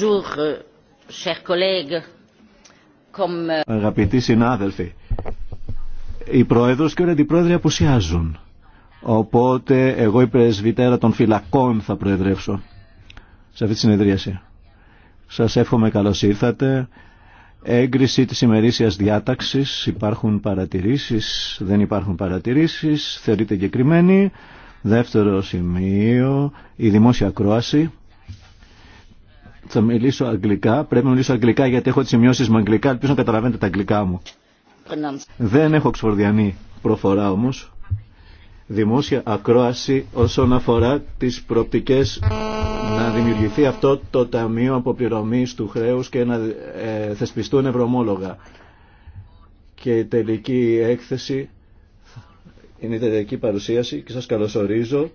Euh, euh, Αγαπητοί συνάδελφοι, οι πρόεδρος και όλοι οι αντιπρόεδροι απουσιάζουν. Οπότε εγώ η πρεσβυτέρα των φυλακών θα προεδρεύσω σε αυτή τη συνεδρίαση. Σας εύχομαι καλώς ήρθατε. Έγκριση της ημερήσιας διάταξης. Υπάρχουν παρατηρήσεις, δεν υπάρχουν παρατηρήσεις. Θεωρείται εγκεκριμένη. Δεύτερο σημείο, η δημόσια κρόαση θα μιλήσω αγγλικά. Πρέπει να μιλήσω αγγλικά γιατί έχω τι σημειώσει μου αγγλικά. Ελπίζω να καταλαβαίνετε τα αγγλικά μου. Δεν έχω ξφορδιανή προφορά όμω. Δημόσια ακρόαση όσον αφορά τι προοπτικέ να δημιουργηθεί αυτό το Ταμείο Αποπληρωμή του Χρέου και να ε, θεσπιστούν ευρωμόλογα. Και η τελική έκθεση είναι η τελική παρουσίαση και σας καλωσορίζω.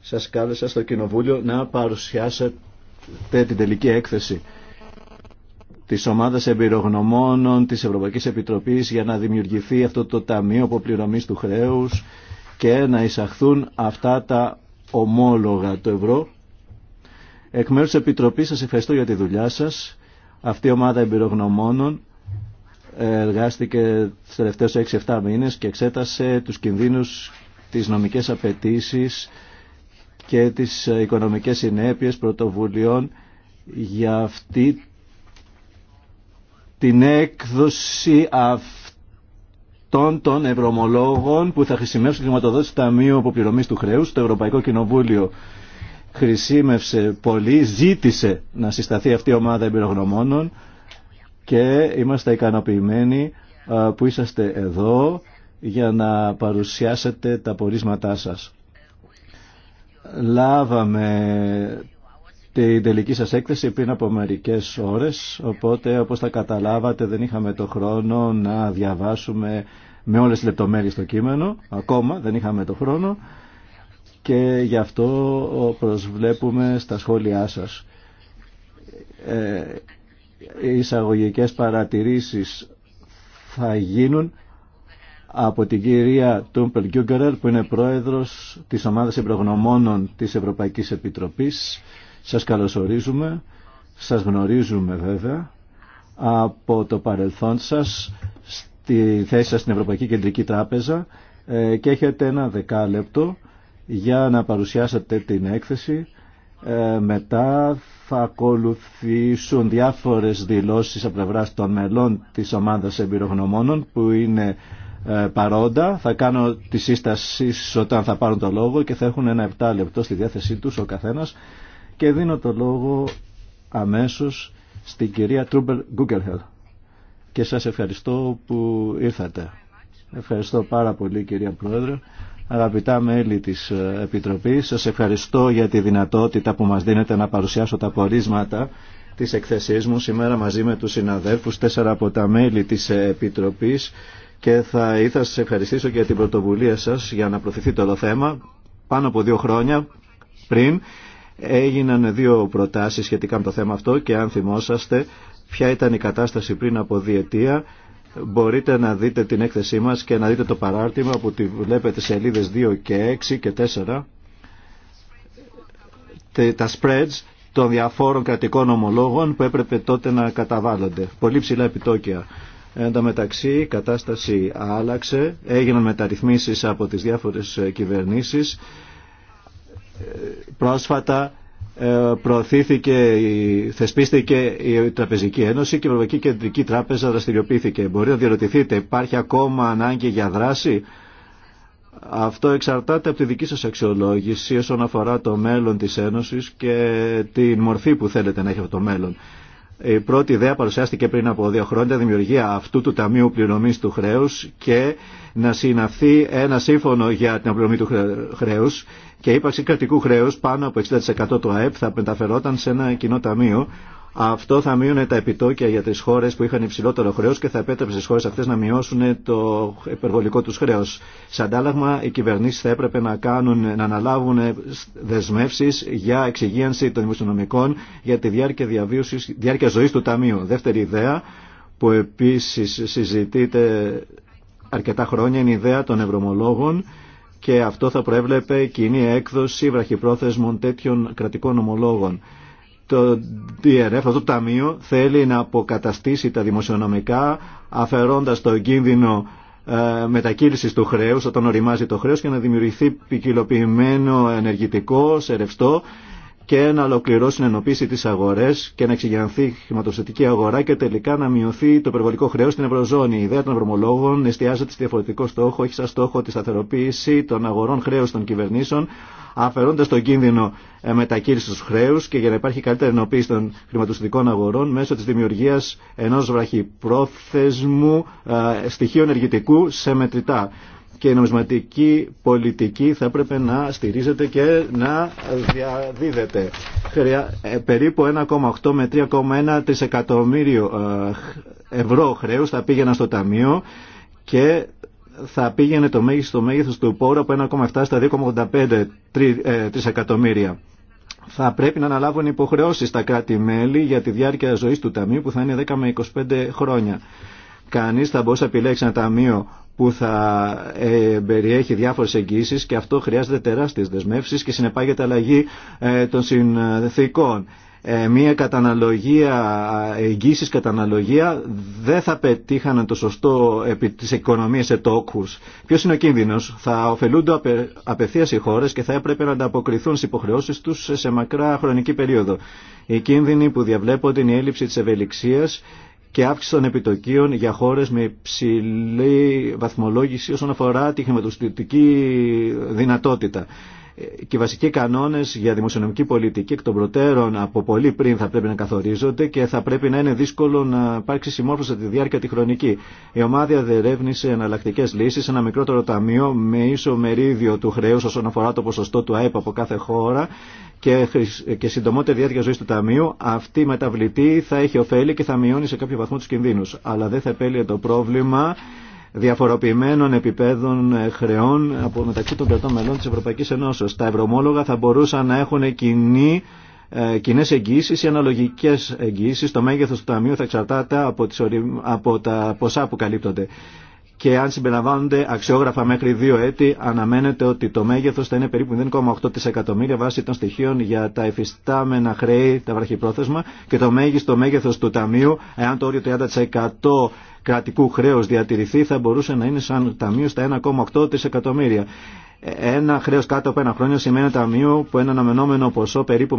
Σας κάλεσα στο Κοινοβούλιο να παρουσιάσετε την τελική έκθεση της ομάδας εμπειρογνωμόνων της Ευρωπαϊκής Επιτροπής για να δημιουργηθεί αυτό το Ταμείο Αποπληρωμής του Χρέους και να εισαχθούν αυτά τα ομόλογα του ευρώ. Εκ μέρους της Επιτροπής σας ευχαριστώ για τη δουλειά σας. Αυτή η ομάδα εμπειρογνωμόνων εργάστηκε τους τελευταιες 6 6-7 μήνες και εξέτασε τους κινδύνους, τις νομικές απαιτήσεις και τις ε, οικονομικές συνέπειες πρωτοβουλειών για αυτή την έκδοση αυτών των ευρωμολόγων που θα χρησιμεύσουν τη χρηματοδότηση του Ταμείου Αποπληρωμής του Χρέους Το Ευρωπαϊκό Κοινοβούλιο χρησιμεύσε πολύ, ζήτησε να συσταθεί αυτή η ομάδα εμπειρογνωμόνων και είμαστε ικανοποιημένοι ε, που είσαστε εδώ για να παρουσιάσετε τα πορίσματά σας. Λάβαμε την τελική σας έκθεση πριν από μερικές ώρες, οπότε όπως τα καταλάβατε δεν είχαμε το χρόνο να διαβάσουμε με όλες τις λεπτομέρειες το κείμενο, ακόμα δεν είχαμε το χρόνο και γι' αυτό προσβλέπουμε στα σχόλιά σας. Ε, οι εισαγωγικές παρατηρήσεις θα γίνουν από την κυρία Τούμπελ Γκιούγκερελ που είναι πρόεδρος της ομάδας εμπρογνωμόνων της Ευρωπαϊκής Επιτροπής. Σας καλωσορίζουμε, σας γνωρίζουμε βέβαια από το παρελθόν σας στη θέση σας στην Ευρωπαϊκή Κεντρική Τράπεζα ε, και έχετε ένα δεκάλεπτο για να παρουσιάσετε την έκθεση. Ε, μετά θα ακολουθήσουν διάφορες δηλώσεις από πλευρά των μελών της ομάδας εμπειρογνωμόνων που είναι ε, παρόντα. Θα κάνω τη σύσταση όταν θα πάρουν το λόγο και θα έχουν ένα 7 λεπτό στη διάθεσή τους ο καθένας και δίνω το λόγο αμέσως στην κυρία Τρούμπελ Γκούγκελχελ. Και σας ευχαριστώ που ήρθατε. Ευχαριστώ πάρα πολύ κυρία Πρόεδρε. Αγαπητά μέλη της ε, Επιτροπής, σας ευχαριστώ για τη δυνατότητα που μας δίνετε να παρουσιάσω τα πορίσματα της εκθεσής μου σήμερα μαζί με τους συναδέλφους, τέσσερα από τα μέλη της ε, Επιτροπής και θα ήθελα σας ευχαριστήσω για την πρωτοβουλία σας για να προωθηθεί το όλο θέμα. Πάνω από δύο χρόνια πριν έγιναν δύο προτάσεις σχετικά με το θέμα αυτό και αν θυμόσαστε ποια ήταν η κατάσταση πριν από διετία μπορείτε να δείτε την έκθεσή μας και να δείτε το παράρτημα που τη βλέπετε σελίδες 2 και 6 και 4 τα spreads των διαφόρων κρατικών ομολόγων που έπρεπε τότε να καταβάλλονται. Πολύ ψηλά επιτόκια. Εν τω μεταξύ η κατάσταση άλλαξε, έγιναν μεταρρυθμίσεις από τις διάφορες ε, κυβερνήσεις. Ε, πρόσφατα ε, προωθήθηκε, θεσπίστηκε η Τραπεζική Ένωση και η Ευρωπαϊκή Κεντρική Τράπεζα δραστηριοποιήθηκε. Μπορεί να διαρωτηθείτε, υπάρχει ακόμα ανάγκη για δράση. Αυτό εξαρτάται από τη δική σας αξιολόγηση όσον αφορά το μέλλον της Ένωσης και την μορφή που θέλετε να έχει αυτό το μέλλον. Η πρώτη ιδέα παρουσιάστηκε πριν από δύο χρόνια, δημιουργία αυτού του Ταμείου Πληρωμή του Χρέου και να συναυθεί ένα σύμφωνο για την απληρωμή του χρέου και ύπαρξη κρατικού χρέου πάνω από 60% του ΑΕΠ θα μεταφερόταν σε ένα κοινό ταμείο αυτό θα μείωνε τα επιτόκια για τι χώρε που είχαν υψηλότερο χρέο και θα επέτρεψε στις χώρε αυτέ να μειώσουν το υπερβολικό του χρέο. Σε αντάλλαγμα, οι κυβερνήσει θα έπρεπε να, κάνουν, να αναλάβουν δεσμεύσει για εξυγίανση των δημοσιονομικών για τη διάρκεια, διάρκεια ζωής του Ταμείου. Δεύτερη ιδέα που επίση συζητείται αρκετά χρόνια είναι η ιδέα των ευρωομολόγων και αυτό θα προέβλεπε κοινή έκδοση βραχυπρόθεσμων τέτοιων κρατικών ομολόγων το DRF, αυτό το ταμείο, θέλει να αποκαταστήσει τα δημοσιονομικά αφαιρώντας το κίνδυνο ε, του χρέους όταν οριμάζει το χρέος και να δημιουργηθεί ποικιλοποιημένο ενεργητικό, σε ρευστό και να ολοκληρώσει την ενοποίηση τη αγορέ και να εξηγιανθεί η αγορά και τελικά να μειωθεί το υπερβολικό χρέο στην Ευρωζώνη. Η ιδέα των ευρωμολόγων εστιάζεται σε διαφορετικό στόχο, έχει σαν στόχο τη σταθεροποίηση των αγορών χρέου των κυβερνήσεων, αφαιρώντα τον κίνδυνο ε, μετακύληση του χρέου και για να υπάρχει καλύτερη ενοποίηση των χρηματοσυντικών αγορών μέσω τη δημιουργία ενό βραχυπρόθεσμου ε, στοιχείου ενεργητικού σε μετρητά και η νομισματική πολιτική θα έπρεπε να στηρίζεται και να διαδίδεται. Ε, περίπου 1,8 με 3,1 τρισεκατομμύριο ε, ευρώ χρέους θα πήγαιναν στο ταμείο και θα πήγαινε το μέγιστο μέγεθος του πόρου από 1,7 στα 2,85 ε, τρισεκατομμύρια. Θα πρέπει να αναλάβουν υποχρεώσεις τα κράτη-μέλη για τη διάρκεια ζωής του Ταμείου που θα είναι 10 με 25 χρόνια. Κανείς θα μπορούσε να επιλέξει ένα ταμείο που θα ε, περιέχει διάφορες εγγύσεις και αυτό χρειάζεται τεράστιες δεσμεύσεις και συνεπάγεται αλλαγή ε, των συνθήκων. Ε, μια καταναλογία, εγγύσεις καταναλογία δεν θα πετύχανε το σωστό επί της οικονομίας σε τόκους. Ποιος είναι ο κίνδυνος. Θα ωφελούνται απε, απευθείας οι χώρες και θα έπρεπε να ανταποκριθούν στις υποχρεώσεις τους σε μακρά χρονική περίοδο. Οι κίνδυνοι που διαβλέπονται είναι η έλλειψη της ευελιξίας και αύξηση των επιτοκίων για χώρες με υψηλή βαθμολόγηση όσον αφορά τη χρηματοστητική δυνατότητα. Ε, και οι βασικοί κανόνε για δημοσιονομική πολιτική εκ των προτέρων από πολύ πριν θα πρέπει να καθορίζονται και θα πρέπει να είναι δύσκολο να υπάρξει συμμόρφωση σε τη διάρκεια τη χρονική. Η ομάδα διερεύνησε εναλλακτικέ λύσει, ένα μικρότερο ταμείο με ίσο μερίδιο του χρέου όσον αφορά το ποσοστό του ΑΕΠ από κάθε χώρα και, και συντομότερη διάρκεια ζωή του ταμείου. Αυτή η μεταβλητή θα έχει ωφέλη και θα μειώνει σε κάποιο βαθμό του κινδύνου. Αλλά δεν θα επέλυε το πρόβλημα διαφοροποιημένων επιπέδων ε, χρεών από, μεταξύ των κρατών μελών της Ευρωπαϊκής Ενώσεως. Τα ευρωμόλογα θα μπορούσαν να έχουν κοινή ε, Κοινέ εγγύσει ή αναλογικέ εγγύσει το μέγεθο του ταμείου θα εξαρτάται από, τις από τα ποσά που καλύπτονται και αν συμπεριλαμβάνονται αξιόγραφα μέχρι δύο έτη, αναμένεται ότι το μέγεθο θα είναι περίπου 0,8 δισεκατομμύρια βάσει των στοιχείων για τα εφιστάμενα χρέη, τα βραχυπρόθεσμα και το μέγιστο μέγεθο του ταμείου, εάν το όριο 30% κρατικού χρέους διατηρηθεί, θα μπορούσε να είναι σαν ταμείο στα 1,8 δισεκατομμύρια. Ένα χρέο κάτω από ένα χρόνο σημαίνει ένα ταμείο που ένα αναμενόμενο ποσό περίπου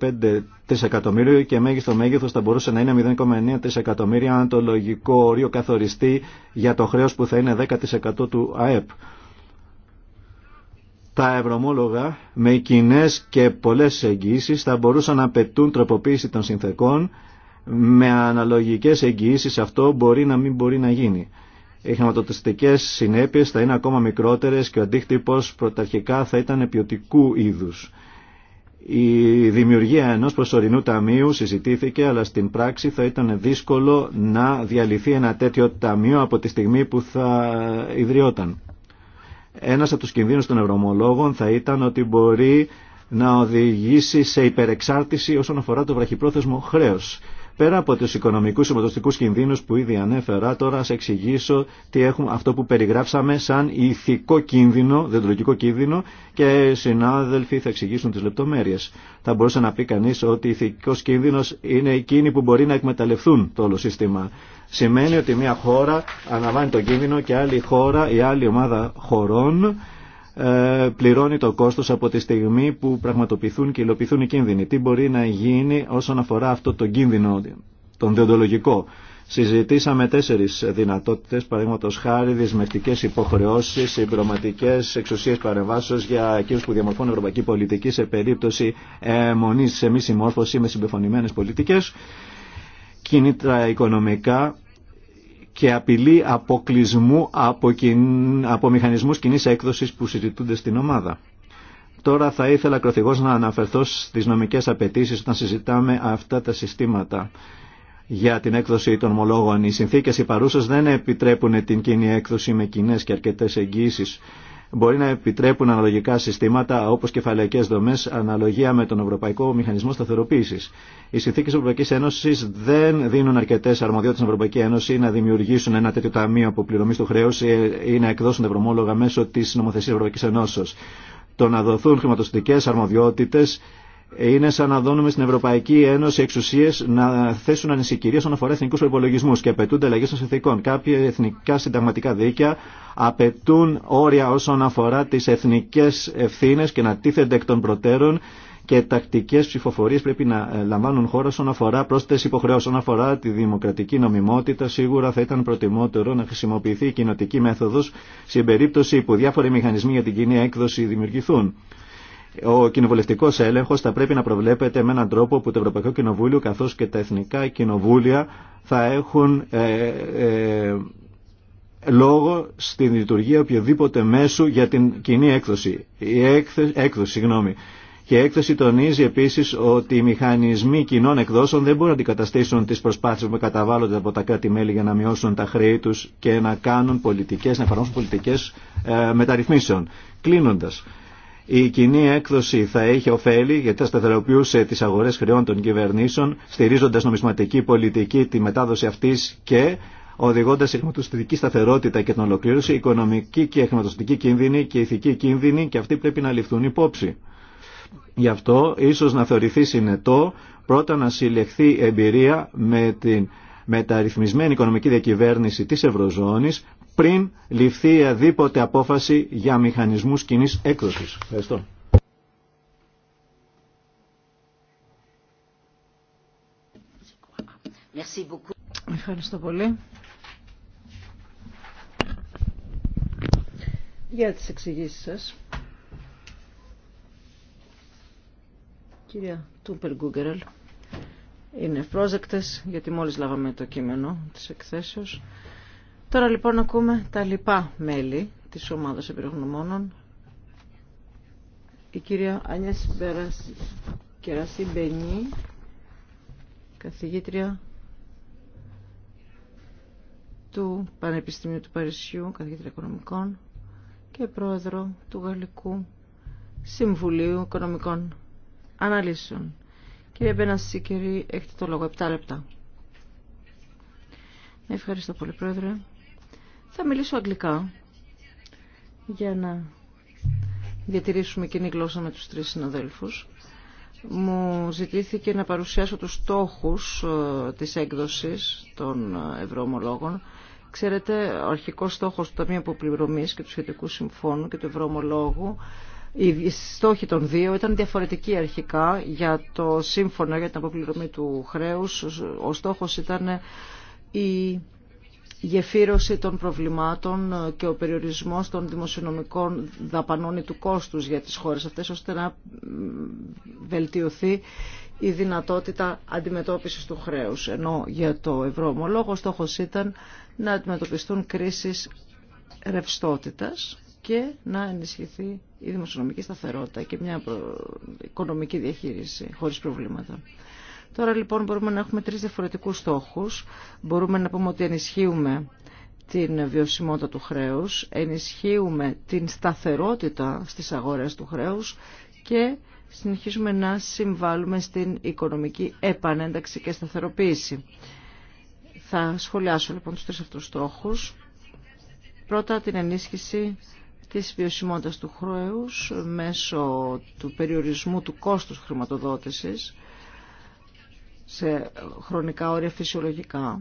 0,5 τρισεκατομμύριο και μέγιστο μέγεθο θα μπορούσε να είναι 0,9 τρισεκατομμύρια αν το λογικό όριο καθοριστεί για το χρέο που θα είναι 10% του ΑΕΠ. Τα ευρωμόλογα με κοινέ και πολλέ εγγυήσει θα μπορούσαν να απαιτούν τροποποίηση των συνθεκών. Με αναλογικέ εγγυήσει αυτό μπορεί να μην μπορεί να γίνει οι χρηματοδοτιστικές συνέπειες θα είναι ακόμα μικρότερες και ο αντίκτυπο πρωταρχικά θα ήταν ποιοτικού είδου. Η δημιουργία ενός προσωρινού ταμείου συζητήθηκε, αλλά στην πράξη θα ήταν δύσκολο να διαλυθεί ένα τέτοιο ταμείο από τη στιγμή που θα ιδρυόταν. Ένας από τους κινδύνους των ευρωμολόγων θα ήταν ότι μπορεί να οδηγήσει σε υπερεξάρτηση όσον αφορά το βραχυπρόθεσμο χρέος. Πέρα από τους οικονομικούς σωματοστικούς κινδύνους που ήδη ανέφερα, τώρα σε εξηγήσω τι έχουμε, αυτό που περιγράψαμε σαν ηθικό κίνδυνο, δεντρολογικό κίνδυνο και συνάδελφοι θα εξηγήσουν τις λεπτομέρειες. Θα μπορούσε να πει κανείς ότι ηθικός κίνδυνος είναι εκείνοι που μπορεί να εκμεταλλευτούν το όλο σύστημα. Σημαίνει ότι μια χώρα αναβάνει τον κίνδυνο και άλλη χώρα, η άλλη ομάδα χωρών ε, πληρώνει το κόστος από τη στιγμή που πραγματοποιηθούν και υλοποιηθούν οι κίνδυνοι. Τι μπορεί να γίνει όσον αφορά αυτό το κίνδυνο, τον διοντολογικό. Συζητήσαμε τέσσερι δυνατότητε, παραδείγματο χάρη, δεσμευτικέ υποχρεώσει, συμπληρωματικέ εξουσίε παρεμβάσεω για εκείνου που διαμορφώνουν ευρωπαϊκή πολιτική σε περίπτωση μονή, σε μη συμμόρφωση με συμπεφωνημένε πολιτικέ, κίνητρα οικονομικά και απειλή αποκλεισμού από, από μηχανισμούς κοινή έκδοσης που συζητούνται στην ομάδα. Τώρα θα ήθελα κροθυγώς να αναφερθώ στις νομικές απαιτήσεις όταν συζητάμε αυτά τα συστήματα για την έκδοση των ομολόγων. Οι συνθήκες οι παρούσες δεν επιτρέπουν την κοινή έκδοση με κοινέ και αρκετές εγγύσεις μπορεί να επιτρέπουν αναλογικά συστήματα όπω κεφαλαϊκέ δομέ, αναλογία με τον Ευρωπαϊκό Μηχανισμό Σταθεροποίηση. Οι συνθήκε τη Ευρωπαϊκή Ένωση δεν δίνουν αρκετέ αρμοδιότητε στην Ευρωπαϊκή Ένωση να δημιουργήσουν ένα τέτοιο ταμείο αποπληρωμή του χρέου ή να εκδώσουν ευρωμόλογα μέσω τη νομοθεσία Ευρωπαϊκή Ενώσεω. Το να δοθούν χρηματοστικέ αρμοδιότητε είναι σαν να δώνουμε στην Ευρωπαϊκή Ένωση εξουσίε να θέσουν ανησυχίε όσον αφορά εθνικού προπολογισμού και απαιτούνται αλλαγέ των συνθήκων. Κάποια εθνικά συνταγματικά δίκαια απαιτούν όρια όσον αφορά τι εθνικέ ευθύνε και να τίθενται εκ των προτέρων και τακτικέ ψηφοφορίε πρέπει να λαμβάνουν χώρα όσον αφορά πρόσθετε υποχρεώσει. Όσον αφορά τη δημοκρατική νομιμότητα, σίγουρα θα ήταν προτιμότερο να χρησιμοποιηθεί η κοινοτική μέθοδο σε περίπτωση που διάφοροι μηχανισμοί για την κοινή έκδοση δημιουργηθούν. Ο κοινοβουλευτικό έλεγχο θα πρέπει να προβλέπεται με έναν τρόπο που το Ευρωπαϊκό Κοινοβούλιο καθώ και τα εθνικά κοινοβούλια θα έχουν ε, ε, λόγο στην λειτουργία οποιοδήποτε μέσου για την κοινή έκδοση. Η έκθεση, έκδοση συγγνώμη. Και η έκθεση τονίζει επίση ότι οι μηχανισμοί κοινών εκδόσεων δεν μπορούν να αντικαταστήσουν τι προσπάθειε που καταβάλλονται από τα κράτη-μέλη για να μειώσουν τα χρέη του και να κάνουν πολιτικέ, να εφαρμόσουν πολιτικέ ε, μεταρρυθμίσεων. Κλείνοντα, η κοινή έκδοση θα έχει ωφέλη γιατί θα σταθεροποιούσε τι αγορέ χρεών των κυβερνήσεων, στηρίζοντα νομισματική πολιτική τη μετάδοση αυτή και οδηγώντα σε χρηματοστατική σταθερότητα και την ολοκλήρωση, οικονομική και χρηματοστατική κίνδυνη και ηθική κίνδυνη και αυτοί πρέπει να ληφθούν υπόψη. Γι' αυτό ίσως να θεωρηθεί συνετό πρώτα να συλλεχθεί εμπειρία με την μεταρρυθμισμένη οικονομική διακυβέρνηση της Ευρωζώνης πριν ληφθεί αδίποτε απόφαση για μηχανισμούς κοινής έκδοσης. Ευχαριστώ. Ευχαριστώ πολύ για τις εξηγήσεις σας. Κυρία Τούπερ Γκούγκερελ, είναι φρόζεκτες γιατί μόλις λάβαμε το κείμενο της εκθέσεως. Τώρα λοιπόν ακούμε τα λοιπά μέλη της ομάδας επιρρογνωμόνων. Η κυρία Άνια Κερασί Μπενή, καθηγήτρια του Πανεπιστημίου του Παρισιού, καθηγήτρια οικονομικών και πρόεδρο του Γαλλικού Συμβουλίου Οικονομικών Αναλύσεων. Κύριε Μπένασή, κύριε, έχετε το λόγο. 7 λεπτά. Ευχαριστώ πολύ, Πρόεδρε. Θα μιλήσω αγγλικά για να διατηρήσουμε κοινή γλώσσα με τους τρεις συναδέλφους. Μου ζητήθηκε να παρουσιάσω τους στόχους ε, της έκδοσης των ε, ευρωομολόγων. Ξέρετε, ο αρχικός στόχος του Ταμείου Αποπληρωμής και του Σχετικού Συμφώνου και του Ευρωομολόγου οι στόχοι των δύο ήταν διαφορετικοί αρχικά για το σύμφωνο για την αποπληρωμή του χρέους. Ο στόχος ήταν η γεφύρωση των προβλημάτων ε, και ο περιορισμός των δημοσιονομικών δαπανών ή του κόστους για τις χώρες αυτές, ώστε να βελτιωθεί η δυνατότητα αντιμετώπισης του χρέους. Ενώ για το ευρωομολόγο στόχος ήταν να αντιμετωπιστούν κρίσεις ρευστότητας και να ενισχυθεί η δημοσιονομική σταθερότητα και μια οικονομική διαχείριση χωρίς προβλήματα. Τώρα λοιπόν μπορούμε να έχουμε τρεις διαφορετικούς στόχους. Μπορούμε να πούμε ότι ενισχύουμε την βιωσιμότητα του χρέους, ενισχύουμε την σταθερότητα στις αγορές του χρέους και συνεχίζουμε να συμβάλλουμε στην οικονομική επανένταξη και σταθεροποίηση. Θα σχολιάσω λοιπόν τους τρεις αυτούς στόχους. Πρώτα την ενίσχυση της βιωσιμότητας του χρέους μέσω του περιορισμού του κόστους χρηματοδότησης σε χρονικά όρια φυσιολογικά.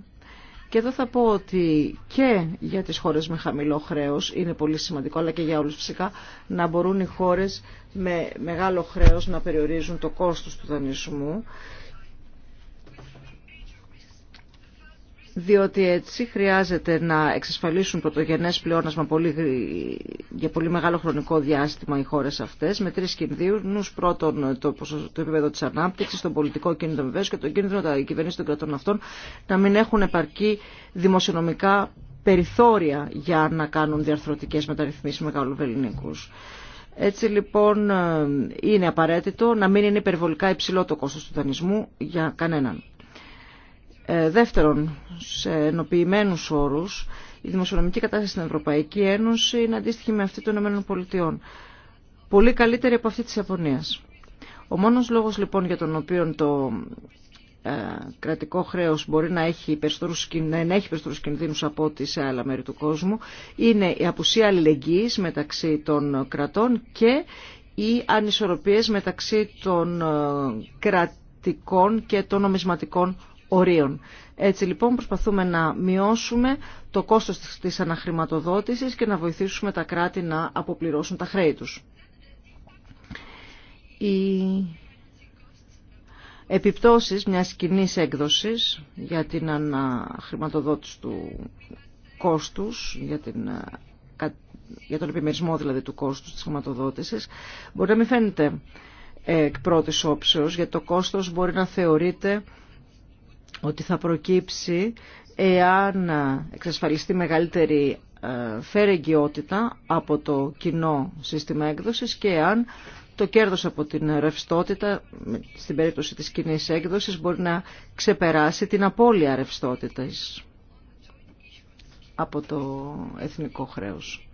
Και εδώ θα πω ότι και για τις χώρες με χαμηλό χρέος είναι πολύ σημαντικό, αλλά και για όλους φυσικά, να μπορούν οι χώρες με μεγάλο χρέος να περιορίζουν το κόστος του δανεισμού διότι έτσι χρειάζεται να εξασφαλίσουν πρωτογενές πλεόνασμα πολύ, για πολύ μεγάλο χρονικό διάστημα οι χώρες αυτές με τρεις κινδύνους. Πρώτον το, το επίπεδο της ανάπτυξης, τον πολιτικό κίνδυνο βεβαίω και τον κίνδυνο τα κυβερνήσει των κρατών αυτών να μην έχουν επαρκή δημοσιονομικά περιθώρια για να κάνουν διαρθρωτικές μεταρρυθμίσεις μεγάλου ελληνικού. Έτσι λοιπόν ε, είναι απαραίτητο να μην είναι υπερβολικά υψηλό το κόστος του δανεισμού για κανέναν. Ε, δεύτερον, σε ενοποιημένου όρου, η δημοσιονομική κατάσταση στην Ευρωπαϊκή Ένωση είναι αντίστοιχη με αυτή των ΗΠΑ. Πολύ καλύτερη από αυτή τη Ιαπωνία. Ο μόνο λόγο λοιπόν για τον οποίο το ε, κρατικό χρέο μπορεί να έχει περισσότερου κινδύνου από ό,τι σε άλλα μέρη του κόσμου είναι η απουσία αλληλεγγύη μεταξύ των κρατών και οι ανισορροπίες μεταξύ των ε, κρατικών και των νομισματικών ορίων. Έτσι λοιπόν προσπαθούμε να μειώσουμε το κόστος της αναχρηματοδότησης και να βοηθήσουμε τα κράτη να αποπληρώσουν τα χρέη τους. Οι επιπτώσεις μιας κοινή έκδοσης για την αναχρηματοδότηση του κόστους, για για τον επιμερισμό δηλαδή του κόστους της χρηματοδότησης, μπορεί να μην φαίνεται ε, εκ πρώτης όψεως, γιατί το κόστος μπορεί να θεωρείται ότι θα προκύψει εάν εξασφαλιστεί μεγαλύτερη ε, φερεγγιότητα από το κοινό σύστημα έκδοσης και εάν το κέρδος από την ρευστότητα, στην περίπτωση της κοινή έκδοσης, μπορεί να ξεπεράσει την απώλεια ρευστότητας από το εθνικό χρέος.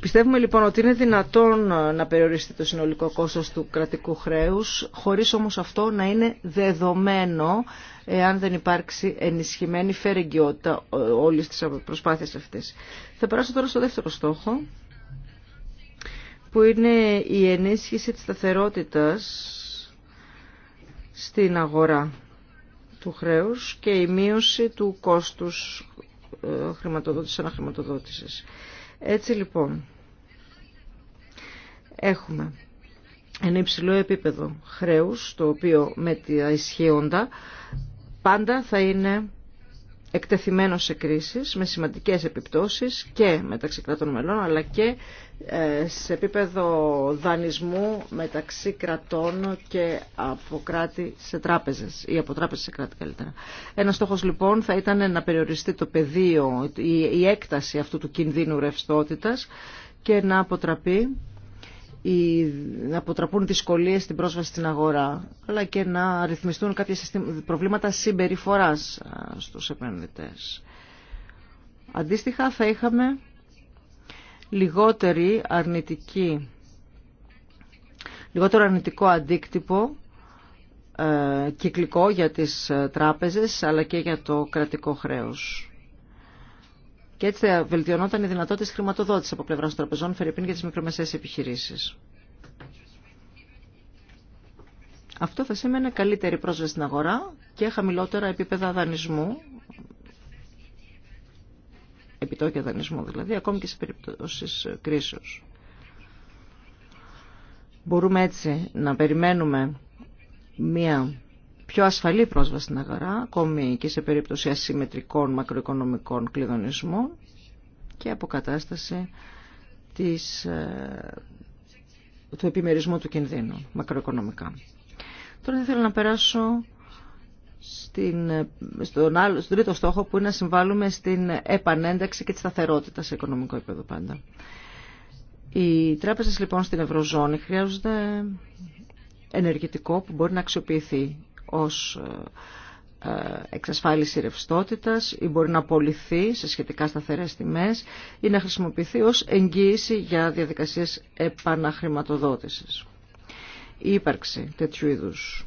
Πιστεύουμε λοιπόν ότι είναι δυνατόν ε, να περιοριστεί το συνολικό κόστος του κρατικού χρέους, χωρίς όμως αυτό να είναι δεδομένο εάν δεν υπάρξει ενισχυμένη φερεγγιότητα ε, όλες τις προσπάθειες αυτές Θα περάσω τώρα στο δεύτερο στόχο, που είναι η ενίσχυση της σταθερότητας στην αγορά του χρέους και η μείωση του κόστους ε, χρηματοδότησης αναχρηματοδότησης. Έτσι λοιπόν, έχουμε ένα υψηλό επίπεδο χρέους, το οποίο με τη ισχύοντα πάντα θα είναι εκτεθειμένος σε κρίσεις με σημαντικές επιπτώσεις και μεταξύ κρατών μελών αλλά και ε, σε επίπεδο δανεισμού μεταξύ κρατών και από κράτη σε τράπεζες ή από τράπεζες σε κράτη καλύτερα. Ένα στόχος λοιπόν θα ήταν να περιοριστεί το πεδίο, η απο σε κρατη καλυτερα ενα στοχος λοιπον θα αυτού του κινδύνου ρευστότητας και να αποτραπεί να αποτραπούν δυσκολίες στην πρόσβαση στην αγορά, αλλά και να ρυθμιστούν κάποια προβλήματα συμπεριφοράς στους επενδυτές. Αντίστοιχα θα είχαμε λιγότερη αρνητική, λιγότερο αρνητικό αντίκτυπο ε, κυκλικό για τις ε, τράπεζες αλλά και για το κρατικό χρέος. Και έτσι θα βελτιωνόταν οι δυνατότητε χρηματοδότηση από πλευρά των τραπεζών, φερειπίν για τι μικρομεσαίε επιχειρήσει. Αυτό θα σήμαινε καλύτερη πρόσβαση στην αγορά και χαμηλότερα επίπεδα δανεισμού, επιτόκια δανεισμού δηλαδή, ακόμη και σε περιπτώσεις κρίσεω. Μπορούμε έτσι να περιμένουμε μία πιο ασφαλή πρόσβαση στην αγορά, ακόμη και σε περίπτωση ασυμμετρικών μακροοικονομικών κλειδονισμών και αποκατάσταση ε, του επιμερισμού του κινδύνου μακροοικονομικά. Τώρα θα ήθελα να περάσω ε, στον, άλλο, στον τρίτο στόχο που είναι να συμβάλλουμε στην επανένταξη και τη σταθερότητα σε οικονομικό επίπεδο πάντα. Οι τράπεζες λοιπόν στην Ευρωζώνη χρειάζονται ενεργητικό που μπορεί να αξιοποιηθεί ως ε, ε, εξασφάλιση ρευστότητας ή μπορεί να απολυθεί σε σχετικά σταθερές τιμές ή να χρησιμοποιηθεί ως εγγύηση για διαδικασίες επαναχρηματοδότησης. Η ύπαρξη τέτοιου είδους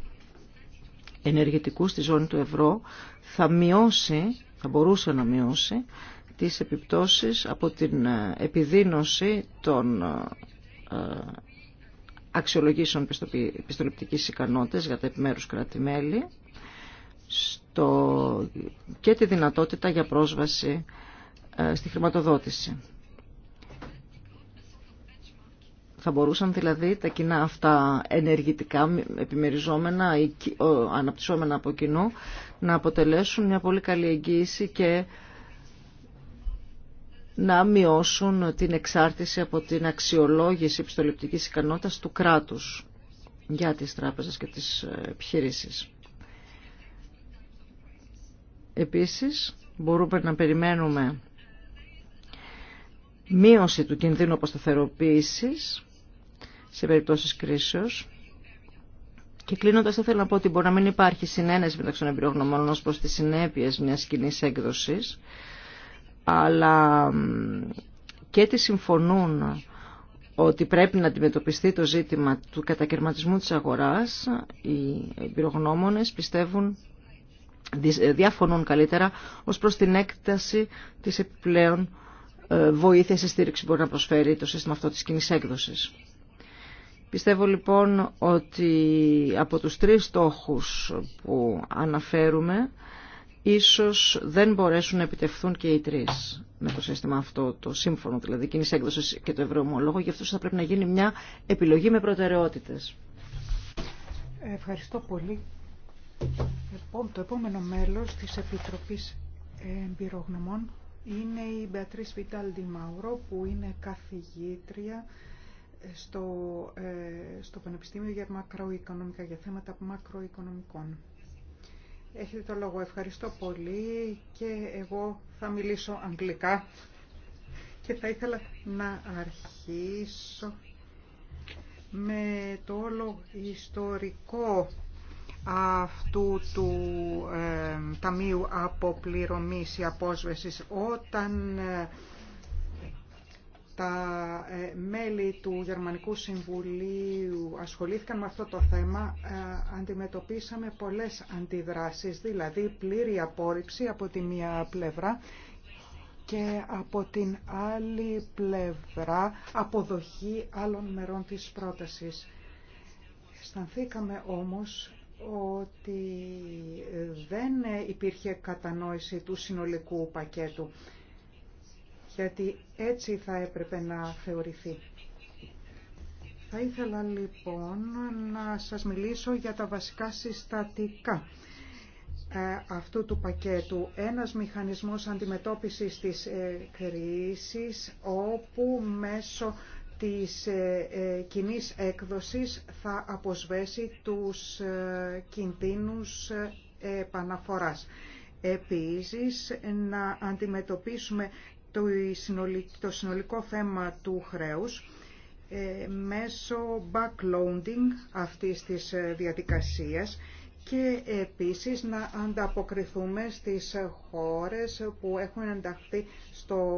ενεργητικού στη ζώνη του ευρώ θα μειώσει, θα μπορούσε να μειώσει τις επιπτώσεις από την ε, επιδίνωση των αξιολογήσεων πιστοληπτικής ικανότητας για τα επιμέρους κράτη-μέλη στο... και τη δυνατότητα για πρόσβαση ε, στη χρηματοδότηση. Θα μπορούσαν δηλαδή τα κοινά αυτά ενεργητικά, επιμεριζόμενα ή αναπτυσσόμενα από κοινού να αποτελέσουν μια πολύ καλή εγγύηση και να μειώσουν την εξάρτηση από την αξιολόγηση επιστοληπτικής ικανότητας του κράτους για τις τράπεζες και τις ε, επιχειρήσεις. Επίσης, μπορούμε να περιμένουμε μείωση του κινδύνου αποσταθεροποίησης σε περιπτώσεις κρίσεως. Και κλείνοντας, θα θέλω να πω ότι μπορεί να μην υπάρχει συνένεση μεταξύ των εμπειρογνωμών ω προ τι συνέπειε μια κοινή έκδοση αλλά και τι συμφωνούν ότι πρέπει να αντιμετωπιστεί το ζήτημα του κατακαιρματισμού της αγοράς, οι εμπειρογνώμονες πιστεύουν, διαφωνούν καλύτερα ως προς την έκταση της επιπλέον ε, βοήθειας και στήριξη που μπορεί να προσφέρει το σύστημα αυτό της κοινή έκδοσης. Πιστεύω λοιπόν ότι από τους τρεις στόχους που αναφέρουμε ίσως δεν μπορέσουν να επιτευχθούν και οι τρεις με το σύστημα αυτό, το σύμφωνο δηλαδή κοινή έκδοση και το ευρωομολόγο, γι' αυτό θα πρέπει να γίνει μια επιλογή με προτεραιότητες. Ευχαριστώ πολύ. Το επόμενο μέλος της Επιτροπής Εμπειρογνωμών είναι η Μπεατρίς Βιτάλντι Μαουρό που είναι καθηγήτρια στο, ε, στο Πανεπιστήμιο για μακροοικονομικά, για θέματα μακροοικονομικών. Έχετε το λόγο. Ευχαριστώ πολύ και εγώ θα μιλήσω αγγλικά και θα ήθελα να αρχίσω με το όλο ιστορικό αυτού του ε, Ταμείου Αποπληρωμής ή Απόσβεσης όταν ε, τα ε, μέλη του Γερμανικού Συμβουλίου ασχολήθηκαν με αυτό το θέμα, ε, αντιμετωπίσαμε πολλές αντιδράσεις, δηλαδή πλήρη απόρριψη από τη μία πλευρά και από την άλλη πλευρά αποδοχή άλλων μερών της πρότασης. Αισθανθήκαμε όμως ότι δεν υπήρχε κατανόηση του συνολικού πακέτου γιατί έτσι θα έπρεπε να θεωρηθεί. Θα ήθελα λοιπόν να σας μιλήσω για τα βασικά συστατικά ε, αυτού του πακέτου. Ένας μηχανισμός αντιμετώπισης της ε, κρίσης όπου μέσω της ε, κοινή έκδοσης θα αποσβέσει τους κινδύνους επαναφοράς. Επίσης, να αντιμετωπίσουμε το συνολικό θέμα του χρέους ε, μέσω backloading αυτής της ε, διαδικασίας και επίσης να ανταποκριθούμε στις χώρες που έχουν ενταχθεί στο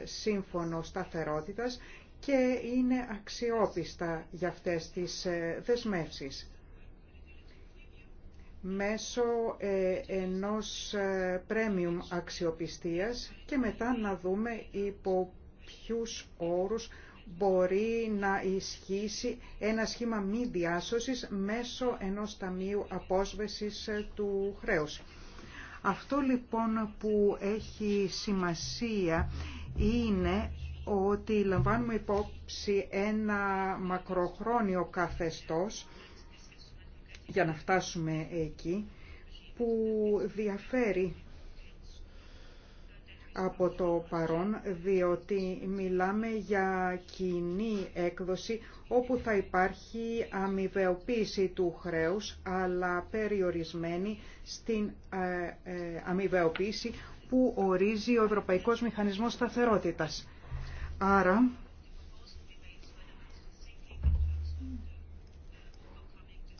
ε, σύμφωνο σταθερότητας και είναι αξιόπιστα για αυτές τις δεσμεύσεις μέσω ε, ενός ε, premium αξιοπιστίας και μετά να δούμε υπό ποιους όρους μπορεί να ισχύσει ένα σχήμα μη διάσωσης μέσω ενός ταμείου απόσβεσης ε, του χρέους. Αυτό λοιπόν που έχει σημασία είναι ότι λαμβάνουμε υπόψη ένα μακροχρόνιο καθεστώς για να φτάσουμε εκεί που διαφέρει από το παρόν, διότι μιλάμε για κοινή έκδοση όπου θα υπάρχει αμοιβεοποίηση του χρέους, αλλά περιορισμένη στην ε, ε, αμοιβεοποίηση που ορίζει ο Ευρωπαϊκός Μηχανισμός Σταθερότητας. Άρα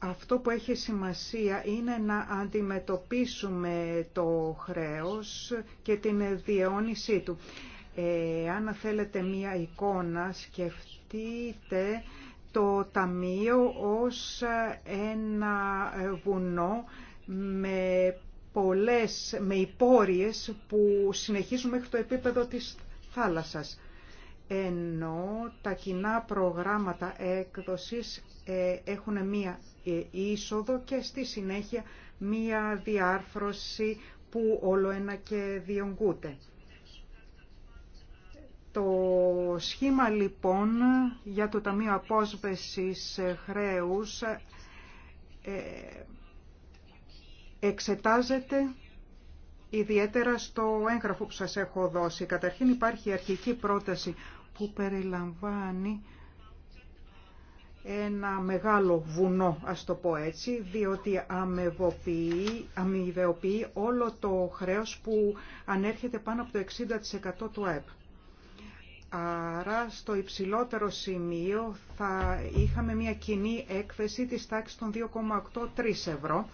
Αυτό που έχει σημασία είναι να αντιμετωπίσουμε το χρέος και την διαιώνισή του. Ε, αν θέλετε μία εικόνα, σκεφτείτε το ταμείο ως ένα βουνό με πολλές, με υπόρειες που συνεχίζουν μέχρι το επίπεδο της θάλασσας. Ενώ τα κοινά προγράμματα έκδοσης ε, έχουν μία ε, είσοδο και στη συνέχεια μία διάρθρωση που όλο ένα και διονγκούται. Το σχήμα λοιπόν για το Ταμείο Απόσβεσης Χρέους ε, εξετάζεται ιδιαίτερα στο έγγραφο που σας έχω δώσει. Καταρχήν υπάρχει η αρχική πρόταση που περιλαμβάνει ένα μεγάλο βουνό, ας το πω έτσι, διότι αμοιβεοποιεί όλο το χρέος που ανέρχεται πάνω από το 60% του ΑΕΠ. Άρα στο υψηλότερο σημείο θα είχαμε μια κοινή έκθεση της τάξης των 2,83 ευρώ.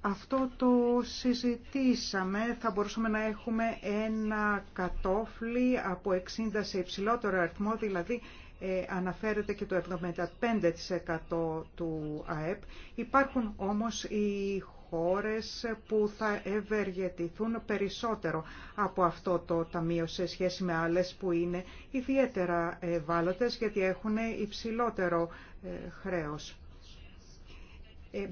Αυτό το συζητήσαμε, θα μπορούσαμε να έχουμε ένα κατόφλι από 60 σε υψηλότερο αριθμό, δηλαδή ε, αναφέρεται και το 75% του ΑΕΠ. Υπάρχουν όμως οι χώρες που θα ευεργετηθούν περισσότερο από αυτό το ταμείο σε σχέση με άλλες που είναι ιδιαίτερα ευάλωτες γιατί έχουν υψηλότερο ε, χρέος. Ε,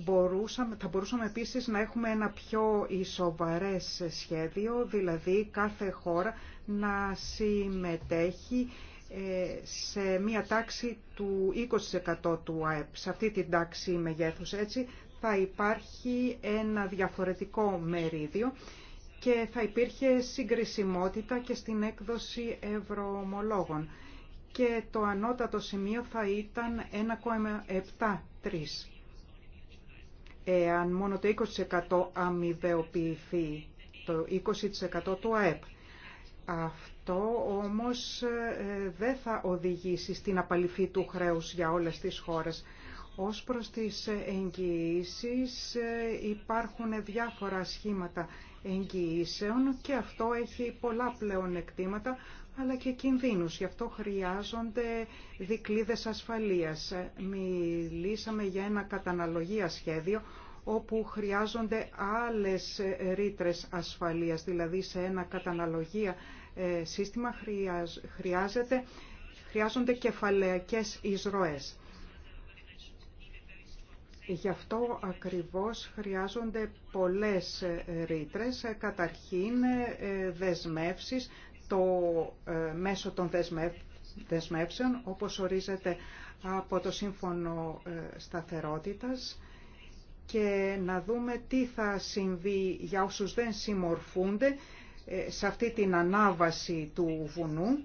θα μπορούσαμε επίσης να έχουμε ένα πιο ισοβαρές σχέδιο, δηλαδή κάθε χώρα να συμμετέχει ε, σε μία τάξη του 20% του ΑΕΠ. Σε αυτή την τάξη μεγέθους έτσι θα υπάρχει ένα διαφορετικό μερίδιο και θα υπήρχε συγκρισιμότητα και στην έκδοση ευρωομολόγων. Και το ανώτατο σημείο θα ήταν 1,73. Εάν μόνο το 20% αμοιβεοποιηθεί, το 20% του ΑΕΠ. Αυτό αυτό όμως ε, δεν θα οδηγήσει στην απαλυφή του χρέους για όλες τις χώρες. Ως προς τις εγγυήσεις ε, υπάρχουν διάφορα σχήματα εγγυήσεων και αυτό έχει πολλά πλέον εκτήματα αλλά και κινδύνους. Γι' αυτό χρειάζονται δικλίδες ασφαλείας. Μιλήσαμε για ένα καταναλογία σχέδιο όπου χρειάζονται άλλες ρήτρες ασφαλείας, δηλαδή σε ένα καταναλογία ε, σύστημα χρειάζεται, χρειάζονται κεφαλαιακές εισρωές. Γι' αυτό ακριβώς χρειάζονται πολλές ε, ρήτρε, ε, καταρχήν δεσμεύσεις, το μέσο των δεσμεύσεων, όπως ορίζεται από το Σύμφωνο Σταθερότητας, και να δούμε τι θα συμβεί για όσους δεν συμμορφούνται ε, σε αυτή την ανάβαση του βουνού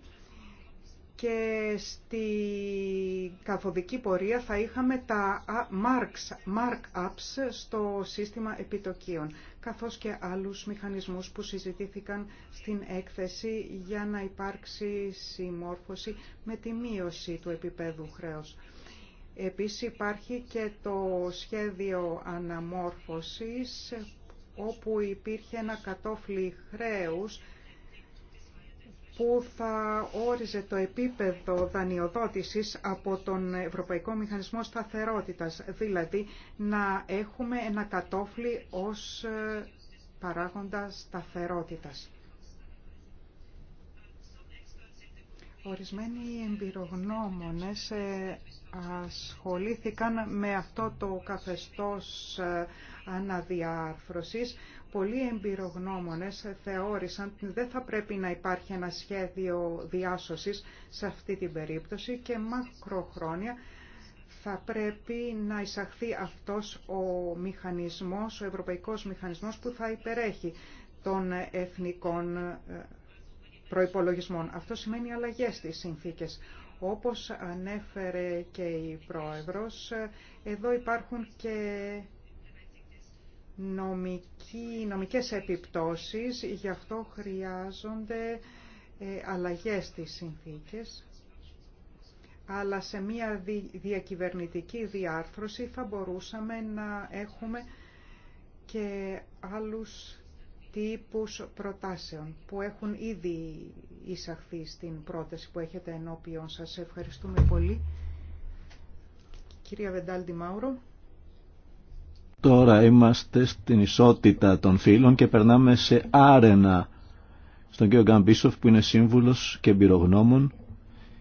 και στη καθοδική πορεία θα είχαμε τα mark-ups στο σύστημα επιτοκίων, καθώς και άλλους μηχανισμούς που συζητήθηκαν στην έκθεση για να υπάρξει συμμόρφωση με τη μείωση του επίπεδου χρέους. Επίσης υπάρχει και το σχέδιο αναμόρφωσης όπου υπήρχε ένα κατόφλι χρέους που θα όριζε το επίπεδο δανειοδότησης από τον Ευρωπαϊκό Μηχανισμό Σταθερότητας, δηλαδή να έχουμε ένα κατόφλι ως ε, παράγοντα σταθερότητας. Ορισμένοι εμπειρογνώμονες ε, ασχολήθηκαν με αυτό το καθεστώς ε, αναδιάρθρωσης. Πολλοί εμπειρογνώμονες θεώρησαν ότι δεν θα πρέπει να υπάρχει ένα σχέδιο διάσωσης σε αυτή την περίπτωση και μακροχρόνια θα πρέπει να εισαχθεί αυτός ο μηχανισμός, ο ευρωπαϊκός μηχανισμός που θα υπερέχει των εθνικών ε, προϋπολογισμών. Αυτό σημαίνει αλλαγές στις συνθήκες. Όπως ανέφερε και η Πρόεδρος, εδώ υπάρχουν και νομική, νομικές επιπτώσεις, γι' αυτό χρειάζονται ε, αλλαγές στις συνθήκες αλλά σε μια διακυβερνητική διάρθρωση θα μπορούσαμε να έχουμε και άλλους τύπους προτάσεων που έχουν ήδη εισαχθεί στην πρόταση που έχετε ενώπιον σας. Ευχαριστούμε πολύ. Κυρία Βεντάλντι Μάουρο. Τώρα είμαστε στην ισότητα των φίλων και περνάμε σε άρενα στον κύριο Γκαμπίσοφ που είναι σύμβουλος και εμπειρογνώμων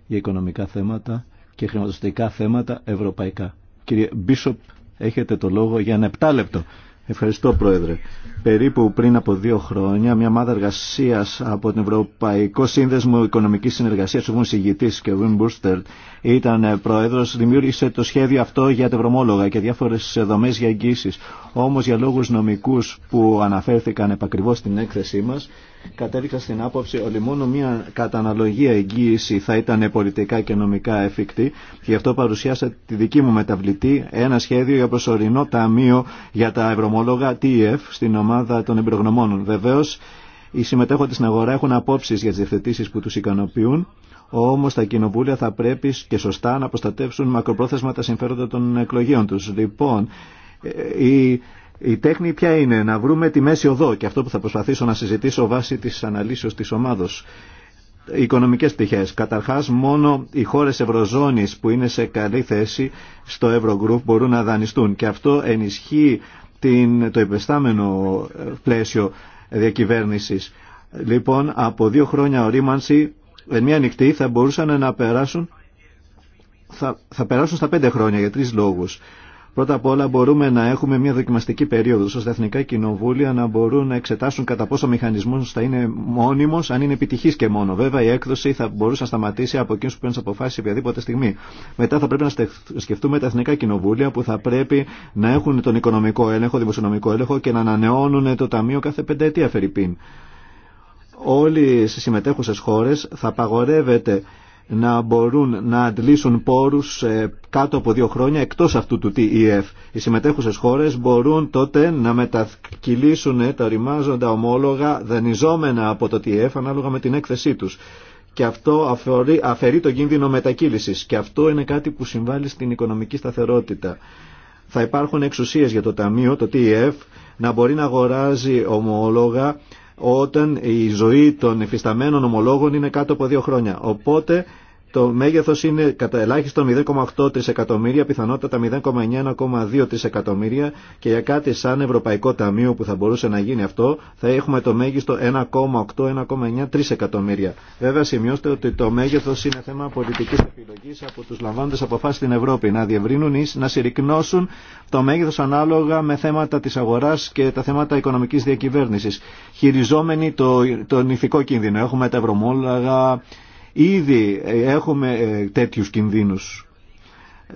για οικονομικά θέματα και χρηματοστατικά θέματα ευρωπαϊκά. Κύριε Μπίσοπ, έχετε το λόγο για ένα 7 λεπτό. Ευχαριστώ Πρόεδρε. Περίπου πριν από δύο χρόνια, μια ομάδα εργασία από τον Ευρωπαϊκό Σύνδεσμο Οικονομική Συνεργασία, ο Βουν και ο Βουν ήταν πρόεδρο, δημιούργησε το σχέδιο αυτό για τα ευρωμόλογα και διάφορε δομέ για εγγύσει. Όμω για λόγου νομικού που αναφέρθηκαν επακριβώ στην έκθεσή μα, κατέληξα στην άποψη ότι μόνο μια καταναλογία εγγύηση θα ήταν πολιτικά και νομικά εφικτή γι' αυτό παρουσιάσα τη δική μου μεταβλητή ένα σχέδιο για προσωρινό ταμείο για τα ευρωμόλογα TEF στην ομάδα των εμπειρογνωμόνων. Βεβαίω, οι συμμετέχοντε στην αγορά έχουν απόψει για τι διευθετήσει που του ικανοποιούν. Όμω τα κοινοβούλια θα πρέπει και σωστά να προστατεύσουν μακροπρόθεσμα τα συμφέροντα των εκλογίων του. Λοιπόν, ε, η η τέχνη ποια είναι, να βρούμε τη μέση οδό και αυτό που θα προσπαθήσω να συζητήσω βάσει της αναλύσεως της ομάδος. οικονομικέ οικονομικές πτυχές. Καταρχάς μόνο οι χώρες Ευρωζώνης που είναι σε καλή θέση στο Ευρωγκρουπ μπορούν να δανειστούν και αυτό ενισχύει την, το υπεστάμενο ε, πλαίσιο διακυβέρνησης. Λοιπόν, από δύο χρόνια ορίμανση, εν μία νυχτή θα μπορούσαν να περάσουν θα, θα περάσουν στα πέντε χρόνια για τρεις λόγους. Πρώτα απ' όλα μπορούμε να έχουμε μια δοκιμαστική περίοδο, ώστε τα εθνικά κοινοβούλια να μπορούν να εξετάσουν κατά πόσο ο μηχανισμό θα είναι μόνιμο, αν είναι επιτυχή και μόνο. Βέβαια, η έκδοση θα μπορούσε να σταματήσει από εκείνου που παίρνουν αποφάσει οποιαδήποτε στιγμή. Μετά θα πρέπει να σκεφτούμε τα εθνικά κοινοβούλια που θα πρέπει να έχουν τον οικονομικό έλεγχο, δημοσιονομικό έλεγχο και να ανανεώνουν το ταμείο κάθε πενταετία, Φερρυπίν. Όλοι στι συμμετέχουσε χώρε θα απαγορεύεται να μπορούν να αντλήσουν πόρους ε, κάτω από δύο χρόνια εκτός αυτού του TEF. Οι συμμετέχουσες χώρες μπορούν τότε να μετακυλήσουν ε, τα ρημάζοντα ομόλογα δανειζόμενα από το TEF ανάλογα με την έκθεσή τους. Και αυτό αφαιρεί, αφαιρεί το κίνδυνο μετακύλησης και αυτό είναι κάτι που συμβάλλει στην οικονομική σταθερότητα. Θα υπάρχουν εξουσίες για το Ταμείο, το TEF, να μπορεί να αγοράζει ομόλογα όταν η ζωή των εφισταμένων ομολόγων είναι κάτω από δύο χρόνια. Οπότε το μέγεθος είναι κατά ελάχιστον 0,8 τρισεκατομμύρια, πιθανότατα 0,9-1,2 τρισεκατομμύρια και για κάτι σαν Ευρωπαϊκό Ταμείο που θα μπορούσε να γίνει αυτό θα έχουμε το μέγιστο 1,8-1,9 τρισεκατομμύρια. Βέβαια σημειώστε ότι το μέγεθος είναι θέμα πολιτικής επιλογής από τους λαμβάνοντες αποφάσεις στην Ευρώπη να διευρύνουν ή να συρρυκνώσουν το μέγεθος ανάλογα με θέματα της αγοράς και τα θέματα οικονομικής διακυβέρνησης. Χειριζόμενοι το, τον ηθικό κίνδυνο. Έχουμε τα ευρωμόλαγα, Ήδη έχουμε ε, τέτοιους κινδύνους.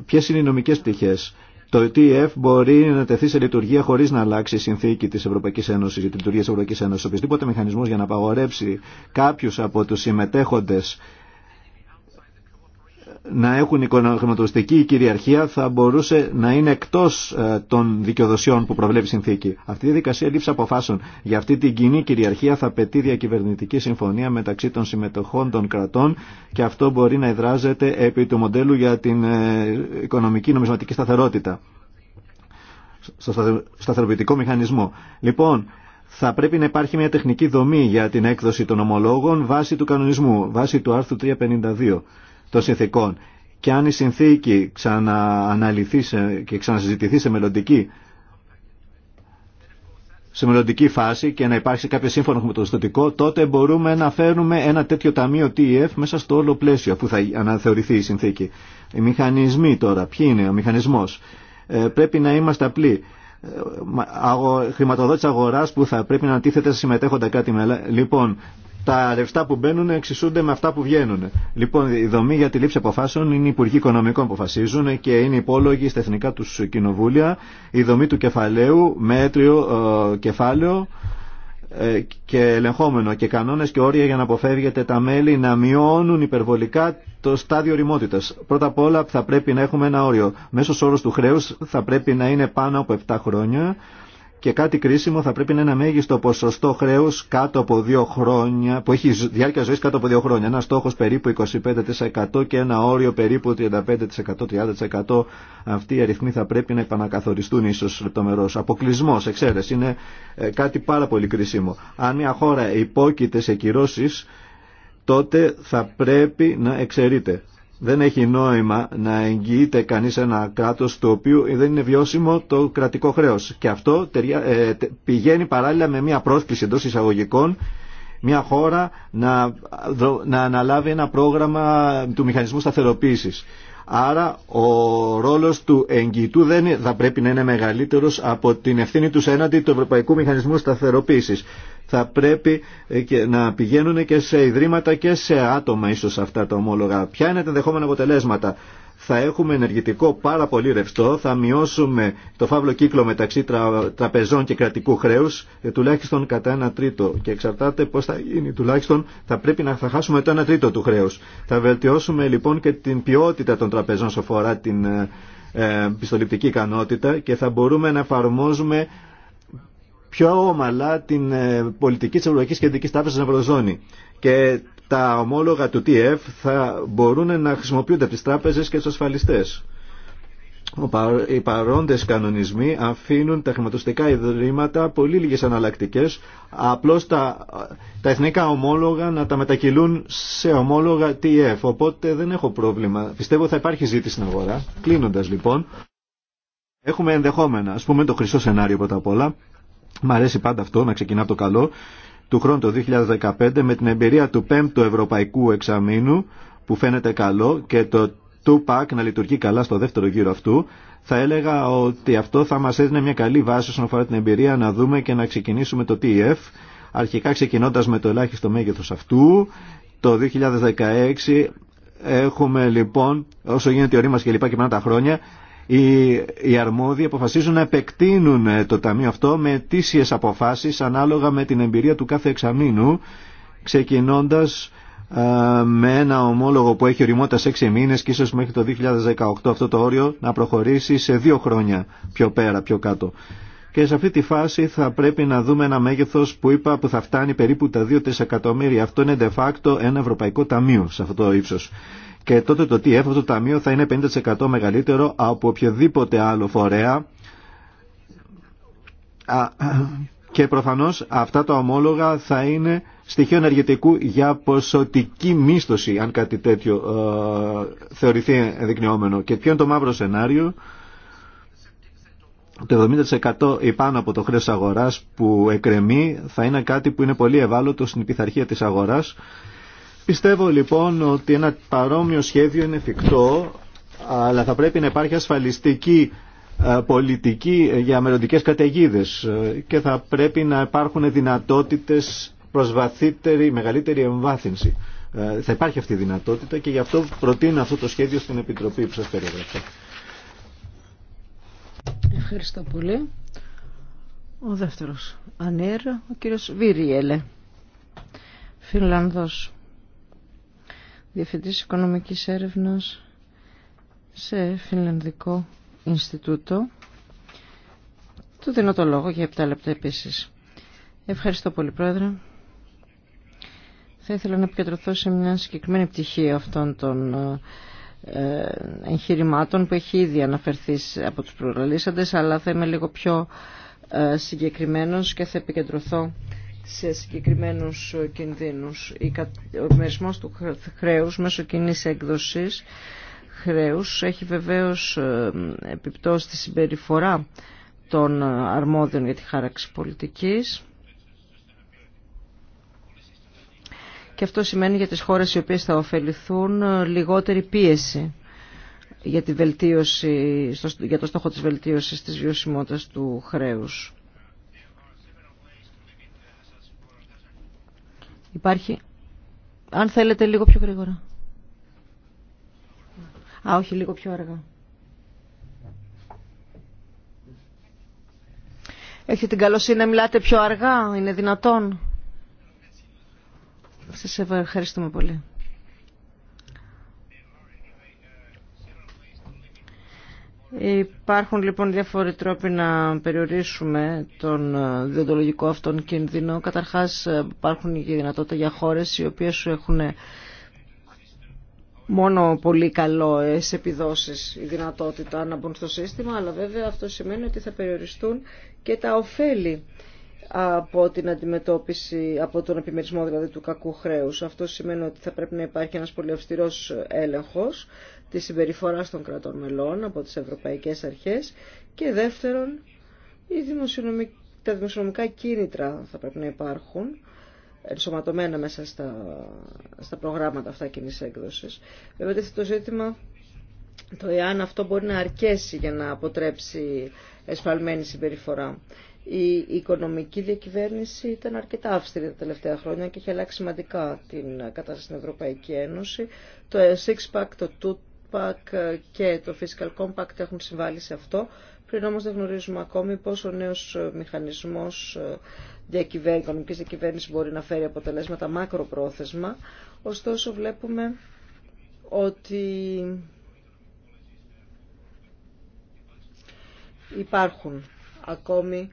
Ποιες είναι οι νομικές πτυχές. Το ETF μπορεί να τεθεί σε λειτουργία χωρί να αλλάξει η συνθήκη τη Ευρωπαϊκή Ένωση για τη λειτουργία τη Ευρωπαϊκή Ένωση. Οποιοδήποτε μηχανισμό για να απαγορεύσει κάποιου από του συμμετέχοντε να έχουν οικονομιστική κυριαρχία θα μπορούσε να είναι εκτός ε, των δικαιοδοσιών που προβλέπει η συνθήκη. Αυτή η δικασία λήψη αποφάσεων για αυτή την κοινή κυριαρχία θα απαιτεί διακυβερνητική συμφωνία μεταξύ των συμμετοχών των κρατών και αυτό μπορεί να εδράζεται επί του μοντέλου για την ε, οικονομική νομισματική σταθερότητα στο σταθεροποιητικό μηχανισμό. Λοιπόν, θα πρέπει να υπάρχει μια τεχνική δομή για την έκδοση των ομολόγων βάσει του κανονισμού, βάσει του άρθρου 352 των συνθήκων. Και αν η συνθήκη ξανααναλυθεί και ξανασυζητηθεί σε μελλοντική, σε μελλοντική φάση και να υπάρξει κάποιο σύμφωνο με το στοτικό, τότε μπορούμε να φέρουμε ένα τέτοιο ταμείο TEF μέσα στο όλο πλαίσιο, αφού θα αναθεωρηθεί η συνθήκη. Οι μηχανισμοί τώρα, ποιοι είναι ο μηχανισμός. Ε, πρέπει να είμαστε απλοί ε, χρηματοδότης αγοράς που θα πρέπει να αντίθεται συμμετέχοντα κάτι μέλα. Λοιπόν, τα λεφτά που μπαίνουν εξισούνται με αυτά που βγαίνουν. Λοιπόν, η δομή για τη λήψη αποφάσεων είναι οι Υπουργοί Οικονομικών που αποφασίζουν και είναι υπόλογοι στα εθνικά του κοινοβούλια. Η δομή του κεφαλαίου, μέτριο ε, κεφάλαιο ε, και ελεγχόμενο και κανόνε και όρια για να αποφεύγεται τα μέλη να μειώνουν υπερβολικά το στάδιο ρημότητα. Πρώτα απ' όλα θα πρέπει να έχουμε ένα όριο. μέσω όρου του χρέου θα πρέπει να είναι πάνω από 7 χρόνια και κάτι κρίσιμο θα πρέπει να είναι ένα μέγιστο ποσοστό χρέου κάτω από δύο χρόνια, που έχει διάρκεια ζωή κάτω από δύο χρόνια. Ένα στόχο περίπου 25% και ένα όριο περίπου 35%-30%. Αυτοί οι αριθμοί θα πρέπει να επανακαθοριστούν ίσω λεπτομερώ. Αποκλεισμό, εξαίρεση, είναι ε, κάτι πάρα πολύ κρίσιμο. Αν μια χώρα υπόκειται σε κυρώσει, τότε θα πρέπει να εξαιρείται. Δεν έχει νόημα να εγγυείται κανείς ένα κράτος το οποίο δεν είναι βιώσιμο το κρατικό χρέος. Και αυτό ε, πηγαίνει παράλληλα με μια πρόσκληση εντός εισαγωγικών μια χώρα να, να αναλάβει ένα πρόγραμμα του μηχανισμού σταθεροποίησης. Άρα ο ρόλος του εγγυητού δεν θα πρέπει να είναι μεγαλύτερος από την ευθύνη του έναντι του Ευρωπαϊκού Μηχανισμού Σταθεροποίησης. Θα πρέπει ε, να πηγαίνουν και σε ιδρύματα και σε άτομα ίσως αυτά τα ομόλογα. Ποια είναι τα ενδεχόμενα αποτελέσματα θα έχουμε ενεργητικό πάρα πολύ ρευστό, θα μειώσουμε το φαύλο κύκλο μεταξύ τραπεζών και κρατικού χρέους ε, τουλάχιστον κατά ένα τρίτο και εξαρτάται πώς θα γίνει τουλάχιστον θα πρέπει να θα χάσουμε το ένα τρίτο του χρέους. Θα βελτιώσουμε λοιπόν και την ποιότητα των τραπεζών σε αφορά την ε, ε, πιστοληπτική ικανότητα και θα μπορούμε να εφαρμόζουμε πιο ομαλά την ε, πολιτική της Ευρωπαϊκής Κεντρικής Τράπεζας στην Ευρωζώνη. Και τα ομόλογα του TF θα μπορούν να χρησιμοποιούνται από τις τράπεζες και τους ασφαλιστές. Οι παρόντες κανονισμοί αφήνουν τα χρηματοστικά ιδρύματα πολύ λίγες αναλλακτικές, απλώς τα, εθνικά ομόλογα να τα μετακυλούν σε ομόλογα TF, οπότε δεν έχω πρόβλημα. Πιστεύω θα υπάρχει ζήτηση στην αγορά. Κλείνοντας λοιπόν, έχουμε ενδεχόμενα, ας πούμε το χρυσό σενάριο πρώτα απ' όλα, Μ' αρέσει πάντα αυτό να ξεκινά από το καλό του χρόνου το 2015 με την εμπειρία του 5ου Ευρωπαϊκού Εξαμήνου που φαίνεται καλό και το Tupac να λειτουργεί καλά στο δεύτερο γύρο αυτού, θα έλεγα ότι αυτό θα μας έδινε μια καλή βάση όσον αφορά την εμπειρία να δούμε και να ξεκινήσουμε το TEF, αρχικά ξεκινώντας με το ελάχιστο μέγεθος αυτού. Το 2016 έχουμε λοιπόν, όσο γίνεται η και λοιπά και μετά τα χρόνια, οι, οι αρμόδιοι αποφασίζουν να επεκτείνουν ε, το ταμείο αυτό με αιτήσιε αποφάσει ανάλογα με την εμπειρία του κάθε εξαμήνου ξεκινώντας ε, με ένα ομόλογο που έχει οριμότητα 6 μήνε και ίσω μέχρι το 2018 αυτό το όριο να προχωρήσει σε 2 χρόνια πιο πέρα, πιο κάτω. Και σε αυτή τη φάση θα πρέπει να δούμε ένα μέγεθο που είπα που θα φτάνει περίπου τα 2 εκατομμύρια. Αυτό είναι de facto ένα ευρωπαϊκό ταμείο σε αυτό το ύψο και τότε το TF, το ταμείο θα είναι 50% μεγαλύτερο από οποιοδήποτε άλλο φορέα και προφανώς αυτά τα ομόλογα θα είναι στοιχείο ενεργητικού για ποσοτική μίσθωση αν κάτι τέτοιο ε, θεωρηθεί ενδεικνυόμενο. Και ποιο είναι το μαύρο σενάριο το 70% ή πάνω από το χρέος αγοράς που εκρεμεί θα είναι κάτι που είναι πολύ ευάλωτο στην πειθαρχία της αγοράς Πιστεύω λοιπόν ότι ένα παρόμοιο σχέδιο είναι εφικτό, αλλά θα πρέπει να υπάρχει ασφαλιστική ε, πολιτική για μελλοντικέ καταιγίδε ε, και θα πρέπει να υπάρχουν δυνατότητες προς βαθύτερη, μεγαλύτερη εμβάθυνση. Ε, θα υπάρχει αυτή η δυνατότητα και γι' αυτό προτείνω αυτό το σχέδιο στην Επιτροπή που σας περιγράφω. Ευχαριστώ πολύ. Ο δεύτερος ανέρα, ο κύριος Βίριελε, Διευθυντής Οικονομικής Έρευνας σε Φινλανδικό Ινστιτούτο. Του δίνω το λόγο για 7 λεπτά επίσης. Ευχαριστώ πολύ Πρόεδρε. Θα ήθελα να επικεντρωθώ σε μια συγκεκριμένη πτυχή αυτών των ε, εγχειρημάτων που έχει ήδη αναφερθεί από τους προγραλίσαντες αλλά θα είμαι λίγο πιο ε, συγκεκριμένος και θα επικεντρωθώ σε συγκεκριμένους κινδύνους. Ο μερισμός του χρέους μέσω κοινή έκδοσης χρέους έχει βεβαίως ε, επιπτώσει τη συμπεριφορά των ε, αρμόδιων για τη χάραξη πολιτικής. Και αυτό σημαίνει για τις χώρες οι οποίες θα ωφεληθούν ε, λιγότερη πίεση για, τη βελτίωση, για το στόχο της βελτίωσης της βιωσιμότητας του χρέους. Υπάρχει. Αν θέλετε λίγο πιο γρήγορα. Α, όχι, λίγο πιο αργά. Έχετε την καλοσύνη να μιλάτε πιο αργά, είναι δυνατόν. Σας ευχαριστούμε πολύ. Υπάρχουν λοιπόν διάφοροι τρόποι να περιορίσουμε τον ε, διοντολογικό αυτόν κίνδυνο. Καταρχάς ε, υπάρχουν και δυνατότητα για χώρες οι οποίες έχουν ε, μόνο πολύ καλό επιδόσεις η δυνατότητα να μπουν στο σύστημα, αλλά βέβαια αυτό σημαίνει ότι θα περιοριστούν και τα ωφέλη από την αντιμετώπιση, από τον επιμερισμό δηλαδή του κακού χρέους. Αυτό σημαίνει ότι θα πρέπει να υπάρχει ένας πολύ αυστηρός έλεγχος της συμπεριφοράς των κρατών μελών από τις ευρωπαϊκές αρχές και δεύτερον τα δημοσιονομικά κίνητρα θα πρέπει να υπάρχουν ενσωματωμένα μέσα στα, στα προγράμματα αυτά κοινή έκδοση. Βέβαια, το ζήτημα το εάν αυτό μπορεί να αρκέσει για να αποτρέψει εσφαλμένη συμπεριφορά. Η οικονομική διακυβέρνηση ήταν αρκετά αυστηρή τα τελευταία χρόνια και είχε αλλάξει σημαντικά την κατάσταση στην Ευρωπαϊκή Ένωση. Το six-pack, το πάκ και το Fiscal Compact έχουν συμβάλει σε αυτό. Πριν όμως δεν γνωρίζουμε ακόμη πώς ο νέος μηχανισμός οικονομική διακυβέρνηση μπορεί να φέρει αποτελέσματα μακροπρόθεσμα. Ωστόσο βλέπουμε ότι υπάρχουν ακόμη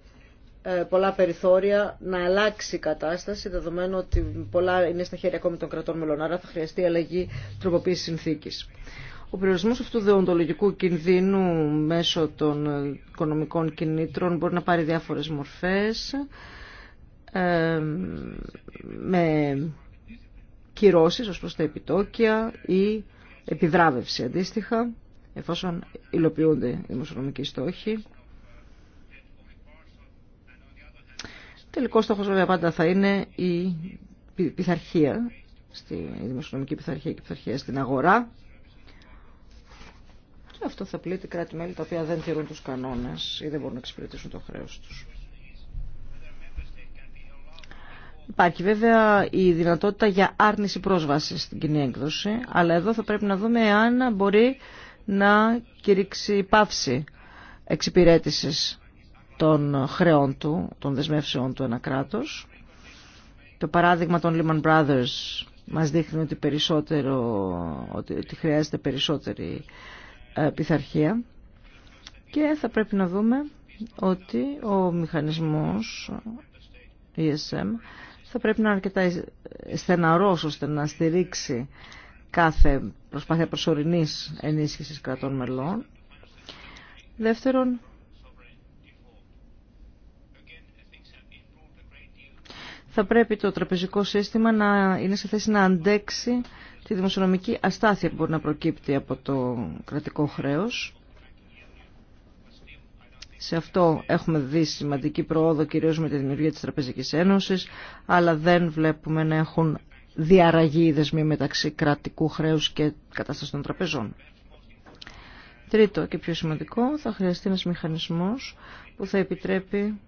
ε, πολλά περιθώρια να αλλάξει η κατάσταση, δεδομένου ότι πολλά είναι στα χέρια ακόμη των κρατών μελών, άρα θα χρειαστεί αλλαγή τροποποίηση συνθήκης. Ο περιορισμός αυτού του δεοντολογικού κινδύνου μέσω των οικονομικών κινήτρων μπορεί να πάρει διάφορες μορφές ε, με κυρώσεις ως προς τα επιτόκια ή επιβράβευση αντίστοιχα εφόσον υλοποιούνται οι δημοσιονομικοί στόχοι. Τελικό στόχο βέβαια πάντα θα είναι η επιδραβευση αντιστοιχα εφοσον υλοποιουνται οι δημοσιονομικοι στοχοι τελικο στοχος βεβαια παντα θα ειναι η πειθαρχια στη δημοσιονομική πειθαρχία και η πειθαρχία στην αγορά αυτό θα πλήττει κράτη-μέλη τα οποία δεν τηρούν τους κανόνες ή δεν μπορούν να εξυπηρετήσουν το χρέος τους. Υπάρχει βέβαια η δυνατότητα για άρνηση πρόσβασης στην κοινή έκδοση, αλλά εδώ θα πρέπει να δούμε αν μπορεί να κηρύξει πάυση εξυπηρέτησης των χρεών του, των δεσμεύσεων του ένα κράτος. Το παράδειγμα των Lehman Brothers μας δείχνει ότι, περισσότερο, ότι χρειάζεται περισσότερη ε, πειθαρχία και θα πρέπει να δούμε ότι ο μηχανισμός ESM θα πρέπει να είναι αρκετά στεναρός ώστε να στηρίξει κάθε προσπάθεια προσωρινής ενίσχυσης κρατών μελών. Δεύτερον, θα πρέπει το τραπεζικό σύστημα να είναι σε θέση να αντέξει τη δημοσιονομική αστάθεια που μπορεί να προκύπτει από το κρατικό χρέος. Σε αυτό έχουμε δει σημαντική προόδο κυρίως με τη δημιουργία της Τραπεζικής Ένωσης, αλλά δεν βλέπουμε να έχουν διαραγεί οι δεσμοί μεταξύ κρατικού χρέους και κατάσταση των τραπεζών. Τρίτο και πιο σημαντικό, θα χρειαστεί ένας μηχανισμός που θα επιτρέπει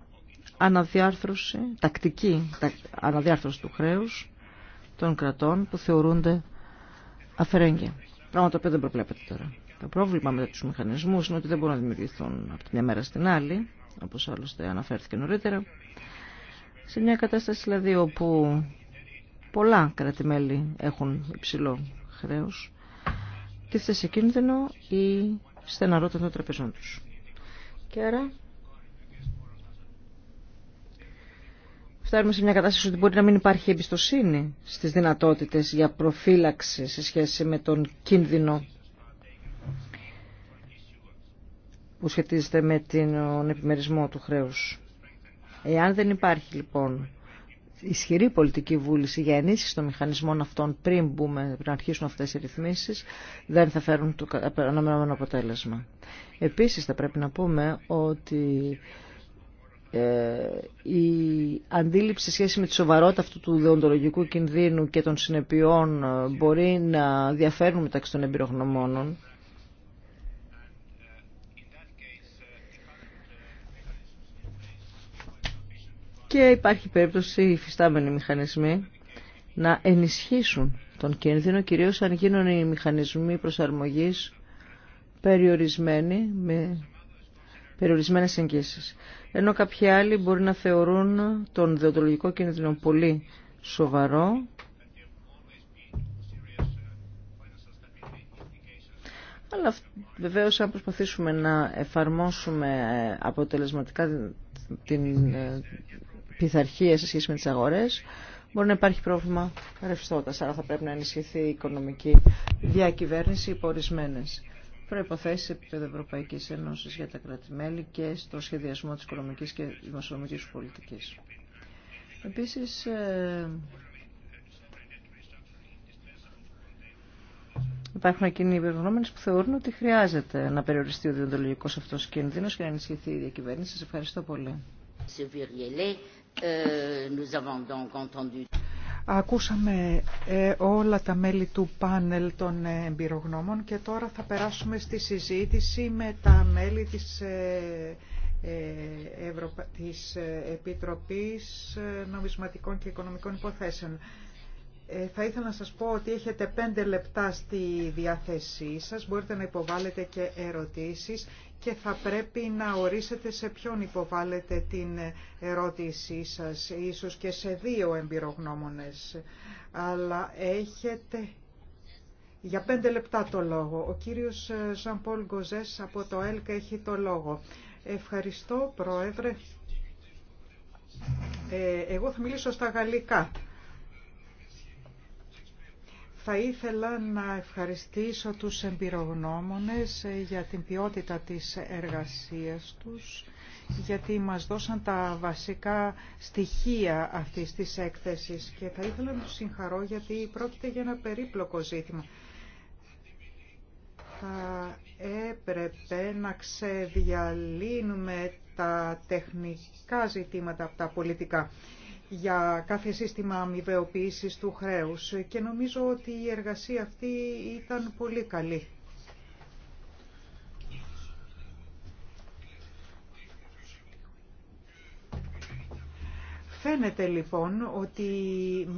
αναδιάρθρωση, τακτική αναδιάρθρωση του χρέους των κρατών που θεωρούνται αφαιρέγγια. το οποίο δεν προβλέπετε τώρα. Το πρόβλημα με του μηχανισμού είναι ότι δεν μπορούν να δημιουργηθούν από τη μια μέρα στην άλλη, όπω άλλωστε αναφέρθηκε νωρίτερα. Σε μια κατάσταση δηλαδή όπου πολλά κρατημέλη έχουν υψηλό χρέο, τίθεται σε κίνδυνο η στεναρότητα των τραπεζών του. Και άρα φτάνουμε σε μια κατάσταση ότι μπορεί να μην υπάρχει εμπιστοσύνη στις δυνατότητες για προφύλαξη σε σχέση με τον κίνδυνο που σχετίζεται με τον επιμερισμό του χρέους. Εάν δεν υπάρχει λοιπόν ισχυρή πολιτική βούληση για ενίσχυση των μηχανισμών αυτών πριν, μπούμε, πριν αρχίσουν αυτές οι ρυθμίσεις, δεν θα φέρουν το αναμενόμενο αποτέλεσμα. Επίσης θα πρέπει να πούμε ότι ε, η αντίληψη σε σχέση με τη σοβαρότητα αυτού του δεοντολογικού κινδύνου και των συνεπειών ε, μπορεί να διαφέρουν μεταξύ των εμπειρογνωμόνων. Και υπάρχει περίπτωση οι φυστάμενοι μηχανισμοί να ενισχύσουν τον κίνδυνο, κυρίως αν γίνουν οι μηχανισμοί προσαρμογής περιορισμένοι με περιορισμένες εγγύσεις. Ενώ κάποιοι άλλοι μπορεί να θεωρούν τον διοντολογικό κίνδυνο πολύ σοβαρό Αλλά βεβαίω αν προσπαθήσουμε να εφαρμόσουμε ε, αποτελεσματικά την ε, πειθαρχία σε σχέση με τις αγορές, μπορεί να υπάρχει πρόβλημα ρευστότητας Άρα θα πρέπει να ενισχυθεί η οικονομική διακυβέρνηση υπορισμένες προϋποθέσεις επίπεδο Ευρωπαϊκής Ένωσης για τα κρατη και στο σχεδιασμό της οικονομικής και δημοσιονομικής πολιτικής. Επίσης, ε, Υπάρχουν εκείνοι οι υπερογνώμενε που θεωρούν ότι χρειάζεται να περιοριστεί ο διοντολογικό αυτό κίνδυνο και να ενισχυθεί η διακυβέρνηση. Σα ευχαριστώ πολύ. Ακούσαμε ε, όλα τα μέλη του πάνελ των ε, εμπειρογνώμων και τώρα θα περάσουμε στη συζήτηση με τα μέλη της, ε, Ευρωπα... της Επιτροπής Νομισματικών και Οικονομικών Υποθέσεων. Θα ήθελα να σας πω ότι έχετε πέντε λεπτά στη διάθεσή σας. Μπορείτε να υποβάλλετε και ερωτήσεις και θα πρέπει να ορίσετε σε ποιον υποβάλλετε την ερώτησή σας, ίσως και σε δύο εμπειρογνώμονες. Αλλά έχετε για πέντε λεπτά το λόγο. Ο κύριος Ζανπόλ ε, Γκοζές από το ΕΛΚ έχει το λόγο. Ευχαριστώ, Πρόεδρε. Ε, εγώ θα μιλήσω στα γαλλικά. Θα ήθελα να ευχαριστήσω τους εμπειρογνώμονες ε, για την ποιότητα της εργασίας τους, γιατί μας δώσαν τα βασικά στοιχεία αυτής της έκθεσης και θα ήθελα να τους συγχαρώ γιατί πρόκειται για ένα περίπλοκο ζήτημα. Θα έπρεπε να ξεδιαλύνουμε τα τεχνικά ζητήματα από τα πολιτικά για κάθε σύστημα αμοιβεοποίησης του χρέους και νομίζω ότι η εργασία αυτή ήταν πολύ καλή. Φαίνεται λοιπόν ότι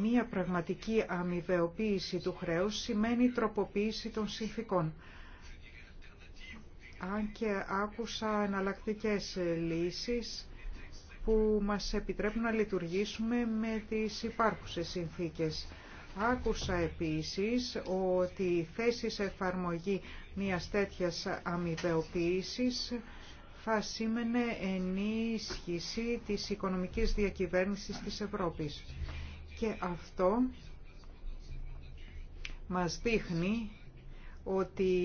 μία πραγματική αμοιβεοποίηση του χρέους σημαίνει τροποποίηση των συνθήκων. Αν και άκουσα εναλλακτικές λύσεις που μας επιτρέπουν να λειτουργήσουμε με τις υπάρχουσες συνθήκες. Άκουσα επίσης ότι η θέση σε εφαρμογή μιας τέτοιας αμοιβεοποίησης θα σήμαινε ενίσχυση της οικονομικής διακυβέρνησης της Ευρώπης. Και αυτό μας δείχνει ότι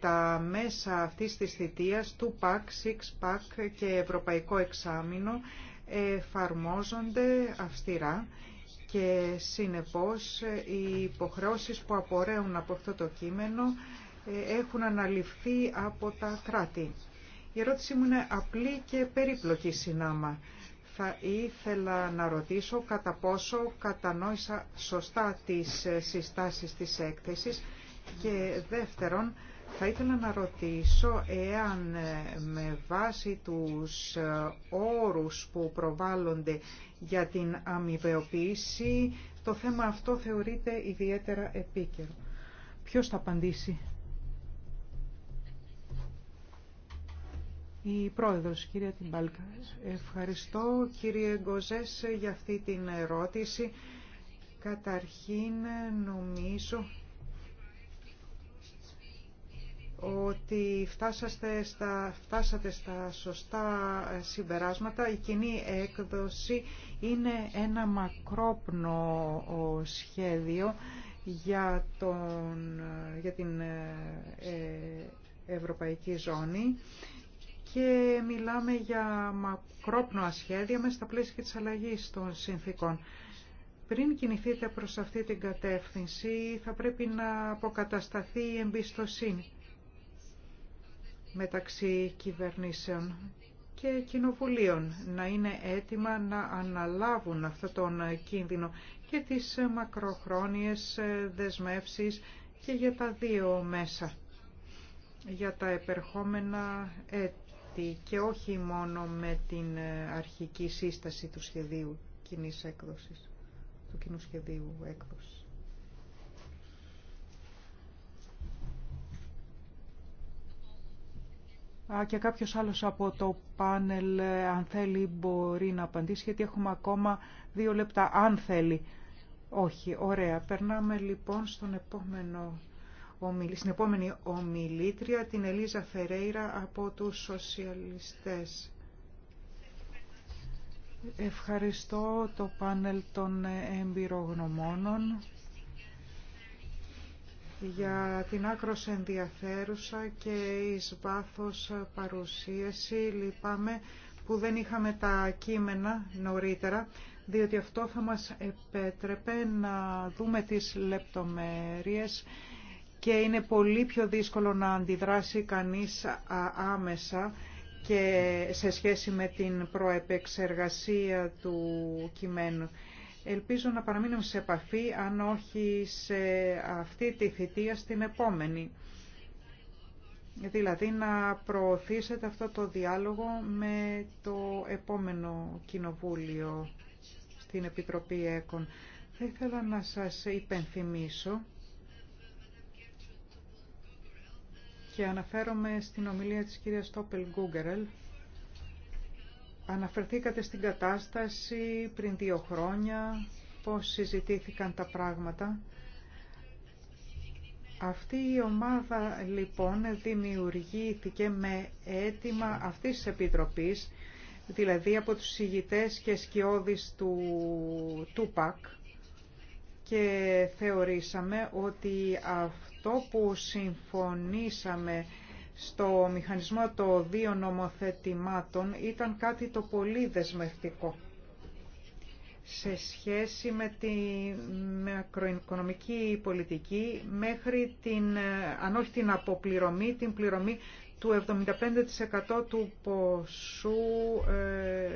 τα μέσα αυτής της θητείας του ΠΑΚ, ΣΥΚΣ και Ευρωπαϊκό Εξάμεινο εφαρμόζονται αυστηρά και συνεπώς οι υποχρεώσεις που απορρέουν από αυτό το κείμενο ε, έχουν αναλυφθεί από τα κράτη. Η ερώτησή μου είναι απλή και περίπλοκη συνάμα. Θα ήθελα να ρωτήσω κατά πόσο κατανόησα σωστά τις ε, συστάσεις της έκθεσης και δεύτερον θα ήθελα να ρωτήσω εάν ε, με βάση τους ε, όρους που προβάλλονται για την αμοιβεοποίηση το θέμα αυτό θεωρείται ιδιαίτερα επίκαιρο. Ποιος θα απαντήσει. Η πρόεδρος, κυρία Τιμπάλκα. Ευχαριστώ κύριε Γκοζές για αυτή την ερώτηση. Καταρχήν νομίζω ότι φτάσατε στα, φτάσατε στα σωστά συμπεράσματα. Η κοινή έκδοση είναι ένα μακρόπνο σχέδιο για, τον, για την ε, ε, Ευρωπαϊκή Ζώνη και μιλάμε για μακρόπνο σχέδια μέσα στα πλαίσια και της αλλαγής των συνθήκων. Πριν κινηθείτε προς αυτή την κατεύθυνση θα πρέπει να αποκατασταθεί η εμπιστοσύνη μεταξύ κυβερνήσεων και κοινοβουλίων να είναι έτοιμα να αναλάβουν αυτόν τον κίνδυνο και τις μακροχρόνιες δεσμεύσεις και για τα δύο μέσα, για τα επερχόμενα έτη και όχι μόνο με την αρχική σύσταση του σχεδίου κοινής έκδοσης, του κοινού σχεδίου έκδοσης. και κάποιος άλλος από το πάνελ, αν θέλει, μπορεί να απαντήσει, γιατί έχουμε ακόμα δύο λεπτά, αν θέλει. Όχι, ωραία. Περνάμε λοιπόν στον επόμενο, στην επόμενη ομιλήτρια, την Ελίζα Φερέιρα από τους Σοσιαλιστές. Ευχαριστώ το πάνελ των εμπειρογνωμόνων για την άκρος ενδιαφέρουσα και εις βάθος παρουσίαση. Λυπάμαι που δεν είχαμε τα κείμενα νωρίτερα, διότι αυτό θα μας επέτρεπε να δούμε τις λεπτομέρειες και είναι πολύ πιο δύσκολο να αντιδράσει κανείς άμεσα και σε σχέση με την προεπεξεργασία του κειμένου. Ελπίζω να παραμείνουμε σε επαφή, αν όχι σε αυτή τη θητεία, στην επόμενη. Δηλαδή να προωθήσετε αυτό το διάλογο με το επόμενο κοινοβούλιο στην Επιτροπή ΕΚΟΝ. Θα ήθελα να σας υπενθυμίσω και αναφέρομαι στην ομιλία της κυρίας Τόπελ Γκούγκερελ Αναφερθήκατε στην κατάσταση πριν δύο χρόνια, πώς συζητήθηκαν τα πράγματα. Αυτή η ομάδα λοιπόν δημιουργήθηκε με αίτημα αυτής της Επιτροπής, δηλαδή από τους ηγητές και σκιώδεις του, Τούπακ και θεωρήσαμε ότι αυτό που συμφωνήσαμε στο μηχανισμό των δύο νομοθετημάτων ήταν κάτι το πολύ δεσμευτικό σε σχέση με τη μακροοικονομική πολιτική μέχρι την, αν όχι την αποπληρωμή, την πληρωμή του 75% του ποσού ε,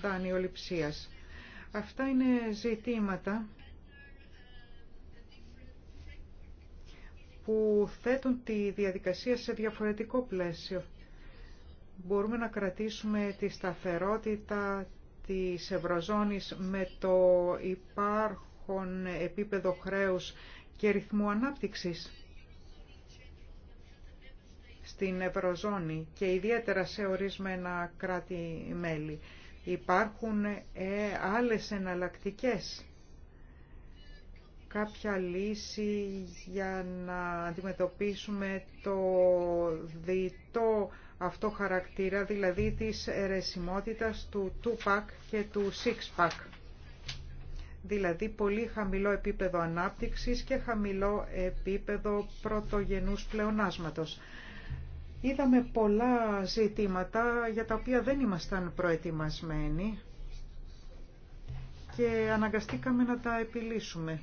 δανειοληψίας. Αυτά είναι ζητήματα που θέτουν τη διαδικασία σε διαφορετικό πλαίσιο. Μπορούμε να κρατήσουμε τη σταθερότητα της Ευρωζώνης με το υπάρχον επίπεδο χρέους και ρυθμού ανάπτυξης στην Ευρωζώνη και ιδιαίτερα σε ορισμένα κράτη-μέλη. Υπάρχουν ε, άλλες εναλλακτικές κάποια λύση για να αντιμετωπίσουμε το διτό αυτό χαρακτήρα, δηλαδή της αιρεσιμότητας του 2-pack και του 6-pack. Δηλαδή πολύ χαμηλό επίπεδο ανάπτυξης και χαμηλό επίπεδο πρωτογενούς πλεονάσματος. Είδαμε πολλά ζητήματα για τα οποία δεν ήμασταν προετοιμασμένοι και αναγκαστήκαμε να τα επιλύσουμε.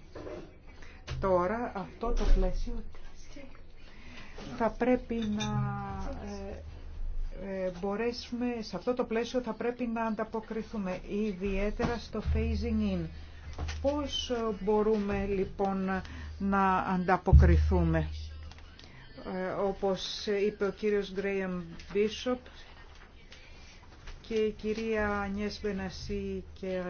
Τώρα αυτό το πλαίσιο θα πρέπει να ε, ε, μπορέσουμε, σε αυτό το πλαίσιο θα πρέπει να ανταποκριθούμε, ιδιαίτερα στο phasing in. Πώς μπορούμε λοιπόν να ανταποκριθούμε. Ε, όπως είπε ο κύριος Γκρέιμ Μπίσοπ και η κυρία Ανιές και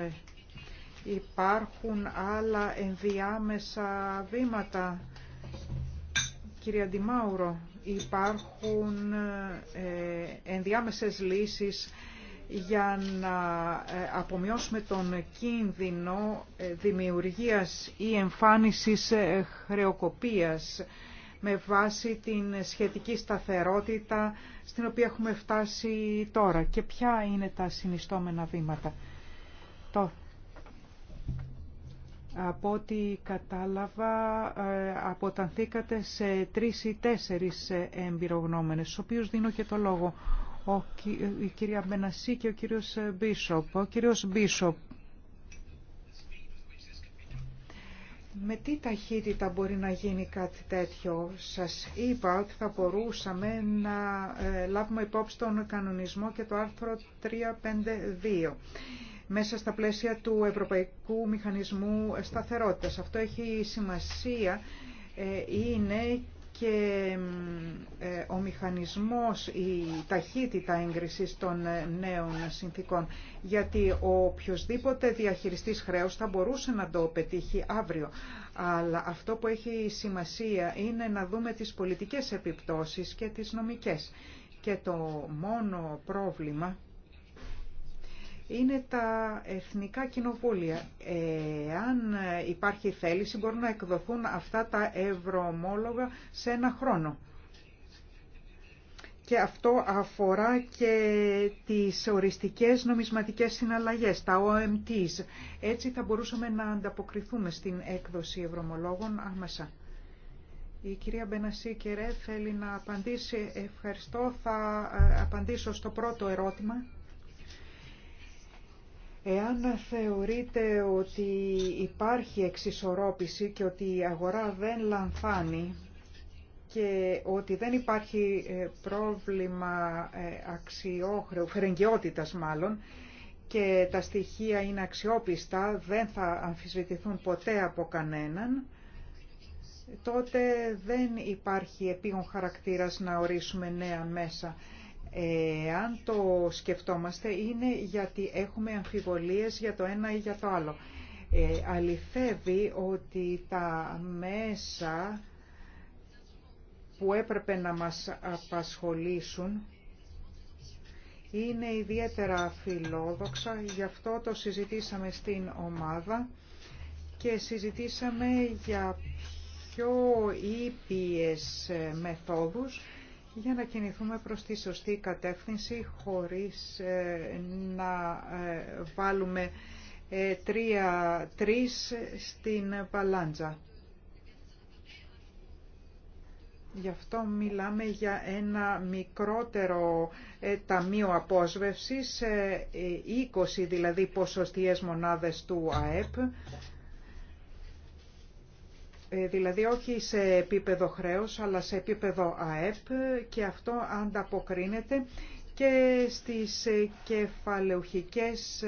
Υπάρχουν άλλα ενδιάμεσα βήματα. Κυρία Αντιμάουρο. υπάρχουν ε, ενδιάμεσες λύσεις για να ε, απομειώσουμε τον κίνδυνο ε, δημιουργίας ή εμφάνισης χρεοκοπίας με βάση την σχετική σταθερότητα στην οποία έχουμε φτάσει τώρα και ποια είναι τα συνιστόμενα βήματα. Το. Από ό,τι κατάλαβα, ε, αποτανθήκατε σε τρεις ή τέσσερις ε, εμπειρογνώμενες, στους οποίους δίνω και το λόγο. Ο, ε, η κυρία Μπενασί και ο κύριος Μπίσοπ. Ο κύριος Μπίσοπ. Με τι ταχύτητα μπορεί να γίνει κάτι τέτοιο. Σας είπα ότι θα μπορούσαμε να λάβουμε υπόψη τον κανονισμό και το άρθρο 352 μέσα στα πλαίσια του Ευρωπαϊκού Μηχανισμού Σταθερότητας. Αυτό έχει σημασία, ε, είναι και ε, ο μηχανισμός, η ταχύτητα έγκρισης των ε, νέων συνθήκων, γιατί ο οποιοδήποτε διαχειριστής χρέους θα μπορούσε να το πετύχει αύριο. Αλλά αυτό που έχει σημασία είναι να δούμε τις πολιτικές επιπτώσεις και τις νομικές. Και το μόνο πρόβλημα είναι τα εθνικά κοινοβούλια. Αν υπάρχει θέληση μπορούν να εκδοθούν αυτά τα ευρωομόλογα σε ένα χρόνο. Και αυτό αφορά και τις οριστικές νομισματικές συναλλαγές, τα OMTs. Έτσι θα μπορούσαμε να ανταποκριθούμε στην έκδοση ευρωμολόγων άμεσα. Η κυρία Μπενασί Κερέ ε, θέλει να απαντήσει. Ευχαριστώ. Θα ε, απαντήσω στο πρώτο ερώτημα Εάν θεωρείτε ότι υπάρχει εξισορρόπηση και ότι η αγορά δεν λανθάνει και ότι δεν υπάρχει ε, πρόβλημα ε, αξιόχρεου, φερεγγιότητας μάλλον, και τα στοιχεία είναι αξιόπιστα, δεν θα αμφισβητηθούν ποτέ από κανέναν, τότε δεν υπάρχει επίγον χαρακτήρας να ορίσουμε νέα μέσα. Ε, αν το σκεφτόμαστε είναι γιατί έχουμε αμφιβολίες για το ένα ή για το άλλο. Ε, αληθεύει ότι τα μέσα που έπρεπε να μας απασχολήσουν είναι ιδιαίτερα φιλόδοξα, γι' αυτό το συζητήσαμε στην ομάδα και συζητήσαμε για πιο ήπιες μεθόδους για να κινηθούμε προς τη σωστή κατεύθυνση χωρίς ε, να ε, βάλουμε ε, τρία τρεις στην παλάντζα. Γι' αυτό μιλάμε για ένα μικρότερο ταμείο απόσβευσης, 20 δηλαδή ποσοστιαίες μονάδες του ΑΕΠ, ε, δηλαδή όχι σε επίπεδο χρέους αλλά σε επίπεδο ΑΕΠ και αυτό ανταποκρίνεται και στις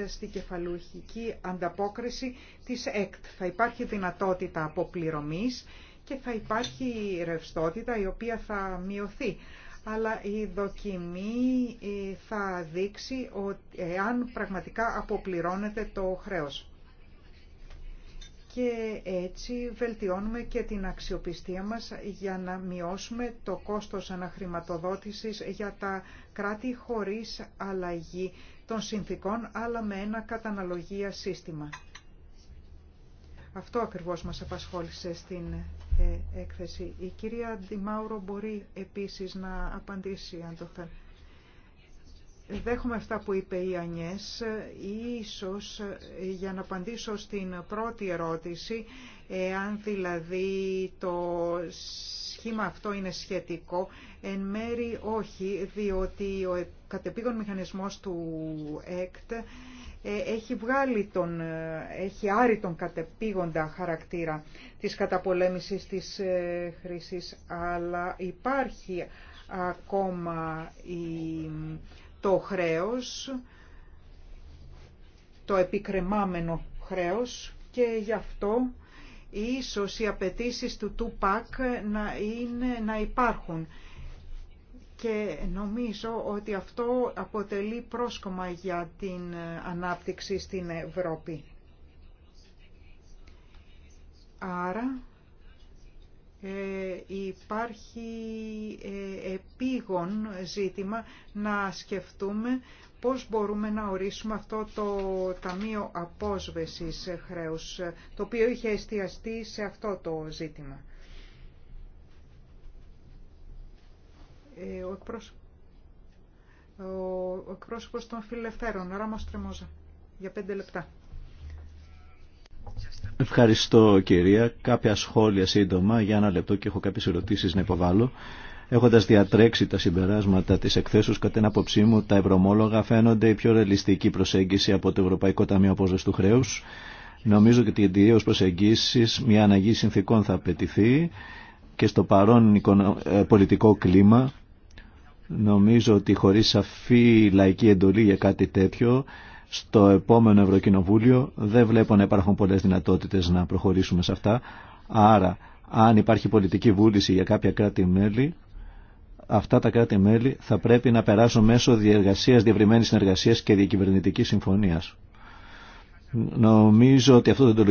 στη κεφαλουχική ανταπόκριση της ΕΚΤ. Θα υπάρχει δυνατότητα αποπληρωμής και θα υπάρχει ρευστότητα η οποία θα μειωθεί. Αλλά η δοκιμή ε, θα δείξει αν πραγματικά αποπληρώνεται το χρέος και έτσι βελτιώνουμε και την αξιοπιστία μας για να μειώσουμε το κόστος αναχρηματοδότησης για τα κράτη χωρίς αλλαγή των συνθήκων, αλλά με ένα καταναλογία σύστημα. Αυτό ακριβώς μας απασχόλησε στην ε, έκθεση. Η κυρία Ντιμάουρο μπορεί επίσης να απαντήσει αν το θέλει. Δέχομαι αυτά που είπε η Ανιές. Ίσως ε, για να απαντήσω στην πρώτη ερώτηση, εάν δηλαδή το σχήμα αυτό είναι σχετικό, εν μέρη όχι, διότι ο ε, κατεπήγον μηχανισμός του ΕΚΤ ε, έχει, βγάλει τον, έχει άρει τον κατεπήγοντα χαρακτήρα της καταπολέμησης της χρήσης, αλλά υπάρχει ακόμα η το χρέος, το επικρεμάμενο χρέος και γι' αυτό ίσως οι απαιτήσει του ΤΟΥΠΑΚ να, είναι, να υπάρχουν. Και νομίζω ότι αυτό αποτελεί πρόσκομα για την ανάπτυξη στην Ευρώπη. Άρα ε, υπάρχει ε, επίγον ζήτημα να σκεφτούμε πώς μπορούμε να ορίσουμε αυτό το Ταμείο Απόσβεσης Χρέους, το οποίο είχε εστιαστεί σε αυτό το ζήτημα. Ε, ο, εκπρόσωπο ο, ο εκπρόσωπος των Φιλελευθέρων, Ράμος Τρεμόζα, για πέντε λεπτά. Ευχαριστώ κυρία. Κάποια σχόλια σύντομα για ένα λεπτό και έχω κάποιες ερωτήσεις να υποβάλω. Έχοντας διατρέξει τα συμπεράσματα της εκθέσεως κατά την άποψή μου, τα ευρωμόλογα φαίνονται η πιο ρεαλιστική προσέγγιση από το Ευρωπαϊκό Ταμείο Απόζωσης του Χρέους. Νομίζω ότι ότι δύο προσεγγίσεις μια αναγή συνθήκων θα απαιτηθεί και στο παρόν ε, πολιτικό κλίμα νομίζω ότι χωρίς σαφή λαϊκή εντολή για κάτι τέτοιο στο επόμενο Ευρωκοινοβούλιο δεν βλέπω να υπάρχουν πολλές δυνατότητες να προχωρήσουμε σε αυτά. Άρα, αν υπάρχει πολιτική βούληση για κάποια κράτη-μέλη, αυτά τα κράτη-μέλη θα πρέπει να περάσουν μέσω διεργασίας, διευρυμένης συνεργασίας και διακυβερνητικής συμφωνίας. Νομίζω ότι αυτό το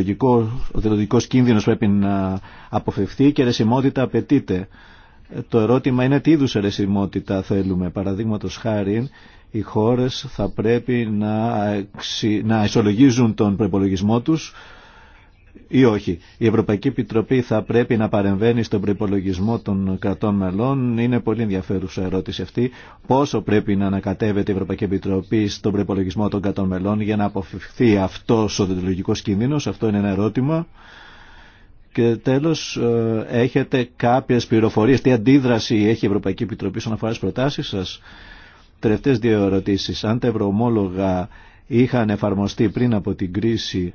τελογικό κίνδυνος πρέπει να αποφευθεί και ρεσιμότητα απαιτείται. Το ερώτημα είναι τι είδους ρεσιμότητα θέλουμε. Παραδείγματος χάρη, οι χώρες θα πρέπει να, να ισολογίζουν τον προπολογισμό τους ή όχι. Η Ευρωπαϊκή Επιτροπή θα πρέπει να παρεμβαίνει στον προπολογισμό των κρατών μελών. Είναι πολύ ενδιαφέρουσα ερώτηση αυτή. Πόσο πρέπει να ανακατεύεται η Ευρωπαϊκή Επιτροπή στον προπολογισμό των κρατών μελών για να αποφευχθεί αυτό ο δεντρολογικός κίνδυνος. Αυτό είναι ένα ερώτημα. Και τέλος, ε, έχετε κάποιες πληροφορίες, τι αντίδραση έχει η Ευρωπαϊκή Επιτροπή στον αφορά τις προτάσεις σας. Τελευταίες δύο ερωτήσεις. Αν τα ευρωομόλογα είχαν εφαρμοστεί πριν από την κρίση,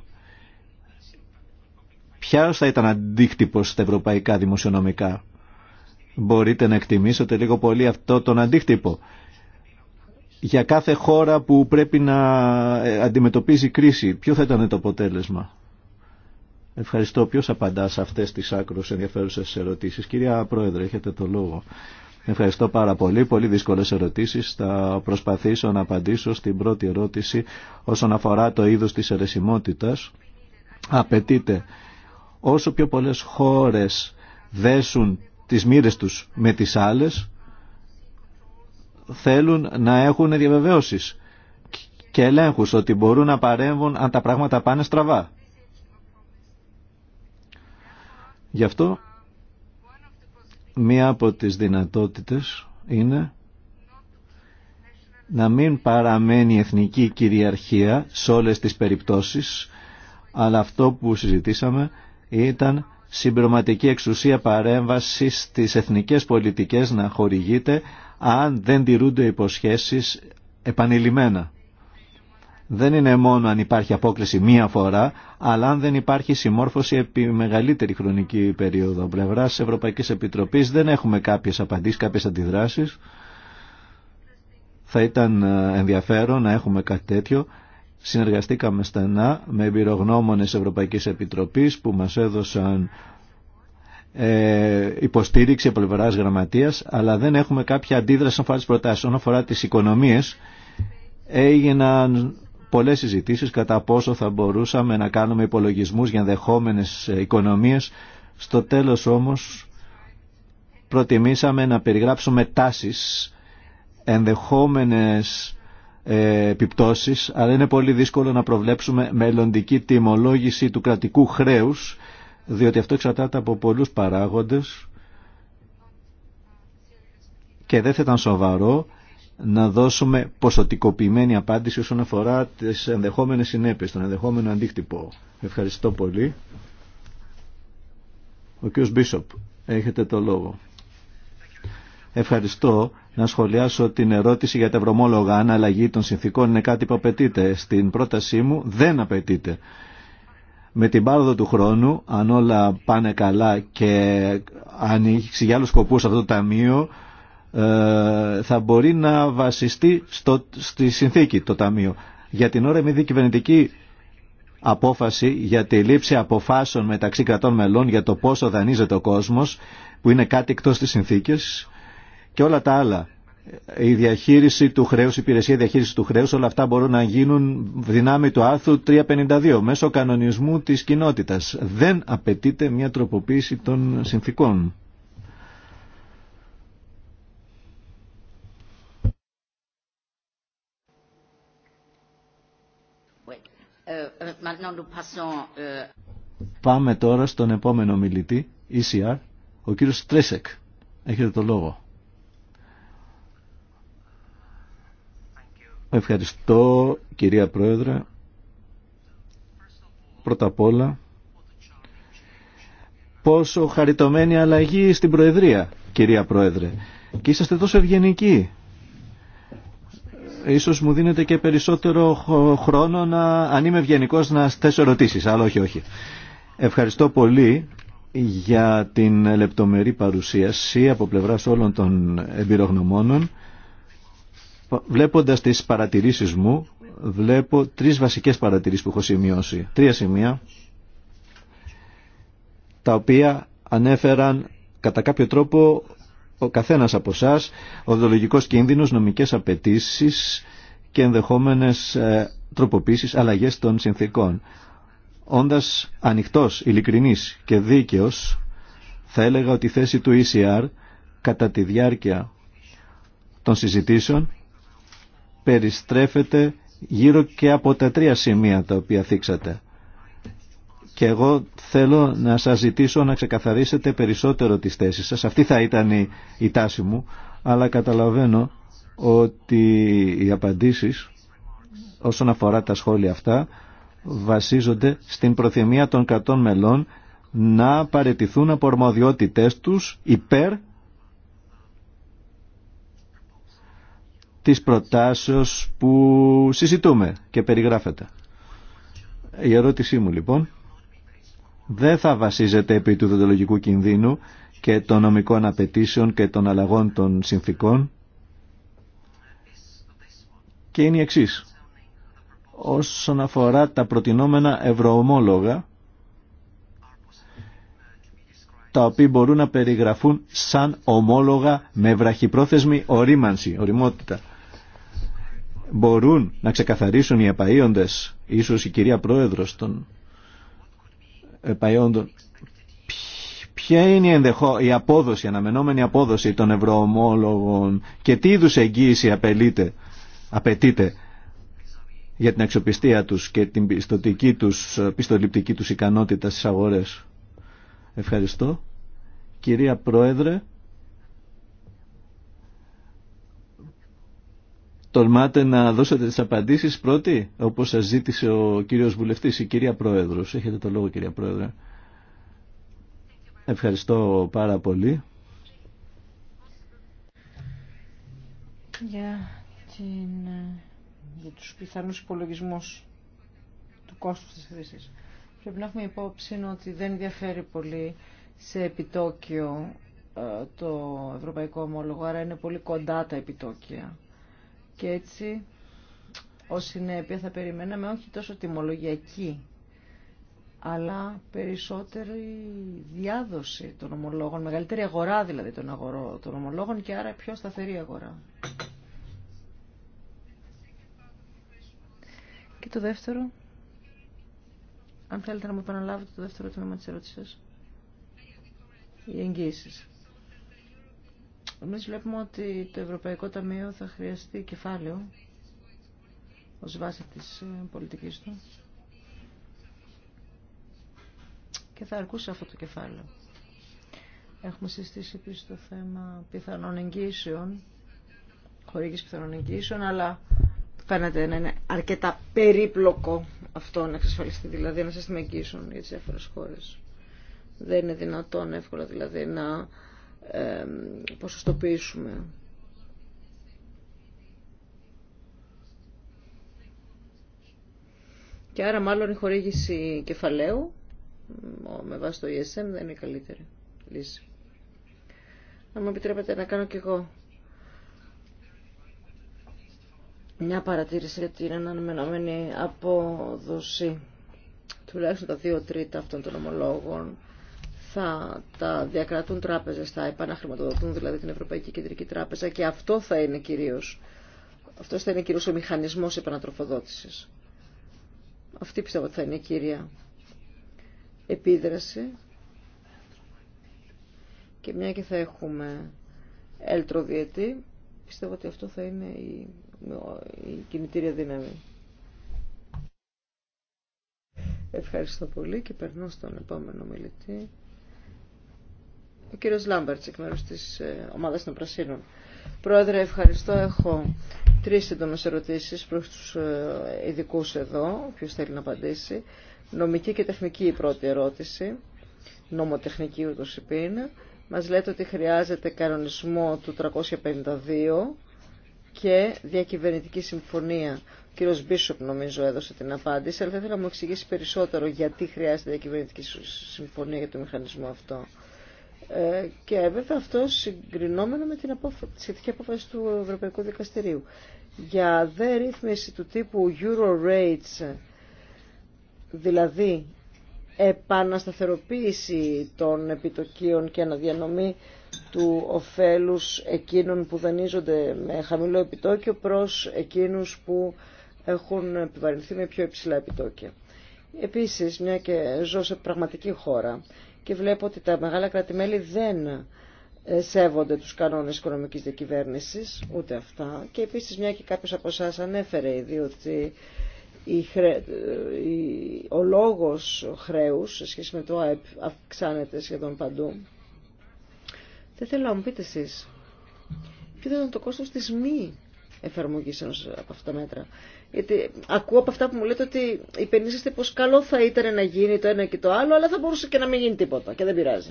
ποια θα ήταν αντίκτυπος στα ευρωπαϊκά δημοσιονομικά. Μπορείτε να εκτιμήσετε λίγο πολύ αυτό τον αντίκτυπο. Για κάθε χώρα που πρέπει να ε, αντιμετωπίζει κρίση, ποιο θα ήταν το αποτέλεσμα. Ευχαριστώ. Ποιος απαντά σε αυτές τις άκρως ενδιαφέρουσες ερωτήσεις. Κυρία Πρόεδρε, έχετε το λόγο. Ευχαριστώ πάρα πολύ. Πολύ δύσκολες ερωτήσεις. Θα προσπαθήσω να απαντήσω στην πρώτη ερώτηση όσον αφορά το είδος της αιρεσιμότητας. Απαιτείται όσο πιο πολλές χώρες δέσουν τις μοίρες τους με τις άλλες, θέλουν να έχουν διαβεβαιώσεις και ελέγχους ότι μπορούν να παρέμβουν αν τα πράγματα πάνε στραβά. Γι' αυτό Μία από τις δυνατότητες είναι να μην παραμένει εθνική κυριαρχία σε όλες τις περιπτώσεις, αλλά αυτό που συζητήσαμε ήταν συμπροματική εξουσία παρέμβαση στις εθνικές πολιτικές να χορηγείται αν δεν τηρούνται υποσχέσεις επανειλημμένα δεν είναι μόνο αν υπάρχει απόκληση μία φορά, αλλά αν δεν υπάρχει συμμόρφωση επί μεγαλύτερη χρονική περίοδο. Πλευρά τη Ευρωπαϊκή Επιτροπή δεν έχουμε κάποιε απαντήσει, κάποιε αντιδράσει. Θα ήταν ε, ενδιαφέρον να έχουμε κάτι τέτοιο. Συνεργαστήκαμε στενά με εμπειρογνώμονες Ευρωπαϊκής Επιτροπής που μας έδωσαν ε, υποστήριξη πλευρά γραμματείας, αλλά δεν έχουμε κάποια αντίδραση όσον αφορά Όσον αφορά τις οικονομίες, έγιναν πολλές συζητήσεις κατά πόσο θα μπορούσαμε να κάνουμε υπολογισμούς για ενδεχόμενες οικονομίες. Στο τέλος όμως προτιμήσαμε να περιγράψουμε τάσεις, ενδεχόμενες ε, επιπτώσεις, αλλά είναι πολύ δύσκολο να προβλέψουμε μελλοντική τιμολόγηση του κρατικού χρέους, διότι αυτό εξαρτάται από πολλούς παράγοντες και δεν θα ήταν σοβαρό να δώσουμε ποσοτικοποιημένη απάντηση όσον αφορά τις ενδεχόμενες συνέπειες, τον ενδεχόμενο αντίκτυπο. Ευχαριστώ πολύ. Ο κ. Μπίσοπ, έχετε το λόγο. Ευχαριστώ να σχολιάσω την ερώτηση για τα ευρωμόλογα. Αν αλλαγή των συνθήκων είναι κάτι που απαιτείται. Στην πρότασή μου δεν απαιτείται. Με την πάροδο του χρόνου, αν όλα πάνε καλά και ανοίξει για άλλους σκοπούς αυτό το ταμείο, ε, θα μπορεί να βασιστεί στο, στη συνθήκη το Ταμείο. Για την ώρα, μια κυβερνητική απόφαση για τη λήψη αποφάσεων μεταξύ κρατών μελών για το πόσο δανείζεται ο κόσμος, που είναι κάτι εκτός της συνθήκης, και όλα τα άλλα. Η διαχείριση του χρέους, η υπηρεσία διαχείριση του χρέους, όλα αυτά μπορούν να γίνουν δυνάμει του άρθρου 352, μέσω κανονισμού της κοινότητας. Δεν απαιτείται μια τροποποίηση των συνθήκων. Euh, Πάμε τώρα στον επόμενο μιλητή, ECR, ο κύριος Τρέσεκ. Έχετε το λόγο. Ευχαριστώ κυρία Πρόεδρε. Πρώτα απ' όλα, πόσο χαριτωμένη αλλαγή στην Προεδρία, κυρία Πρόεδρε. Και είσαστε τόσο ευγενικοί ίσως μου δίνετε και περισσότερο χρόνο να, αν είμαι ευγενικό να θέσω ερωτήσει. αλλά όχι, όχι. Ευχαριστώ πολύ για την λεπτομερή παρουσίαση από πλευράς όλων των εμπειρογνωμόνων. Βλέποντας τις παρατηρήσεις μου, βλέπω τρεις βασικές παρατηρήσεις που έχω σημειώσει. Τρία σημεία, τα οποία ανέφεραν κατά κάποιο τρόπο ο καθένας από εσά, οδολογικός κίνδυνος, νομικές απαιτήσει και ενδεχόμενες ε, τροποποίησεις, αλλαγές των συνθήκων. Όντας ανοιχτός, ειλικρινής και δίκαιος, θα έλεγα ότι η θέση του ECR κατά τη διάρκεια των συζητήσεων περιστρέφεται γύρω και από τα τρία σημεία τα οποία θίξατε και εγώ θέλω να σας ζητήσω να ξεκαθαρίσετε περισσότερο τις θέσεις σας. Αυτή θα ήταν η, τάση μου, αλλά καταλαβαίνω ότι οι απαντήσεις όσον αφορά τα σχόλια αυτά βασίζονται στην προθυμία των κρατών μελών να παρετηθούν από ορμοδιότητές τους υπέρ της προτάσεως που συζητούμε και περιγράφεται. Η ερώτησή μου λοιπόν δεν θα βασίζεται επί του δοντολογικού κινδύνου και των νομικών απαιτήσεων και των αλλαγών των συνθήκων και είναι η εξής. Όσον αφορά τα προτινόμενα ευρωομόλογα τα οποία μπορούν να περιγραφούν σαν ομόλογα με βραχυπρόθεσμη ορίμανση, οριμότητα. Μπορούν να ξεκαθαρίσουν οι απαΐοντες, ίσως η κυρία Πρόεδρος των ε, ποια είναι η, ενδεχό, η απόδοση, η αναμενόμενη απόδοση των ευρωομόλογων και τι είδου εγγύηση απαιτείται, για την αξιοπιστία τους και την πιστοτική τους, πιστοληπτική τους ικανότητα στις αγορές. Ευχαριστώ. Κυρία Πρόεδρε. Τολμάτε να δώσετε τις απαντήσεις πρώτοι, όπως σας ζήτησε ο κύριος Βουλευτής, η κυρία Πρόεδρος. Έχετε το λόγο κυρία Πρόεδρε. Ευχαριστώ πάρα πολύ. Για, την... για τους πιθανούς υπολογισμούς του κόστου της χρήσης. Πρέπει να έχουμε υπόψη ότι δεν διαφέρει πολύ σε επιτόκιο ε, το ευρωπαϊκό ομόλογο, άρα είναι πολύ κοντά τα επιτόκια και έτσι ως συνέπεια θα περιμέναμε όχι τόσο τιμολογιακή αλλά περισσότερη διάδοση των ομολόγων, μεγαλύτερη αγορά δηλαδή των, αγορο των ομολόγων και άρα πιο σταθερή αγορά. Και το δεύτερο, αν θέλετε να μου επαναλάβετε το δεύτερο τμήμα της ερώτησης, οι εγγύησεις. Εμεί βλέπουμε ότι το Ευρωπαϊκό Ταμείο θα χρειαστεί κεφάλαιο ως βάση της ε, πολιτικής του και θα αρκούσε αυτό το κεφάλαιο. Έχουμε συστήσει επίση το θέμα πιθανών εγγύσεων, χορήγηση πιθανών εγγύσεων, αλλά φαίνεται να είναι αρκετά περίπλοκο αυτό να εξασφαλιστεί, δηλαδή να σύστημα εγγύσεων για τι διάφορε χώρε. Δεν είναι δυνατόν εύκολα δηλαδή να ποσοστοποιήσουμε. Και άρα μάλλον η χορήγηση κεφαλαίου με βάση το ESM δεν είναι η καλύτερη λύση. Αν μου επιτρέπετε να κάνω κι εγώ μια παρατήρηση για την αναμενόμενη απόδοση τουλάχιστον τα δύο τρίτα αυτών των ομολόγων θα τα διακρατούν τράπεζες, θα επαναχρηματοδοτούν δηλαδή την Ευρωπαϊκή Κεντρική Τράπεζα και αυτό θα είναι κυρίως, αυτός θα είναι κυρίως ο μηχανισμός επανατροφοδότησης. Αυτή πιστεύω ότι θα είναι η κύρια επίδραση. Και μια και θα έχουμε έλτρο διετή, πιστεύω ότι αυτό θα είναι η, η κινητήρια δύναμη. Ευχαριστώ πολύ και περνώ στον επόμενο μιλητή. Ο κύριος Λάμπερτς εκ μέρους της ε, ομάδας των Πρασίνων. Πρόεδρε, ευχαριστώ. Έχω τρει σύντομε ερωτήσει προ του ε, ειδικού εδώ, ποιος θέλει να απαντήσει. Νομική και τεχνική η πρώτη ερώτηση, νομοτεχνική ούτω η είναι. Μα λέτε ότι χρειάζεται κανονισμό του 352 και διακυβερνητική συμφωνία. Ο κύριος Μπίσοπ νομίζω έδωσε την απάντηση, αλλά θα ήθελα να μου εξηγήσει περισσότερο γιατί χρειάζεται διακυβερνητική συμφωνία για το μηχανισμό αυτό. Ε, και βέβαια αυτό συγκρινόμενο με την απόφαση, σχετική απόφαση του Ευρωπαϊκού Δικαστηρίου. Για δε ρύθμιση του τύπου Euro Rates, δηλαδή επανασταθεροποίηση των επιτοκίων και αναδιανομή του ωφέλους εκείνων που δανείζονται με χαμηλό επιτόκιο προς εκείνους που έχουν επιβαρυνθεί με πιο υψηλά επιτόκια. Επίσης, μια και ζω σε πραγματική χώρα, και βλέπω ότι τα μεγάλα δεν ε, σέβονται τους κανόνες οικονομικής διακυβέρνησης, ούτε αυτά. Και επίσης μια και κάποιος από εσά ανέφερε ήδη ότι ε, ο λόγος χρέους σε σχέση με το ΑΕΠ αυξάνεται σχεδόν παντού. Δεν θέλω να μου πείτε εσείς, ποιο ήταν το κόστος της μη εφαρμογής από αυτά τα μέτρα. Γιατί ακούω από αυτά που μου λέτε ότι υπενήσεστε πως καλό θα ήταν να γίνει το ένα και το άλλο, αλλά θα μπορούσε και να μην γίνει τίποτα και δεν πειράζει.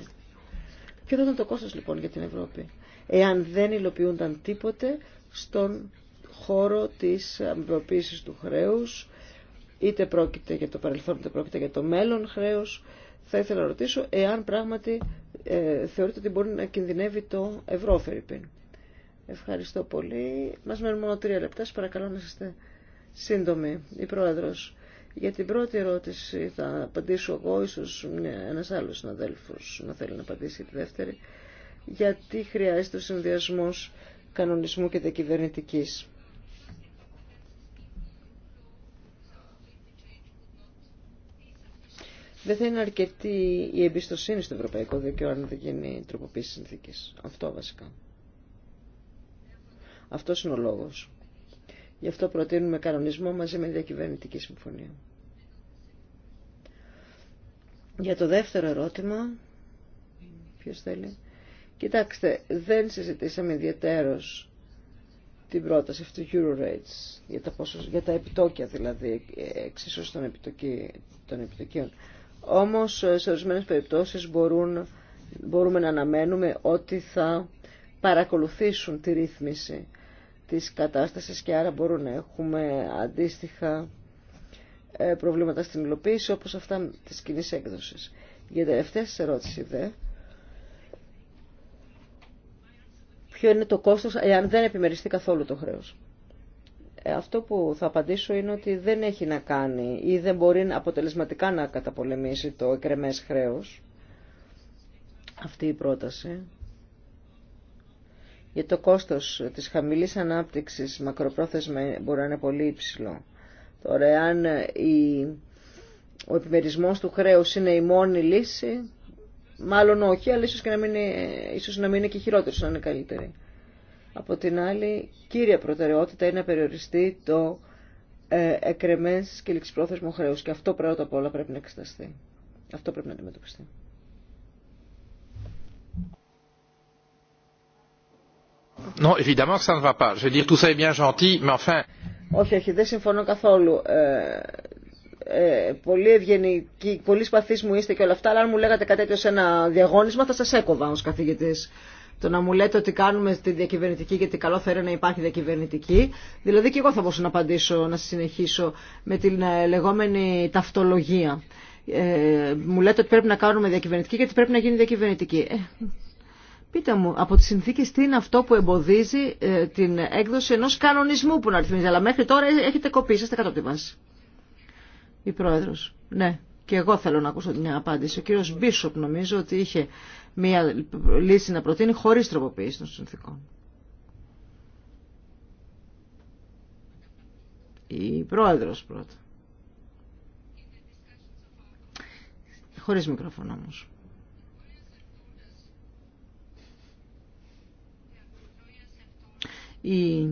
Και εδώ ήταν το κόστος λοιπόν για την Ευρώπη. Εάν δεν υλοποιούνταν τίποτε στον χώρο της αμοιβοποίησης του χρέους, είτε πρόκειται για το παρελθόν είτε πρόκειται για το μέλλον χρέους, θα ήθελα να ρωτήσω εάν πράγματι ε, θεωρείτε ότι μπορεί να κινδυνεύει το ευρώ, Φερρυπίν. Ευχαριστώ πολύ. Μας μένουν μόνο τρία λεπτά. Σας παρακαλώ να είστε σύντομη η Πρόεδρος. Για την πρώτη ερώτηση θα απαντήσω εγώ, ίσως ένας άλλος συναδέλφος να θέλει να απαντήσει τη δεύτερη. Γιατί χρειάζεται ο συνδυασμός κανονισμού και διακυβερνητική. Δεν θα είναι αρκετή η εμπιστοσύνη στο ευρωπαϊκό δίκαιο αν δεν γίνει τροποποίηση συνθήκης. Αυτό βασικά. Αυτός είναι ο λόγος. Γι' αυτό προτείνουμε κανονισμό μαζί με διακυβερνητική συμφωνία. Για το δεύτερο ερώτημα, ποιος θέλει. Κοιτάξτε, δεν συζητήσαμε ιδιαίτερως την πρόταση αυτού του euro για τα, για τα επιτόκια δηλαδή, εξίσωση των, των επιτοκίων. Όμως, σε ορισμένες περιπτώσεις μπορούν, μπορούμε να αναμένουμε ότι θα παρακολουθήσουν τη ρύθμιση της κατάστασης και άρα μπορούν να έχουμε αντίστοιχα ε, προβλήματα στην υλοποίηση όπως αυτά της κοινή έκδοσης. Για τελευταία σας ερώτηση δε, ποιο είναι το κόστος εάν δεν επιμεριστεί καθόλου το χρέος. Ε, αυτό που θα απαντήσω είναι ότι δεν έχει να κάνει ή δεν μπορεί αποτελεσματικά να καταπολεμήσει το εκρεμές χρέος αυτή η πρόταση γιατί το κόστος της χαμηλής ανάπτυξης μακροπρόθεσμα μπορεί να είναι πολύ υψηλό. Τώρα, εάν η, ο επιμερισμός του χρέους είναι η μόνη λύση, μάλλον όχι, αλλά ίσως, να, μην είναι, ίσως να και χειρότερος, να είναι καλύτερη. Από την άλλη, κύρια προτεραιότητα είναι να περιοριστεί το ε, εκρεμές και ληξιπρόθεσμο χρέους και αυτό πρώτα απ' όλα πρέπει να εξεταστεί. Αυτό πρέπει να αντιμετωπιστεί. Non, évidemment que ça ne va pas. Je veux dire, tout ça est bien gentil, mais enfin... Όχι, όχι, δεν συμφωνώ καθόλου. Ε, ε, πολύ ευγενική, πολύ σπαθή μου είστε και όλα αυτά, αλλά αν μου λέγατε κάτι τέτοιο σε ένα διαγώνισμα θα σα έκοβα ω καθηγητή. Το να μου λέτε ότι κάνουμε τη διακυβερνητική γιατί καλό θα είναι να υπάρχει διακυβερνητική. Δηλαδή και εγώ θα μπορούσα να απαντήσω, να συνεχίσω με την ε, λεγόμενη ταυτολογία. Ε, μου λέτε ότι πρέπει να κάνουμε διακυβερνητική γιατί πρέπει να γίνει διακυβερνητική. Ε, Πείτε μου, από τις συνθήκες τι είναι αυτό που εμποδίζει ε, την έκδοση ενός κανονισμού που να ρυθμίζει. Αλλά μέχρι τώρα έχετε κοπεί, είστε κάτω από τη βάση. Η Πρόεδρος. Ναι, και εγώ θέλω να ακούσω την απάντηση. Ο κύριος Μπίσοπ νομίζω ότι είχε μια λύση να προτείνει χωρίς τροποποίηση των συνθήκων. Η Πρόεδρος πρώτα. Χωρίς μικρόφωνο όμως. Οι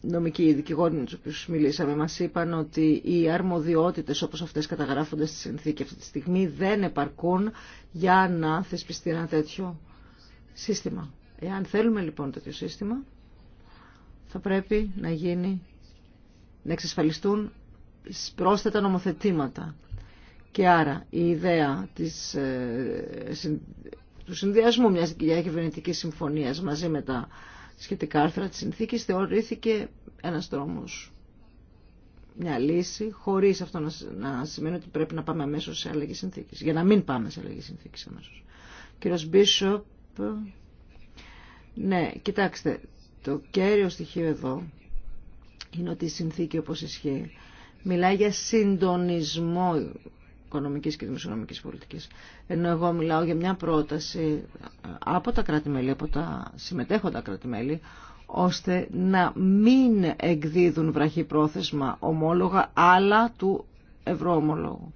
νομικοί δικηγόροι με τους οποίου μιλήσαμε μας είπαν ότι οι αρμοδιότητε όπω αυτέ καταγράφονται στη συνθήκη αυτή τη στιγμή δεν επαρκούν για να θεσπιστεί ένα τέτοιο σύστημα. Εάν θέλουμε λοιπόν τέτοιο σύστημα θα πρέπει να γίνει να εξασφαλιστούν πρόσθετα νομοθετήματα. Και άρα η ιδέα της, ε, του συνδυασμού μιας κυβερνητικής συμφωνίας μαζί με τα σχετικά άρθρα της συνθήκης θεωρήθηκε ένας τρόμος, μια λύση, χωρίς αυτό να, σημαίνει ότι πρέπει να πάμε αμέσω σε αλλαγή συνθήκης, για να μην πάμε σε αλλαγή συνθήκης αμέσως. Κύριος Μπίσοπ, ναι, κοιτάξτε, το κέριο στοιχείο εδώ είναι ότι η συνθήκη όπως ισχύει μιλάει για συντονισμό οικονομικής και δημοσιονομική πολιτική. Ενώ εγώ μιλάω για μια πρόταση από τα κράτη-μέλη, από τα συμμετέχοντα κράτη-μέλη, ώστε να μην εκδίδουν βραχυπρόθεσμα ομόλογα, αλλά του ευρωομολόγου.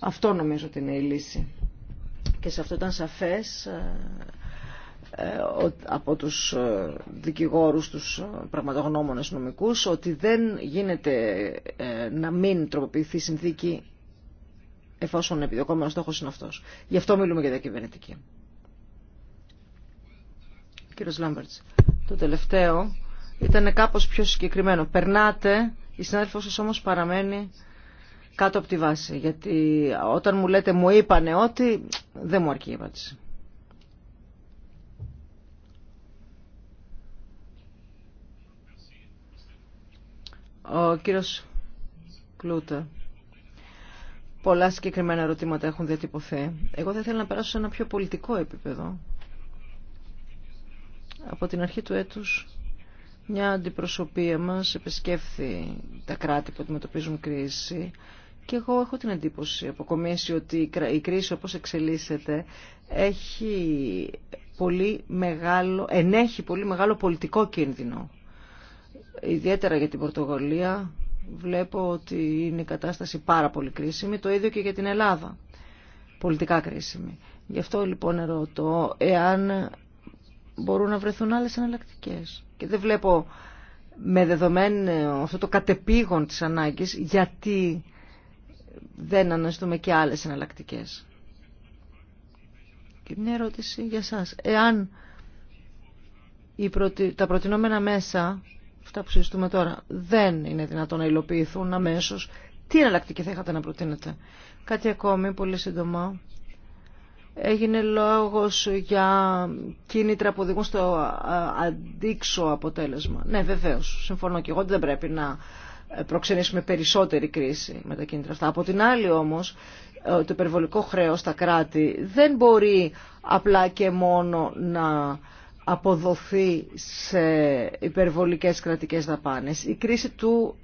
Αυτό νομίζω ότι είναι η λύση. Και σε αυτό ήταν σαφές ε, ε, από τους ε, δικηγόρους, τους πραγματογνώμονες νομικούς, ότι δεν γίνεται να μην τροποποιηθεί η συνθήκη εφόσον επιδοκόμενος στόχος είναι αυτός. Γι' αυτό μιλούμε για διακυβερνητική. Κύριος Λάμπερτς, το τελευταίο ήταν κάπως πιο συγκεκριμένο. Περνάτε, η συνάδελφός σας όμως παραμένει κάτω από τη βάση. Γιατί όταν μου λέτε μου είπανε ότι δεν μου αρκεί η απάντηση. Ο κύριος Κλουτα. Πολλά συγκεκριμένα ερωτήματα έχουν διατυπωθεί. Εγώ θα ήθελα να περάσω σε ένα πιο πολιτικό επίπεδο. Από την αρχή του έτους μια αντιπροσωπεία μας επισκέφθη τα κράτη που αντιμετωπίζουν κρίση και εγώ έχω την εντύπωση, από αποκομίσει, ότι η κρίση όπως εξελίσσεται έχει πολύ μεγάλο, ενέχει πολύ μεγάλο πολιτικό κίνδυνο. Ιδιαίτερα για την Πορτογαλία, βλέπω ότι είναι η κατάσταση πάρα πολύ κρίσιμη, το ίδιο και για την Ελλάδα, πολιτικά κρίσιμη. Γι' αυτό λοιπόν ερωτώ εάν μπορούν να βρεθούν άλλες εναλλακτικέ. Και δεν βλέπω με δεδομένο ε, αυτό το κατεπήγον της ανάγκης γιατί δεν αναζητούμε και άλλες εναλλακτικέ. Και μια ερώτηση για σας. Εάν τα προτινόμενα μέσα αυτά που συζητούμε τώρα δεν είναι δυνατόν να υλοποιηθούν αμέσω, τι εναλλακτική θα είχατε να προτείνετε. Κάτι ακόμη, πολύ σύντομα. Έγινε λόγος για κίνητρα που οδηγούν στο αντίξω αποτέλεσμα. Ναι, βεβαίως, συμφωνώ και εγώ ότι δεν πρέπει να ε, προξενήσουμε περισσότερη κρίση με τα κίνητρα αυτά. Από την άλλη όμως, ε, το υπερβολικό χρέος στα κράτη δεν μπορεί απλά και μόνο να αποδοθεί σε υπερβολικές κρατικές δαπάνες. Η κρίση του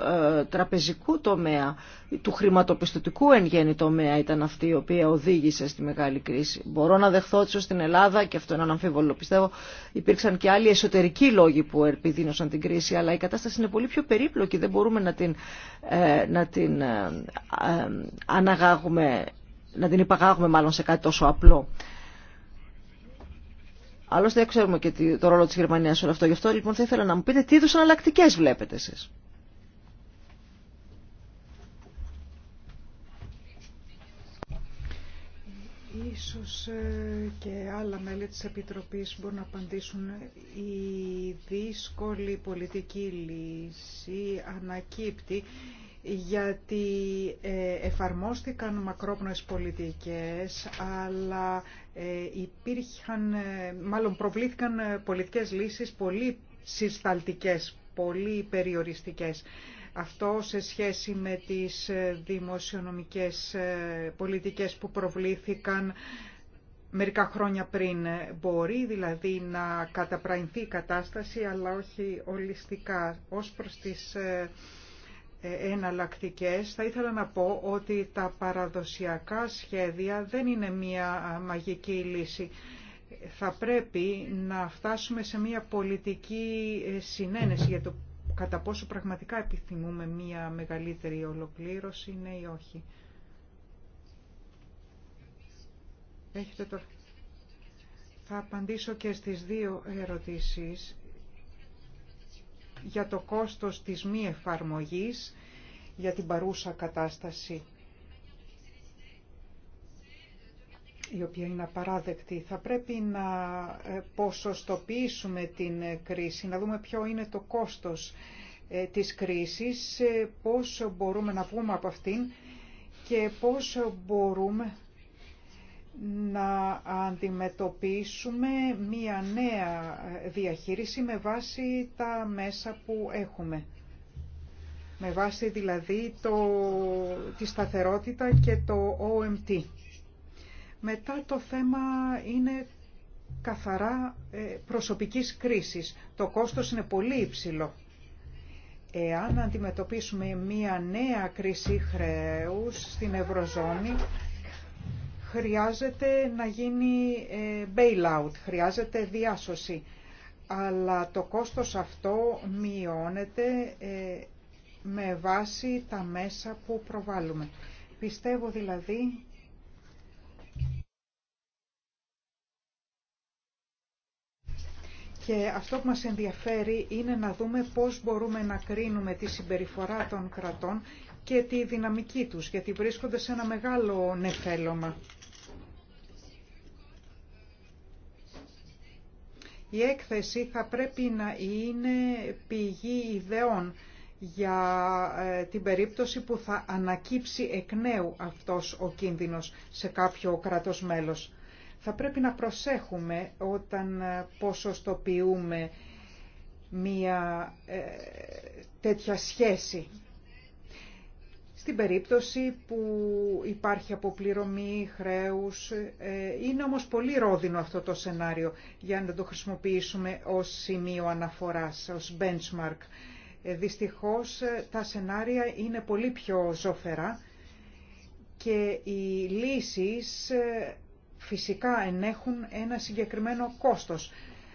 ε, τραπεζικού τομέα, του χρηματοπιστωτικού εν γέννη τομέα ήταν αυτή η οποία οδήγησε στη μεγάλη κρίση. Μπορώ να δεχθώ ότι στην Ελλάδα, και αυτό είναι αναμφίβολο πιστεύω, υπήρξαν και άλλοι εσωτερικοί λόγοι που επιδίνωσαν την κρίση, αλλά η κατάσταση είναι πολύ πιο περίπλοκη, δεν μπορούμε να την, ε, να την ε, αναγάγουμε, να την υπαγάγουμε μάλλον σε κάτι τόσο απλό. Άλλωστε δεν ξέρουμε και το ρόλο της Γερμανίας σε όλο αυτό. Γι' αυτό λοιπόν θα ήθελα να μου πείτε τι είδους αναλλακτικέ βλέπετε εσείς. Ίσως ε, και άλλα μέλη της Επιτροπής μπορούν να απαντήσουν. Η δύσκολη πολιτική λύση ανακύπτει γιατί ε, εφαρμόστηκαν μακρόπνοες πολιτικές, αλλά ε, υπήρχαν, ε, μάλλον προβλήθηκαν πολιτικές λύσεις πολύ συσταλτικές, πολύ περιοριστικές. Αυτό σε σχέση με τις δημοσιονομικές πολιτικές που προβλήθηκαν μερικά χρόνια πριν μπορεί, δηλαδή να καταπραϊνθεί η κατάσταση, αλλά όχι ολιστικά. Ως προς τις ε, Εναλλακτικέ. θα ήθελα να πω ότι τα παραδοσιακά σχέδια δεν είναι μία μαγική λύση. Θα πρέπει να φτάσουμε σε μία πολιτική ε, συνένεση για το κατά πόσο πραγματικά επιθυμούμε μία μεγαλύτερη ολοκλήρωση, ναι ή όχι. Έχετε τώρα. Θα απαντήσω και στις δύο ερωτήσεις για το κόστος της μη εφαρμογής για την παρούσα κατάσταση, η οποία είναι απαράδεκτη. Θα πρέπει να ε, ποσοστοποιήσουμε την ε, κρίση, να δούμε ποιο είναι το κόστος ε, της κρίσης, πώς μπορούμε να βγούμε από αυτήν και πώς μπορούμε να αντιμετωπίσουμε μία νέα διαχείριση με βάση τα μέσα που έχουμε. Με βάση δηλαδή το, τη σταθερότητα και το OMT. Μετά το θέμα είναι καθαρά ε, προσωπικής κρίσης. Το κόστος είναι πολύ υψηλό. Εάν αντιμετωπίσουμε μία νέα κρίση χρέους στην Ευρωζώνη, χρειάζεται να γίνει ε, bailout, χρειάζεται διάσωση. Αλλά το κόστος αυτό μειώνεται ε, με βάση τα μέσα που προβάλλουμε. Πιστεύω δηλαδή Και αυτό που μας ενδιαφέρει είναι να δούμε πώς μπορούμε να κρίνουμε τη συμπεριφορά των κρατών και τη δυναμική τους, γιατί βρίσκονται σε ένα μεγάλο νεφέλωμα. Η έκθεση θα πρέπει να είναι πηγή ιδεών για ε, την περίπτωση που θα ανακύψει εκ νέου αυτός ο κίνδυνος σε κάποιο κρατός μέλος. Θα πρέπει να προσέχουμε όταν ε, ποσοστοποιούμε μία ε, τέτοια σχέση στην περίπτωση που υπάρχει αποπληρωμή χρέους. Ε, είναι όμως πολύ ρόδινο αυτό το σενάριο για να το χρησιμοποιήσουμε ως σημείο αναφοράς, ως benchmark. Ε, δυστυχώς ε, τα σενάρια είναι πολύ πιο ζωφερά και οι λύσεις φυσικά ενέχουν ένα συγκεκριμένο κόστος.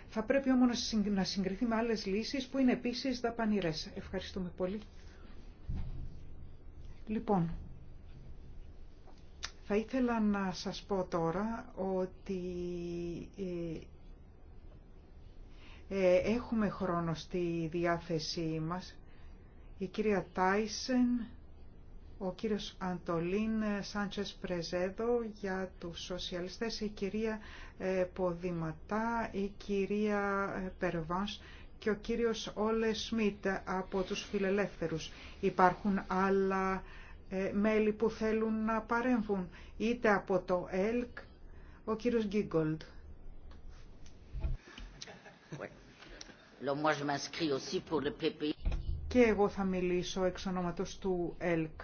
Θα πρέπει όμως να συγκριθεί με άλλες λύσεις που είναι επίσης δαπανηρές. Ευχαριστούμε πολύ. Λοιπόν, θα ήθελα να σας πω τώρα ότι ε, ε, έχουμε χρόνο στη διάθεσή μας. Η κυρία Τάισεν, ο κύριος Αντολίν Σάντσες Πρεζέδο για τους σοσιαλιστές, η κυρία ε, Ποδηματά, η κυρία Περβάνς και ο κύριος Όλε Σμιτ από τους φιλελεύθερους. Υπάρχουν άλλα ε, μέλη που θέλουν να παρέμβουν, είτε από το ΕΛΚ, ο κύριος Γκίγκολντ. Και εγώ θα μιλήσω εξ ονόματος του ΕΛΚ.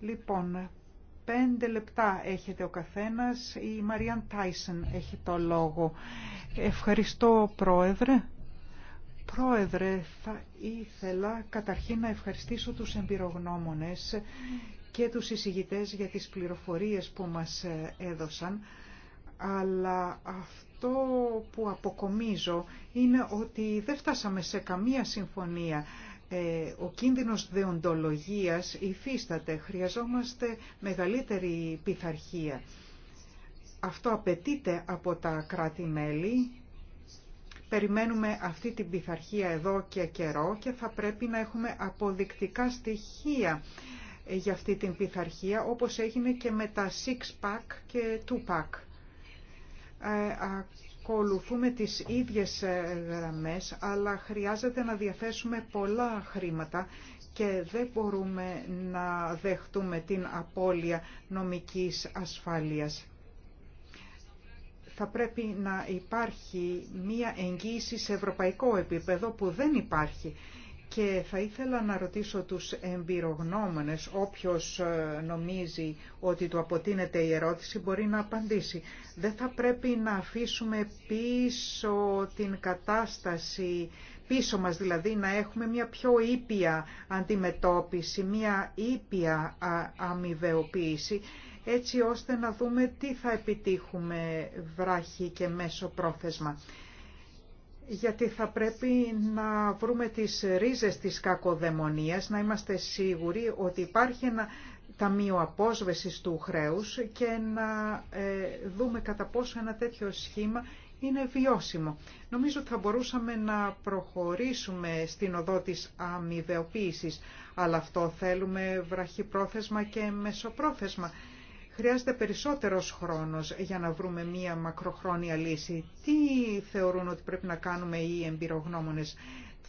Λοιπόν, πέντε λεπτά έχετε ο καθένας. Η Μαριάν Τάισεν έχει το λόγο. Ευχαριστώ, Πρόεδρε. Πρόεδρε, θα ήθελα καταρχήν να ευχαριστήσω τους εμπειρογνώμονες και τους εισηγητές για τις πληροφορίες που μας έδωσαν, αλλά αυτό που αποκομίζω είναι ότι δεν φτάσαμε σε καμία συμφωνία. Ε, ο κίνδυνος δεοντολογίας υφίσταται, χρειαζόμαστε μεγαλύτερη πειθαρχία. Αυτό απαιτείται από τα κράτη-μέλη Περιμένουμε αυτή την πειθαρχία εδώ και καιρό και θα πρέπει να έχουμε αποδεικτικά στοιχεία για αυτή την πειθαρχία, όπως έγινε και με τα six pack και 2 pack. Ε, ακολουθούμε τις ίδιες ε, γραμμές, αλλά χρειάζεται να διαθέσουμε πολλά χρήματα και δεν μπορούμε να δεχτούμε την απώλεια νομικής ασφάλειας θα πρέπει να υπάρχει μία εγγύηση σε ευρωπαϊκό επίπεδο που δεν υπάρχει. Και θα ήθελα να ρωτήσω τους εμπειρογνώμονες, όποιος ε, νομίζει ότι του αποτείνεται η ερώτηση μπορεί να απαντήσει. Δεν θα πρέπει να αφήσουμε πίσω την κατάσταση, πίσω μας δηλαδή να έχουμε μια πιο ήπια αντιμετώπιση, μια ήπια αμοιβεοποίηση έτσι ώστε να δούμε τι θα επιτύχουμε βράχη και μέσο πρόθεσμα. Γιατί θα πρέπει να βρούμε τις ρίζες της κακοδαιμονίας, να είμαστε σίγουροι ότι υπάρχει ένα ταμείο απόσβεσης του χρέους και να ε, δούμε κατά πόσο ένα τέτοιο σχήμα είναι βιώσιμο. Νομίζω ότι θα μπορούσαμε να προχωρήσουμε στην οδό της αμοιβεοποίησης, αλλά αυτό θέλουμε βραχυπρόθεσμα και μεσοπρόθεσμα χρειάζεται περισσότερος χρόνος για να βρούμε μία μακροχρόνια λύση. Τι θεωρούν ότι πρέπει να κάνουμε οι εμπειρογνώμονες.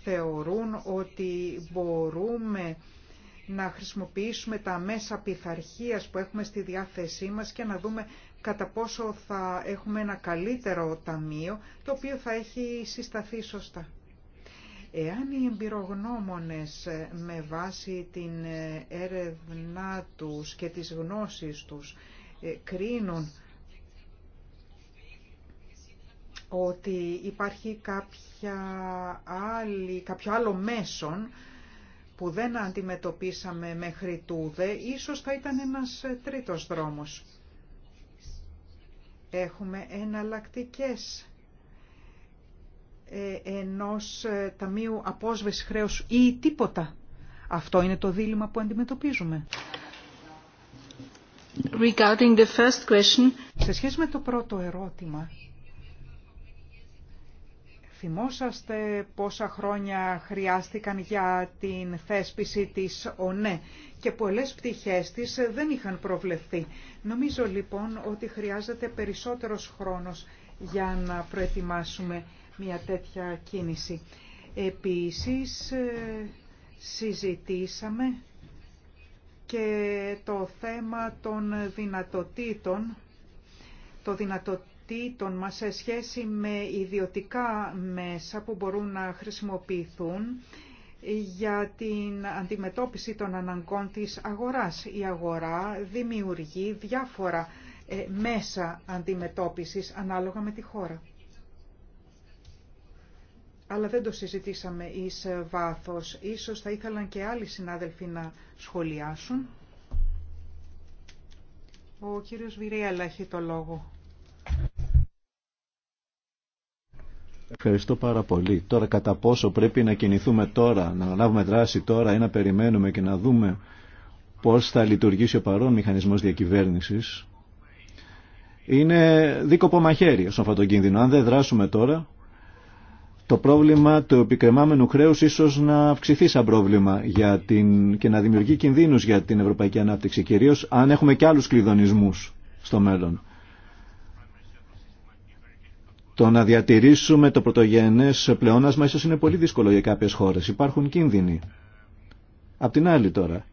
Θεωρούν ότι μπορούμε να χρησιμοποιήσουμε τα μέσα πειθαρχία που έχουμε στη διάθεσή μας και να δούμε κατά πόσο θα έχουμε ένα καλύτερο ταμείο, το οποίο θα έχει συσταθεί σωστά. Εάν οι εμπειρογνώμονες ε, με βάση την ε, έρευνά τους και τις γνώσεις τους ε, κρίνουν ότι υπάρχει κάποια άλλη, κάποιο άλλο μέσον που δεν αντιμετωπίσαμε μέχρι τούδε, ίσως θα ήταν ένας τρίτος δρόμος. Έχουμε εναλλακτικές ε, ενός ε, ταμείου απόσβεσης χρέους ή τίποτα. Αυτό είναι το δίλημα που αντιμετωπίζουμε. Regarding the first question... Σε σχέση με το πρώτο ερώτημα, θυμόσαστε πόσα χρόνια χρειάστηκαν για την θέσπιση της ΟΝΕ και πολλές πτυχές της δεν είχαν προβλεφθεί. Νομίζω λοιπόν ότι χρειάζεται περισσότερος χρόνος για να προετοιμάσουμε μια τέτοια κίνηση. Επίσης ε, συζητήσαμε και το θέμα των δυνατοτήτων, το δυνατοτήτων μας σε σχέση με ιδιωτικά μέσα που μπορούν να χρησιμοποιηθούν για την αντιμετώπιση των αναγκών της αγοράς. Η αγορά δημιουργεί διάφορα ε, μέσα αντιμετώπισης ανάλογα με τη χώρα αλλά δεν το συζητήσαμε εις βάθος. Ίσως θα ήθελαν και άλλοι συνάδελφοι να σχολιάσουν. Ο κύριος Βιρέλα έχει το λόγο. Ευχαριστώ πάρα πολύ. Τώρα κατά πόσο πρέπει να κινηθούμε τώρα, να λάβουμε δράση τώρα ή να περιμένουμε και να δούμε πώς θα λειτουργήσει ο παρόν μηχανισμός διακυβέρνησης. Είναι δίκοπο μαχαίρι στον κίνδυνο. Αν δεν δράσουμε τώρα, το πρόβλημα του επικρεμάμενου χρέους ίσως να αυξηθεί σαν πρόβλημα για την, και να δημιουργεί κινδύνους για την ευρωπαϊκή ανάπτυξη, κυρίως αν έχουμε και άλλους κλειδονισμούς στο μέλλον. Το να διατηρήσουμε το πρωτογενές πλεόνασμα ίσως είναι πολύ δύσκολο για κάποιες χώρες. Υπάρχουν κίνδυνοι. Απ' την άλλη τώρα,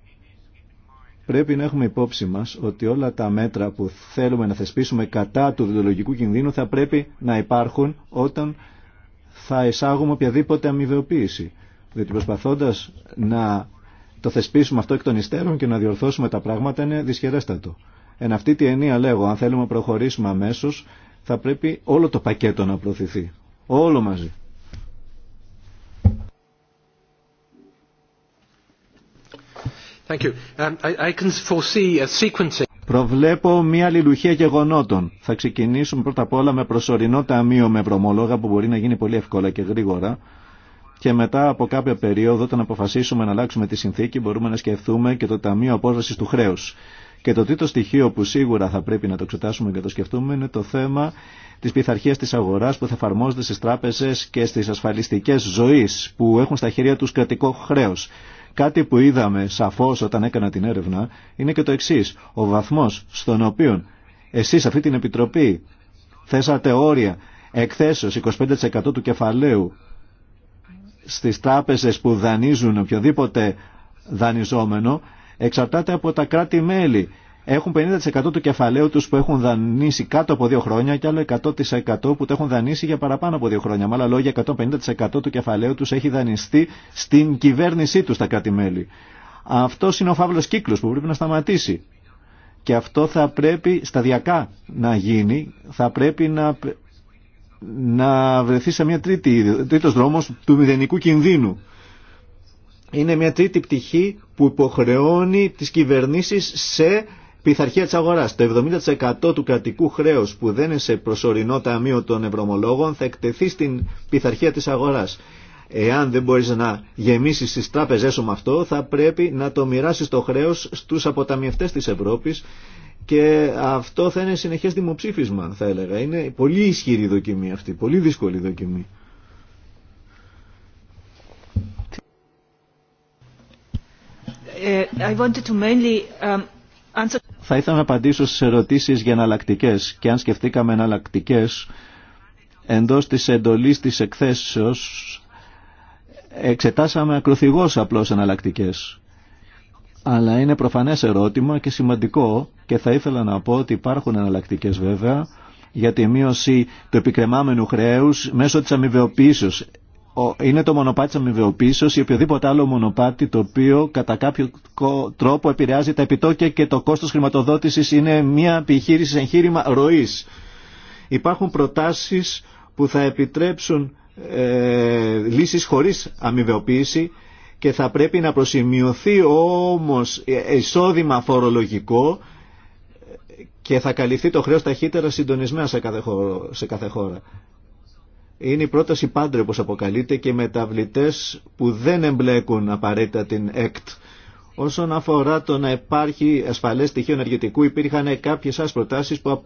πρέπει να έχουμε υπόψη μας ότι όλα τα μέτρα που θέλουμε να θεσπίσουμε κατά του διδολογικού κινδύνου θα πρέπει να υπάρχουν όταν θα εισάγουμε οποιαδήποτε αμοιβεοποίηση. Διότι προσπαθώντα να το θεσπίσουμε αυτό εκ των υστέρων και να διορθώσουμε τα πράγματα είναι δυσχερέστατο. Εν αυτή τη ενία λέγω, αν θέλουμε να προχωρήσουμε αμέσω, θα πρέπει όλο το πακέτο να προωθηθεί. Όλο μαζί. Thank you. Um, I, I can foresee a Προβλέπω μια αλληλουχία γεγονότων. Θα ξεκινήσουμε πρώτα απ' όλα με προσωρινό ταμείο με βρομόλογα που μπορεί να γίνει πολύ εύκολα και γρήγορα. Και μετά από κάποια περίοδο, όταν αποφασίσουμε να αλλάξουμε τη συνθήκη, μπορούμε να σκεφτούμε και το Ταμείο Απόσβαση του Χρέου. Και το τρίτο στοιχείο που σίγουρα θα πρέπει να το εξετάσουμε και το σκεφτούμε είναι το θέμα τη πειθαρχία τη αγορά που θα εφαρμόζεται στι τράπεζε και στι ασφαλιστικέ ζωή που έχουν στα χέρια του κρατικό χρέο. Κάτι που είδαμε σαφώς όταν έκανα την έρευνα είναι και το εξής. Ο βαθμός στον οποίο εσείς αυτή την Επιτροπή θέσατε όρια εκθέσεως 25% του κεφαλαίου στις τράπεζες που δανείζουν οποιοδήποτε δανειζόμενο εξαρτάται από τα κράτη-μέλη έχουν 50% του κεφαλαίου τους που έχουν δανείσει κάτω από δύο χρόνια και άλλο 100% που το έχουν δανείσει για παραπάνω από δύο χρόνια. Με άλλα λόγια, 150% του κεφαλαίου τους έχει δανειστεί στην κυβέρνησή τους τα κράτη-μέλη. Αυτός είναι ο φαύλος κύκλος που πρέπει να σταματήσει. Και αυτό θα πρέπει σταδιακά να γίνει, θα πρέπει να, να βρεθεί σε μια τρίτη, τρίτος δρόμος του μηδενικού κινδύνου. Είναι μια τρίτη πτυχή που υποχρεώνει τις κυβερνήσεις σε πειθαρχία τη αγορά. Το 70% του κρατικού χρέου που δεν είναι σε προσωρινό ταμείο των ευρωμολόγων θα εκτεθεί στην πειθαρχία της αγοράς. Εάν δεν μπορείς να γεμίσεις τις τραπεζέ σου με αυτό θα πρέπει να το μοιράσει το χρέο στους αποταμιευτές της Ευρώπης και αυτό θα είναι συνεχές δημοψήφισμα θα έλεγα. Είναι πολύ ισχυρή δοκιμή αυτή, πολύ δύσκολη δοκιμή. Ε, I wanted to mainly um, answer... Θα ήθελα να απαντήσω στις ερωτήσεις για εναλλακτικέ και αν σκεφτήκαμε εναλλακτικέ εντός της εντολής της εκθέσεως εξετάσαμε ακροθυγώς απλώς εναλλακτικέ. Αλλά είναι προφανές ερώτημα και σημαντικό και θα ήθελα να πω ότι υπάρχουν εναλλακτικέ βέβαια για τη μείωση του επικρεμάμενου χρέους μέσω της αμοιβαιοποίησης είναι το μονοπάτι της αμοιβαιοποίησης ή οποιοδήποτε άλλο μονοπάτι το οποίο κατά κάποιο τρόπο επηρεάζει τα επιτόκια και το κόστος χρηματοδότησης είναι μια επιχείρηση εγχείρημα ροής. Υπάρχουν προτάσεις που θα επιτρέψουν ε, λύσεις χωρίς αμοιβαιοποίηση και θα πρέπει να προσημειωθεί όμως εισόδημα φορολογικό και θα καλυφθεί το χρέος ταχύτερα συντονισμένα σε κάθε χώρα είναι η πρόταση πάντρε όπως αποκαλείται και μεταβλητές που δεν εμπλέκουν απαραίτητα την ΕΚΤ. Όσον αφορά το να υπάρχει ασφαλέ στοιχείο ενεργητικού, υπήρχαν κάποιε άλλε προτάσει που,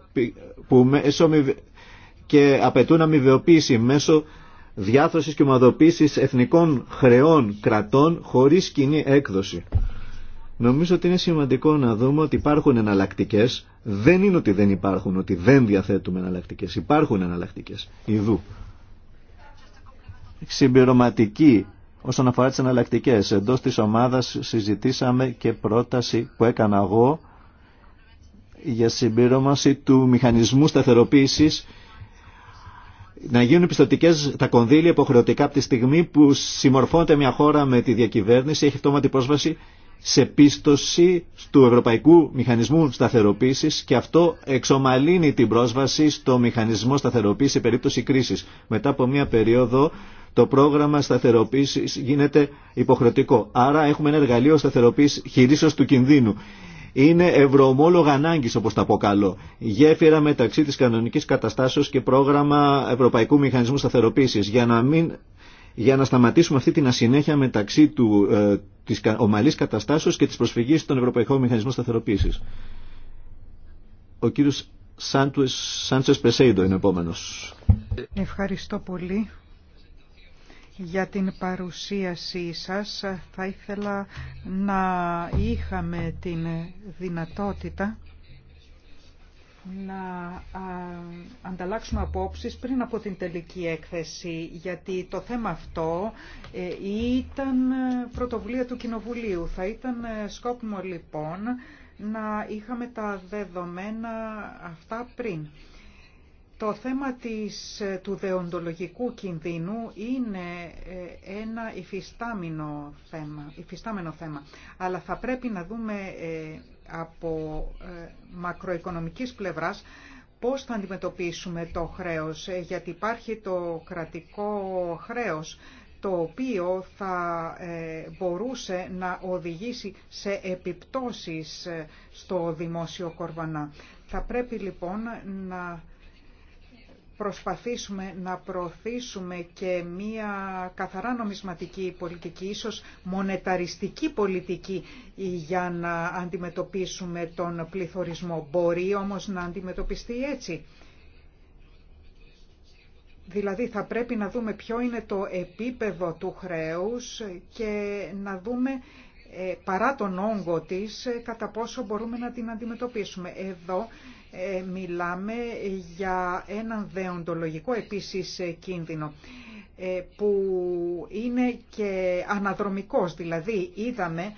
που μέσω, και απαιτούν αμοιβεοποίηση μέσω διάθρωση και ομαδοποίηση εθνικών χρεών κρατών χωρί κοινή έκδοση. Νομίζω ότι είναι σημαντικό να δούμε ότι υπάρχουν εναλλακτικέ. Δεν είναι ότι δεν υπάρχουν, ότι δεν διαθέτουμε εναλλακτικέ. Υπάρχουν εναλλακτικέ. Ιδού συμπληρωματική όσον αφορά τις εναλλακτικέ. Εντός της ομάδας συζητήσαμε και πρόταση που έκανα εγώ για συμπληρώμαση του μηχανισμού σταθεροποίησης να γίνουν πιστοτικέ τα κονδύλια υποχρεωτικά από τη στιγμή που συμμορφώνεται μια χώρα με τη διακυβέρνηση, έχει αυτόματη πρόσβαση σε πίστοση του Ευρωπαϊκού Μηχανισμού Σταθεροποίηση και αυτό εξομαλύνει την πρόσβαση στο Μηχανισμό Σταθεροποίηση σε περίπτωση κρίση. Μετά από μια περίοδο το πρόγραμμα σταθεροποίηση γίνεται υποχρεωτικό. Άρα έχουμε ένα εργαλείο σταθεροποίηση χειρίσεω του κινδύνου. Είναι ευρωομόλογα ανάγκη, όπω τα αποκαλώ. Γέφυρα μεταξύ τη κανονική καταστάσεω και πρόγραμμα Ευρωπαϊκού Μηχανισμού Σταθεροποίηση. Για να μην για να σταματήσουμε αυτή την ασυνέχεια μεταξύ του, ε, της ομαλής καταστάσεως και της προσφυγής των Ευρωπαϊκών Μηχανισμών Σταθεροποίησης. Ο κύριος Σάντσες Πεσέιντο είναι επόμενο. Ευχαριστώ πολύ για την παρουσίασή σας. Θα ήθελα να είχαμε την δυνατότητα να ανταλλάξουμε απόψεις πριν από την τελική έκθεση, γιατί το θέμα αυτό ε, ήταν πρωτοβουλία του Κοινοβουλίου. Θα ήταν ε, σκόπιμο λοιπόν να είχαμε τα δεδομένα αυτά πριν. Το θέμα της, του δεοντολογικού κινδύνου είναι ε, ένα υφιστάμενο θέμα, υφιστάμενο θέμα, αλλά θα πρέπει να δούμε ε, από ε, μακροοικονομικής πλευράς πώς θα αντιμετωπίσουμε το χρέος, γιατί υπάρχει το κρατικό χρέος, το οποίο θα μπορούσε να οδηγήσει σε επιπτώσεις στο δημόσιο κορβανά. Θα πρέπει λοιπόν να προσπαθήσουμε να προωθήσουμε και μία καθαρά νομισματική πολιτική, ίσως μονεταριστική πολιτική για να αντιμετωπίσουμε τον πληθωρισμό. Μπορεί όμως να αντιμετωπιστεί έτσι. Δηλαδή θα πρέπει να δούμε ποιο είναι το επίπεδο του χρέους και να δούμε ε, παρά τον όγκο της, ε, κατά πόσο μπορούμε να την αντιμετωπίσουμε. Εδώ ε, μιλάμε για έναν δεοντολογικό επίσης κίνδυνο που είναι και αναδρομικός, δηλαδή είδαμε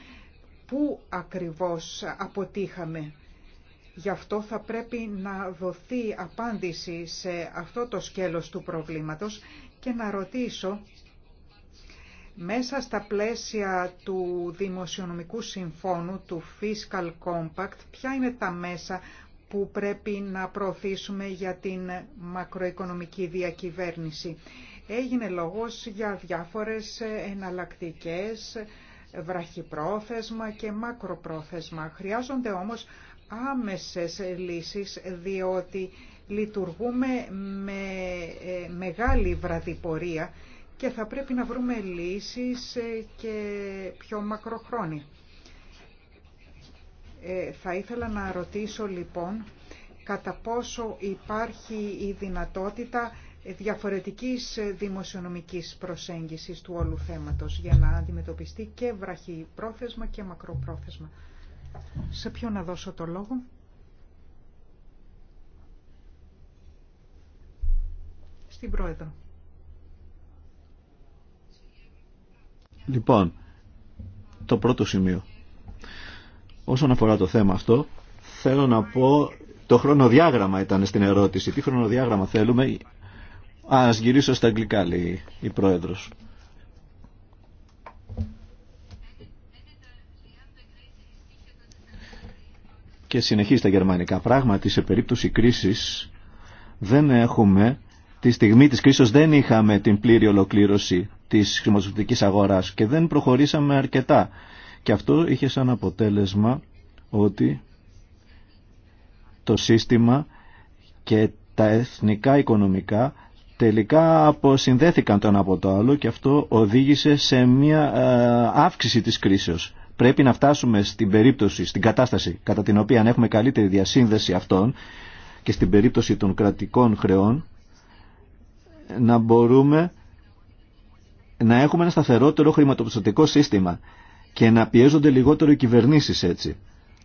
πού ακριβώς αποτύχαμε. Γι' αυτό θα πρέπει να δοθεί απάντηση σε αυτό το σκέλος του προβλήματος και να ρωτήσω μέσα στα πλαίσια του Δημοσιονομικού Συμφώνου, του Fiscal Compact, ποια είναι τα μέσα που πρέπει να προωθήσουμε για την μακροοικονομική διακυβέρνηση. Έγινε λόγος για διάφορες εναλλακτικές, βραχυπρόθεσμα και μακροπρόθεσμα. Χρειάζονται όμως άμεσες λύσεις, διότι λειτουργούμε με ε, μεγάλη βραδιπορία και θα πρέπει να βρούμε λύσεις ε, και πιο μακροχρόνια. Ε, θα ήθελα να ρωτήσω λοιπόν κατά πόσο υπάρχει η δυνατότητα διαφορετικής ε, δημοσιονομικής προσέγγισης του όλου θέματος για να αντιμετωπιστεί και βραχυπρόθεσμα και μακροπρόθεσμα. Σε ποιον να δώσω το λόγο. Στην Πρόεδρο. Λοιπόν, το πρώτο σημείο. Όσον αφορά το θέμα αυτό, θέλω να πω το χρονοδιάγραμμα ήταν στην ερώτηση. Τι χρονοδιάγραμμα θέλουμε. Α, γυρίσω στα αγγλικά, λέει η πρόεδρος. Και συνεχίζει τα γερμανικά. Πράγματι, σε περίπτωση κρίσης δεν έχουμε, τη στιγμή της κρίσης δεν είχαμε την πλήρη ολοκλήρωση της χρηματοδοτικής αγοράς και δεν προχωρήσαμε αρκετά. Και αυτό είχε σαν αποτέλεσμα ότι το σύστημα και τα εθνικά οικονομικά τελικά αποσυνδέθηκαν το ένα από το άλλο και αυτό οδήγησε σε μια ε, αύξηση της κρίσεως. Πρέπει να φτάσουμε στην περίπτωση, στην κατάσταση κατά την οποία έχουμε καλύτερη διασύνδεση αυτών και στην περίπτωση των κρατικών χρεών να μπορούμε να έχουμε ένα σταθερότερο χρηματοπιστωτικό σύστημα και να πιέζονται λιγότερο οι κυβερνήσεις έτσι.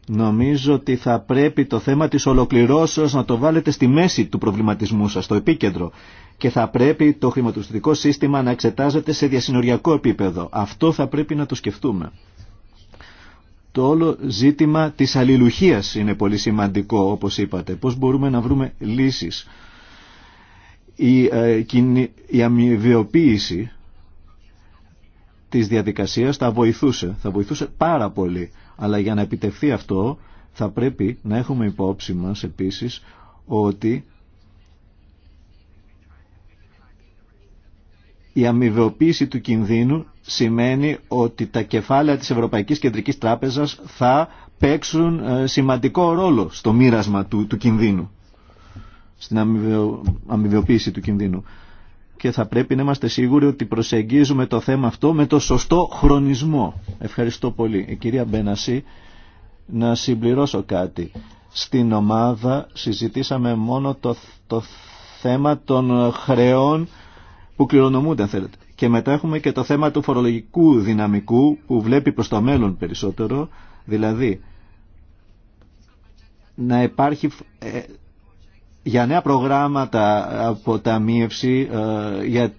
Νομίζω ότι θα πρέπει το θέμα της ολοκληρώσεως να το βάλετε στη μέση του προβληματισμού σας, στο επίκεντρο. Και θα πρέπει το χρηματοπιστωτικό σύστημα να εξετάζεται σε διασυνοριακό επίπεδο. Αυτό θα πρέπει να το σκεφτούμε. Το όλο ζήτημα της αλληλουχίας είναι πολύ σημαντικό, όπως είπατε. Πώς μπορούμε να βρούμε λύσεις. Η, ε, η αμοιβιοποίηση της διαδικασίας θα βοηθούσε. Θα βοηθούσε πάρα πολύ. Αλλά για να επιτευχθεί αυτό θα πρέπει να έχουμε υπόψη μας επίσης ότι η αμοιβεοποίηση του κινδύνου σημαίνει ότι τα κεφάλαια της Ευρωπαϊκής Κεντρικής Τράπεζας θα παίξουν ε, σημαντικό ρόλο στο μοίρασμα του, του κινδύνου, στην αμοιβεοποίηση του κινδύνου και θα πρέπει να είμαστε σίγουροι ότι προσεγγίζουμε το θέμα αυτό με το σωστό χρονισμό. Ευχαριστώ πολύ. Η ε, κυρία Μπέναση, να συμπληρώσω κάτι. Στην ομάδα συζητήσαμε μόνο το, το θέμα των χρεών που κληρονομούνται, Και μετά έχουμε και το θέμα του φορολογικού δυναμικού που βλέπει προς το μέλλον περισσότερο, δηλαδή να υπάρχει ε, για νέα προγράμματα αποταμίευση ε, για,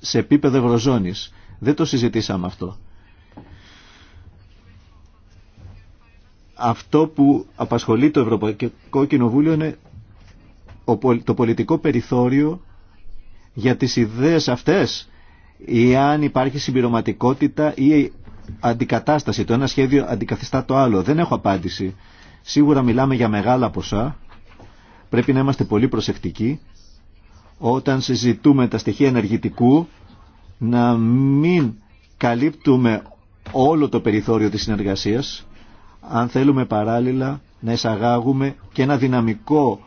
σε επίπεδο ευρωζώνης. Δεν το συζητήσαμε αυτό. Αυτό που απασχολεί το Ευρωπαϊκό Κοινοβούλιο είναι το πολιτικό περιθώριο για τις ιδέες αυτές ή αν υπάρχει συμπληρωματικότητα ή αντικατάσταση. Το ένα σχέδιο αντικαθιστά το άλλο. Δεν έχω απάντηση. Σίγουρα μιλάμε για μεγάλα ποσά Πρέπει να είμαστε πολύ προσεκτικοί όταν συζητούμε τα στοιχεία ενεργητικού να μην καλύπτουμε όλο το περιθώριο της συνεργασίας αν θέλουμε παράλληλα να εισαγάγουμε και ένα δυναμικό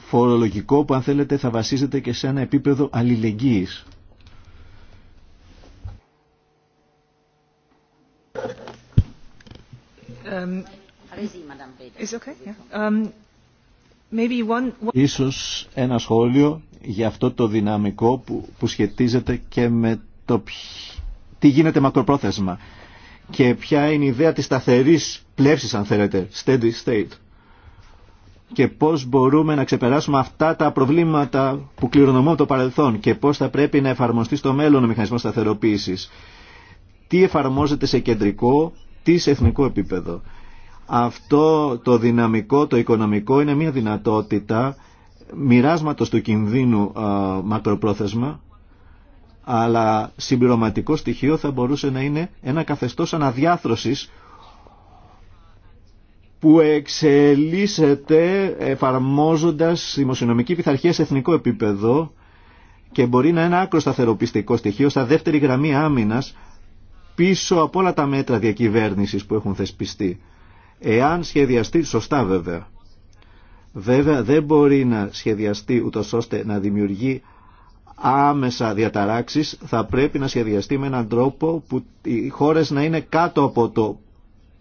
φορολογικό που αν θέλετε θα βασίζεται και σε ένα επίπεδο αλληλεγγύης. Um, Ίσως ένα σχόλιο για αυτό το δυναμικό που, που σχετίζεται και με το τι γίνεται μακροπρόθεσμα και ποια είναι η ιδέα της σταθερής πλεύσης αν θέλετε, steady state και πώς μπορούμε να ξεπεράσουμε αυτά τα προβλήματα που κληρονομούν το παρελθόν και πώς θα πρέπει να εφαρμοστεί στο μέλλον ο μηχανισμός σταθεροποίησης. Τι εφαρμόζεται σε κεντρικό, τι σε εθνικό επίπεδο. Αυτό το δυναμικό, το οικονομικό είναι μια δυνατότητα μοιράσματος του κινδύνου μακροπρόθεσμα αλλά συμπληρωματικό στοιχείο θα μπορούσε να είναι ένα καθεστώς αναδιάθρωσης που εξελίσσεται εφαρμόζοντας δημοσιονομική πειθαρχία σε εθνικό επίπεδο και μπορεί να είναι ένα άκρο σταθεροπιστικό στοιχείο στα δεύτερη γραμμή άμυνας πίσω από όλα τα μέτρα διακυβέρνησης που έχουν θεσπιστεί εάν σχεδιαστεί σωστά βέβαια. Βέβαια δεν μπορεί να σχεδιαστεί ούτως ώστε να δημιουργεί άμεσα διαταράξεις, θα πρέπει να σχεδιαστεί με έναν τρόπο που οι χώρες να είναι κάτω από το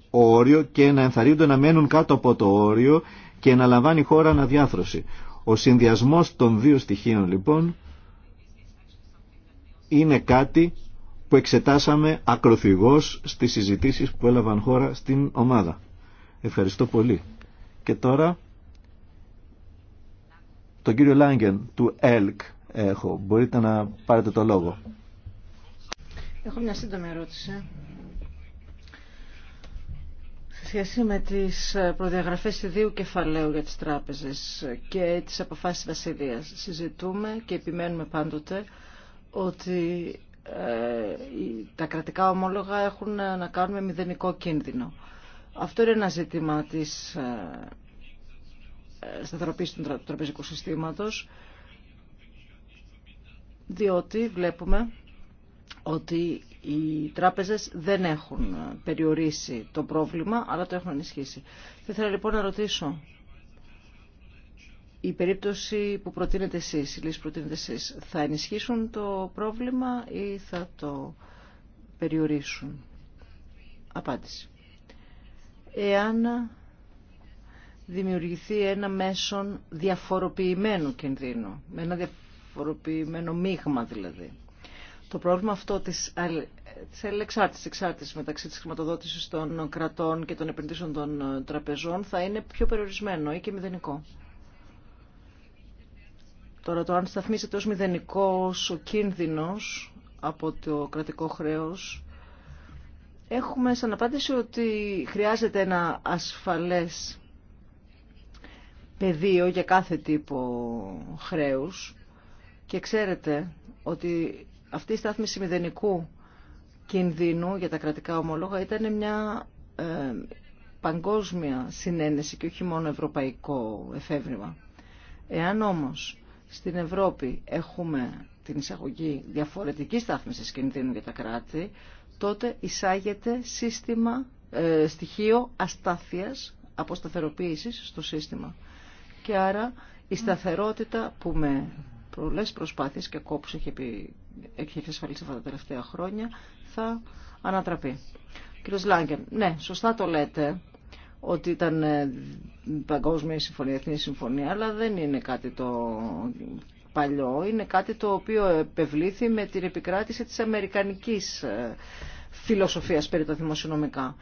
όριο και να ενθαρρύνονται να μένουν κάτω από το όριο και να λαμβάνει η χώρα αναδιάθρωση. Ο συνδυασμός των δύο στοιχείων λοιπόν είναι κάτι που εξετάσαμε ακροθυγώς στις συζητήσεις που έλαβαν χώρα στην ομάδα. Ευχαριστώ πολύ. Και τώρα τον κύριο Λάγκεν του ΕΛΚ έχω. Μπορείτε να πάρετε το λόγο. Έχω μια σύντομη ερώτηση. Σε σχέση με τις προδιαγραφές ιδίου κεφαλαίου για τις τράπεζες και τις αποφάσεις βασιλείας, συζητούμε και επιμένουμε πάντοτε ότι ε, τα κρατικά ομόλογα έχουν να κάνουν με μηδενικό κίνδυνο. Αυτό είναι ένα ζήτημα της ε, ε, σταθεροποίησης του τραπεζικού συστήματος, διότι βλέπουμε ότι οι τράπεζες δεν έχουν ε, περιορίσει το πρόβλημα, αλλά το έχουν ενισχύσει. Θα ήθελα λοιπόν να ρωτήσω, η περίπτωση που προτείνετε εσείς, η λύση που προτείνετε εσείς, θα ενισχύσουν το πρόβλημα ή θα το περιορίσουν. Απάντηση εάν δημιουργηθεί ένα μέσον διαφοροποιημένου κινδύνου, με ένα διαφοροποιημένο μείγμα δηλαδή. Το πρόβλημα αυτό της, της εξάρτηση, εξάρτησης μεταξύ της χρηματοδότησης των κρατών και των επενδύσεων των τραπεζών θα είναι πιο περιορισμένο ή και μηδενικό. Τώρα το αν σταθμίζεται ως μηδενικός ο κίνδυνος από το κρατικό χρέος έχουμε σαν απάντηση ότι χρειάζεται ένα ασφαλές πεδίο για κάθε τύπο χρέους και ξέρετε ότι αυτή η στάθμιση μηδενικού κινδύνου για τα κρατικά ομολόγα ήταν μια ε, παγκόσμια συνένεση και όχι μόνο ευρωπαϊκό εφεύρημα. Εάν όμως στην Ευρώπη έχουμε την εισαγωγή διαφορετικής στάθμισης κινδύνου για τα κράτη, τότε εισάγεται σύστημα, ε, στοιχείο αστάθειας, αποσταθεροποίησης στο σύστημα. Και άρα η σταθερότητα που με πολλές προσπάθειες και κόπους έχει, επι... έχει εξασφαλίσει αυτά τα τελευταία χρόνια θα ανατραπεί. Κύριε Λάγκεν, ναι, σωστά το λέτε ότι ήταν ε, παγκόσμια συμφωνία, εθνή συμφωνία, αλλά δεν είναι κάτι το παλιό, είναι κάτι το οποίο επευλήθη με την επικράτηση της αμερικανικής ε, φιλοσοφίας περί τα δημοσιονομικά.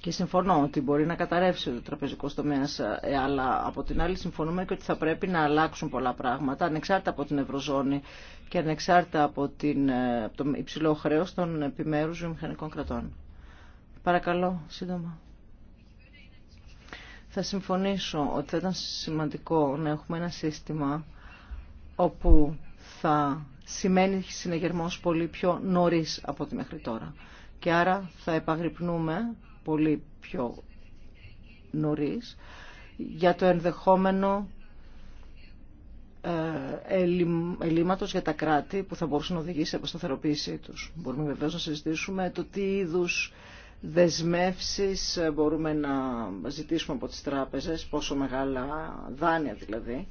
Και συμφωνώ ότι μπορεί να καταρρεύσει ο τραπεζικό τομέα, ε, ε, αλλά από την άλλη συμφωνούμε και ότι θα πρέπει να αλλάξουν πολλά πράγματα, ανεξάρτητα από την Ευρωζώνη και ανεξάρτητα από, την, από το υψηλό χρέο των επιμέρου βιομηχανικών κρατών. Παρακαλώ, σύντομα θα συμφωνήσω ότι θα ήταν σημαντικό να έχουμε ένα σύστημα όπου θα σημαίνει συνεγερμός πολύ πιο νωρίς από ό,τι μέχρι τώρα. Και άρα θα επαγρυπνούμε πολύ πιο νωρίς για το ενδεχόμενο ε, ελλείμματος για τα κράτη που θα μπορούσαν να οδηγήσει σε αποσταθεροποίησή τους. Μπορούμε βεβαίως να συζητήσουμε το τι είδους δεσμεύσεις μπορούμε να ζητήσουμε από τις τράπεζες, πόσο μεγάλα δάνεια δηλαδή,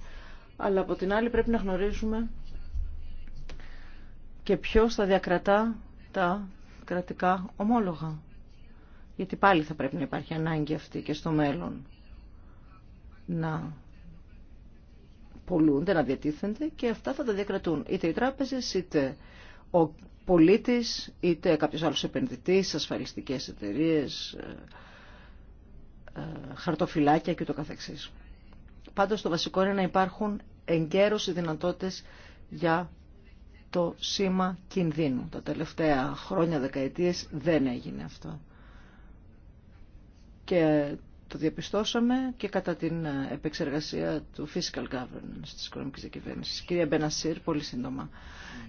αλλά από την άλλη πρέπει να γνωρίζουμε και ποιος θα διακρατά τα κρατικά ομόλογα. Γιατί πάλι θα πρέπει να υπάρχει ανάγκη αυτή και στο μέλλον να πολλούνται, να διατίθενται και αυτά θα τα διακρατούν είτε οι τράπεζες είτε ο πολίτης, είτε κάποιος άλλος επενδυτής, ασφαλιστικές εταιρείες, ε, ε, χαρτοφυλάκια και το καθεξής. Πάντως το βασικό είναι να υπάρχουν εγκαίρως οι δυνατότητες για το σήμα κινδύνου. Τα τελευταία χρόνια, δεκαετίες δεν έγινε αυτό. Και το διαπιστώσαμε και κατά την ε, επεξεργασία του fiscal governance της οικονομικής διακυβέρνησης. Κυρία Μπενασίρ, πολύ σύντομα.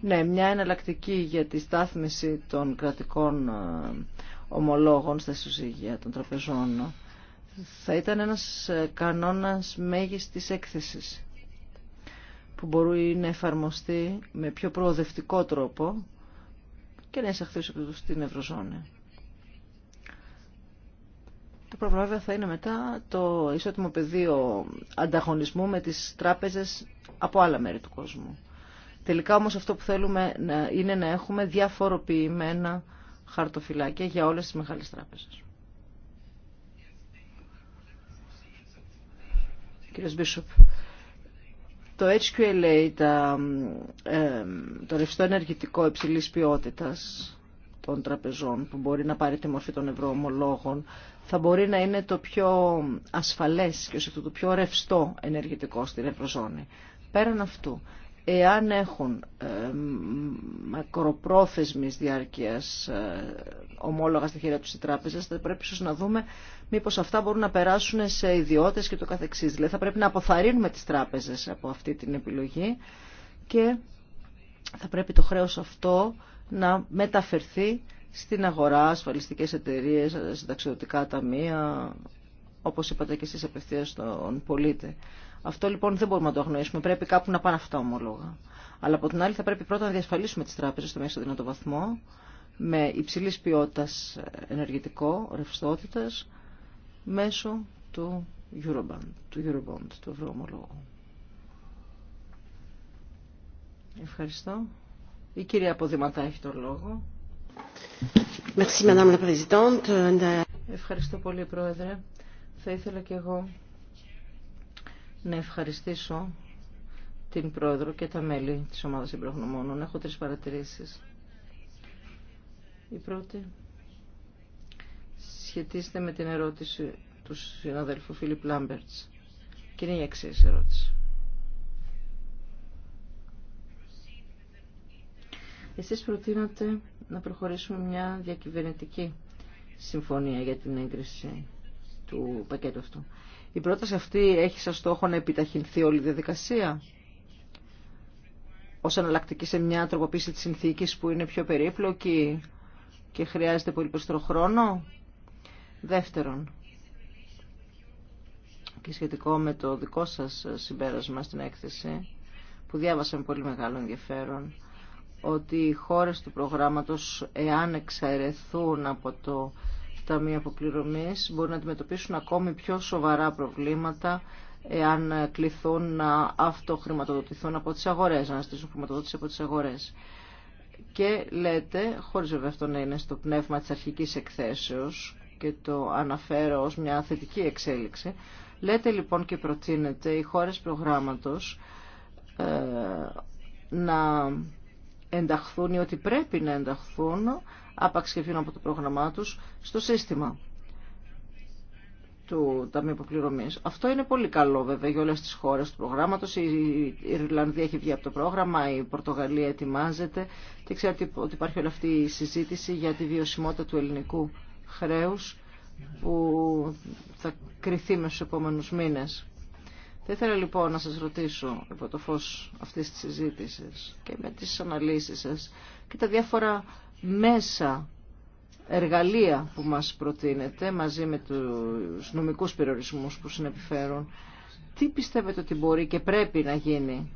Ναι, μια εναλλακτική για τη στάθμιση των κρατικών ε, ομολόγων στα ισοζύγια των τραπεζών ε, θα ήταν ένας κανόνας μέγιστης έκθεσης που μπορεί να εφαρμοστεί με πιο προοδευτικό τρόπο και να εισαχθεί στην Ευρωζώνη. Το πρόβλημα θα είναι μετά το ισότιμο πεδίο ανταγωνισμού με τις τράπεζες από άλλα μέρη του κόσμου. Τελικά όμως αυτό που θέλουμε είναι να έχουμε διαφοροποιημένα χαρτοφυλάκια για όλες τις μεγάλες τράπεζες. Κύριος Μπίσοπ, το HQLA, τα, το ρευστό ενεργητικό υψηλής ποιότητας των τραπεζών που μπορεί να πάρει τη μορφή των ευρωομολόγων θα μπορεί να είναι το πιο ασφαλές και ως αυτό το πιο ρευστό ενεργητικό στην Ευρωζώνη. Πέραν αυτού, εάν έχουν ε, μακροπρόθεσμης διάρκειας ε, ομόλογα στα χέρια τους οι τράπεζες, θα πρέπει ίσως να δούμε μήπως αυτά μπορούν να περάσουν σε ιδιώτες και το καθεξής. Δηλαδή θα πρέπει να αποθαρρύνουμε τις τράπεζες από αυτή την επιλογή και θα πρέπει το χρέος αυτό να μεταφερθεί στην αγορά, ασφαλιστικέ εταιρείε, συνταξιδοτικά ταμεία, όπως είπατε και εσεί απευθεία στον πολίτη. Αυτό λοιπόν δεν μπορούμε να το αγνοήσουμε. Πρέπει κάπου να πάνε αυτά ομόλογα. Αλλά από την άλλη θα πρέπει πρώτα να διασφαλίσουμε τις τράπεζες στο μέσο δυνατό βαθμό με υψηλής ποιότητας ενεργητικό, ρευστότητα μέσω του Eurobond, του Eurobond, ευρωομολόγου. Ευχαριστώ. Η κυρία Ποδηματά έχει τον λόγο. Ευχαριστώ πολύ, Πρόεδρε. Θα ήθελα και εγώ να ευχαριστήσω την Πρόεδρο και τα μέλη της ομάδας συμπρογνωμόνων. Έχω τρεις παρατηρήσεις. Η πρώτη σχετίζεται με την ερώτηση του συναδέλφου Φίλιπ Λάμπερτς και είναι η εξής ερώτηση. Εσείς προτείνατε να προχωρήσουμε μια διακυβερνητική συμφωνία για την έγκριση του πακέτου αυτού. Η πρόταση αυτή έχει σαν στόχο να επιταχυνθεί όλη η διαδικασία ως εναλλακτική σε μια τροποποίηση της συνθήκης που είναι πιο περίπλοκη και χρειάζεται πολύ περισσότερο χρόνο. Δεύτερον, και σχετικό με το δικό σας συμπέρασμα στην έκθεση, που διάβασα με πολύ μεγάλο ενδιαφέρον, ότι οι χώρες του προγράμματος, εάν εξαιρεθούν από το Ταμείο Αποπληρωμής, μπορούν να αντιμετωπίσουν ακόμη πιο σοβαρά προβλήματα εάν κληθούν να αυτοχρηματοδοτηθούν από τις αγορές, να στήσουν χρηματοδότηση από τις αγορές. Και λέτε, χωρίς βέβαια αυτό να είναι στο πνεύμα της αρχικής εκθέσεως και το αναφέρω ως μια θετική εξέλιξη, λέτε λοιπόν και προτείνετε οι χώρες προγράμματος ε, να ενταχθούν ή ότι πρέπει να ενταχθούν, άπαξ και από το πρόγραμμά τους, στο σύστημα του Ταμείου Αποπληρωμή. Αυτό είναι πολύ καλό βέβαια για όλε τι χώρε του προγράμματο. Η Ιρλανδία έχει βγει από το πρόγραμμα, η Πορτογαλία ετοιμάζεται και ξέρετε ότι υπάρχει όλη αυτή η συζήτηση για τη βιωσιμότητα του ελληνικού χρέου που θα κριθεί με στου επόμενου μήνε. Θα ήθελα λοιπόν να σας ρωτήσω υπό το φως αυτής της συζήτησης και με τις αναλύσεις σας και τα διάφορα μέσα εργαλεία που μας προτείνετε μαζί με τους νομικούς περιορισμούς που συνεπιφέρουν τι πιστεύετε ότι μπορεί και πρέπει να γίνει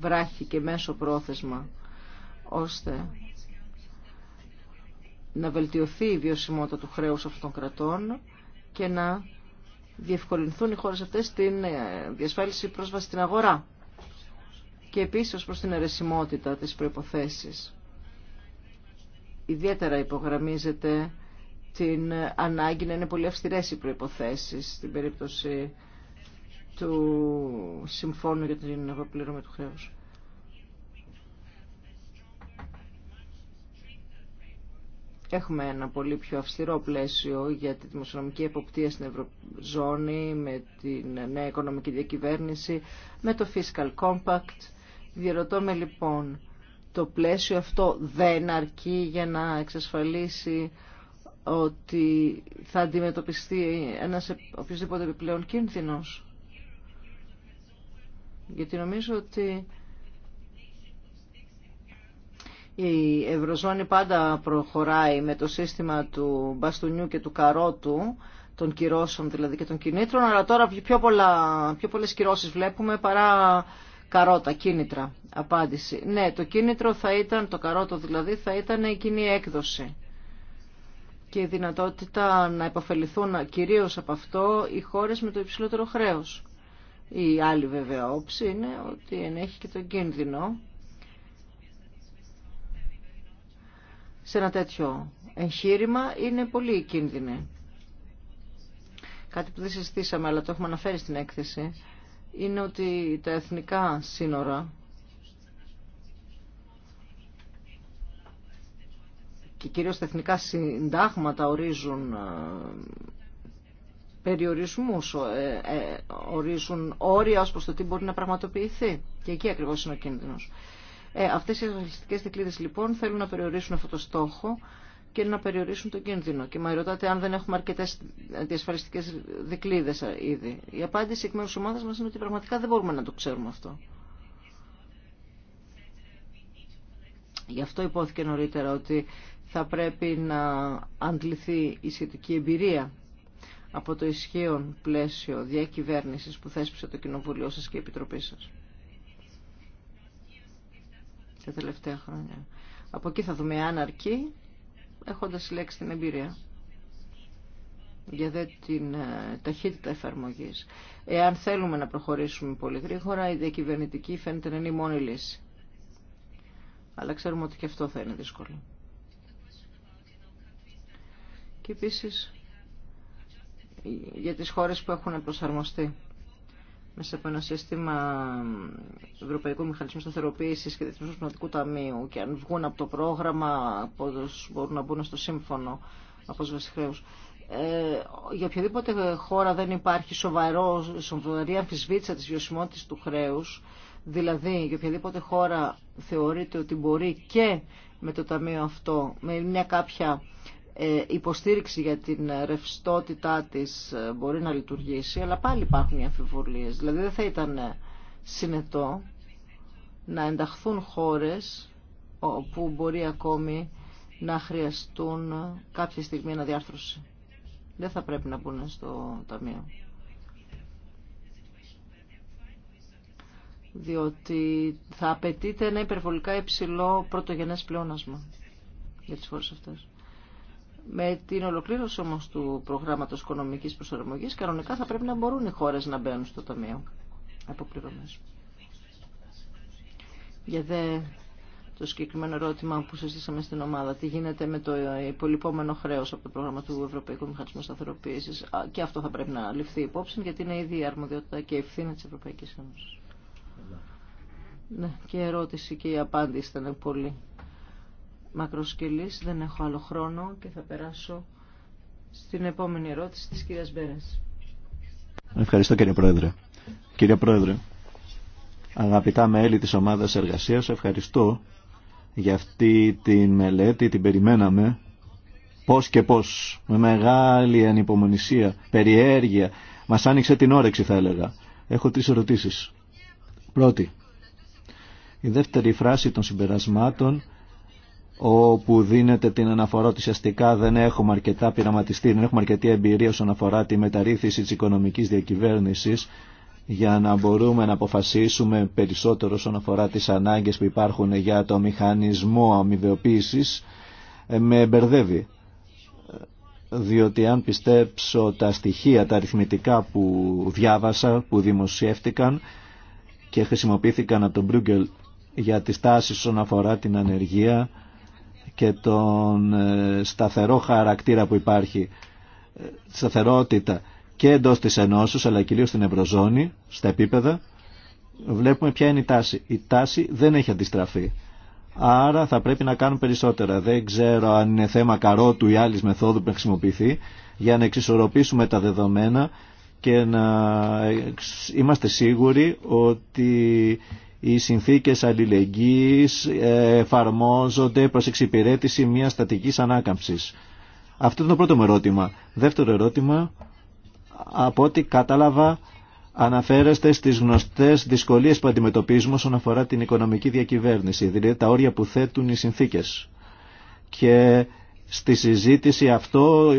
βράχη και μέσο πρόθεσμα ώστε να βελτιωθεί η βιωσιμότητα του χρέους αυτών των κρατών και να διευκολυνθούν οι χώρες αυτές στην ε, διασφάλιση πρόσβαση στην αγορά και επίσης προς την αιρεσιμότητα της προϋποθέσεις. Ιδιαίτερα υπογραμμίζεται την ανάγκη να είναι πολύ αυστηρές οι προϋποθέσεις στην περίπτωση του Συμφώνου για την Ευρωπληρωμή του Χρέους. Έχουμε ένα πολύ πιο αυστηρό πλαίσιο για τη δημοσιονομική εποπτεία στην Ευρωζώνη, με την νέα οικονομική διακυβέρνηση, με το Fiscal Compact. Διερωτώ με λοιπόν, το πλαίσιο αυτό δεν αρκεί για να εξασφαλίσει ότι θα αντιμετωπιστεί ένας οποιοδήποτε επιπλέον κίνδυνος. Γιατί νομίζω ότι η Ευρωζώνη πάντα προχωράει με το σύστημα του μπαστούνιου και του καρότου, των κυρώσεων δηλαδή και των κινήτρων, αλλά τώρα πιο, πολλά, πιο πολλές κυρώσεις βλέπουμε παρά καρότα, κίνητρα. Απάντηση. Ναι, το κίνητρο θα ήταν, το καρότο δηλαδή, θα ήταν η κοινή έκδοση και η δυνατότητα να υποφεληθούν κυρίως από αυτό οι χώρες με το υψηλότερο χρέος. Η άλλη βέβαια όψη είναι ότι ενέχει και τον κίνδυνο σε ένα τέτοιο εγχείρημα είναι πολύ κίνδυνοι. Κάτι που δεν συζητήσαμε αλλά το έχουμε αναφέρει στην έκθεση είναι ότι τα εθνικά σύνορα και κυρίως τα εθνικά συντάγματα ορίζουν ε, περιορισμούς, ε, ε, ορίζουν όρια ως προς το τι μπορεί να πραγματοποιηθεί. Και εκεί ακριβώς είναι ο κίνδυνος. Ε, αυτές οι ασφαλιστικές δικλείδες λοιπόν θέλουν να περιορίσουν αυτό το στόχο και να περιορίσουν τον κίνδυνο. Και με ρωτάτε αν δεν έχουμε αρκετέ διασφαλιστικέ δικλείδε ε, ήδη. Η απάντηση εκ μέρου τη ομάδα μα είναι ότι πραγματικά δεν μπορούμε να το ξέρουμε αυτό. Γι' αυτό υπόθηκε νωρίτερα ότι θα πρέπει να αντληθεί η σχετική εμπειρία από το ισχύον πλαίσιο διακυβέρνησης που θέσπισε το Κοινοβούλιο σας και η Επιτροπή σας τα τελευταία χρόνια. Από εκεί θα δούμε αν αρκεί, έχοντας συλλέξει την εμπειρία για δε την ε, ταχύτητα εφαρμογής. Εάν θέλουμε να προχωρήσουμε πολύ γρήγορα, η διακυβερνητική φαίνεται να είναι η μόνη λύση. Αλλά ξέρουμε ότι και αυτό θα είναι δύσκολο. Και επίσης για τις χώρες που έχουν προσαρμοστεί μέσα από ένα σύστημα Ευρωπαϊκού Μηχανισμού Σταθεροποίηση και Διεθνού Πνευματικού Ταμείου. Και αν βγουν από το πρόγραμμα, μπορούν να μπουν στο σύμφωνο απόσβεση χρέου. Ε, για οποιαδήποτε χώρα δεν υπάρχει σοβαρό, σοβαρή αμφισβήτηση της βιωσιμότητας του χρέους, δηλαδή για οποιαδήποτε χώρα θεωρείται ότι μπορεί και με το ταμείο αυτό, με μια κάποια ε, υποστήριξη για την ρευστότητά της ε, μπορεί να λειτουργήσει, αλλά πάλι υπάρχουν οι αμφιβολίες. Δηλαδή δεν θα ήταν συνετό να ενταχθούν χώρες όπου μπορεί ακόμη να χρειαστούν κάποια στιγμή αναδιάρθρωση. Δεν θα πρέπει να μπουν στο Ταμείο. Διότι θα απαιτείται ένα υπερβολικά υψηλό πρωτογενές πλεόνασμα για τις χώρες αυτές. Με την ολοκλήρωση όμω του προγράμματο οικονομική προσαρμογή, κανονικά θα πρέπει να μπορούν οι χώρε να μπαίνουν στο ταμείο αποπληρωμές. Για δε το συγκεκριμένο ερώτημα που συζητήσαμε στην ομάδα, τι γίνεται με το υπολοιπόμενο χρέο από το πρόγραμμα του Ευρωπαϊκού Μηχανισμού Σταθεροποίηση, Και αυτό θα πρέπει να ληφθεί υπόψη, γιατί είναι ήδη η αρμοδιότητα και η ευθύνη τη Ευρωπαϊκή Ένωση. Ναι, και η ερώτηση και η απάντηση ήταν πολύ μακροσκελής, δεν έχω άλλο χρόνο και θα περάσω στην επόμενη ερώτηση της κυρίας Μπέρας. Ευχαριστώ κύριε Πρόεδρε. Κύριε Πρόεδρε, αγαπητά μέλη της ομάδας εργασίας, ευχαριστώ για αυτή τη μελέτη, την περιμέναμε πώς και πώς, με μεγάλη ανυπομονησία, περιέργεια, μας άνοιξε την όρεξη θα έλεγα. Έχω τρεις ερωτήσεις. Πρώτη, η δεύτερη φράση των συμπερασμάτων όπου δίνεται την αναφορά ότι ουσιαστικά δεν έχουμε αρκετά πειραματιστή... δεν έχουμε αρκετή εμπειρία όσον αφορά τη μεταρρύθμιση της οικονομικής διακυβέρνησης για να μπορούμε να αποφασίσουμε περισσότερο όσον αφορά τις ανάγκες που υπάρχουν για το μηχανισμό αμοιβεοποίησης ε, με μπερδεύει. Διότι αν πιστέψω τα στοιχεία, τα αριθμητικά που διάβασα, που δημοσιεύτηκαν και χρησιμοποιήθηκαν από τον Μπρούγκελ για τις τάσεις όσον αφορά την ανεργία και τον ε, σταθερό χαρακτήρα που υπάρχει, ε, σταθερότητα και εντός της ενώσεως αλλά κυρίω στην Ευρωζώνη, στα επίπεδα, βλέπουμε ποια είναι η τάση. Η τάση δεν έχει αντιστραφεί. Άρα θα πρέπει να κάνουν περισσότερα. Δεν ξέρω αν είναι θέμα καρότου ή άλλη μεθόδου που να χρησιμοποιηθεί για να εξισορροπήσουμε τα δεδομένα και να είμαστε σίγουροι ότι οι συνθήκες αλληλεγγύης ε, εφαρμόζονται προς εξυπηρέτηση μιας στατικής ανάκαμψης. Αυτό είναι το πρώτο μου ερώτημα. Δεύτερο ερώτημα, από ό,τι κατάλαβα, αναφέρεστε στις γνωστές δυσκολίες που αντιμετωπίζουμε όσον αφορά την οικονομική διακυβέρνηση, δηλαδή τα όρια που θέτουν οι συνθήκες. Και στη συζήτηση, αυτό,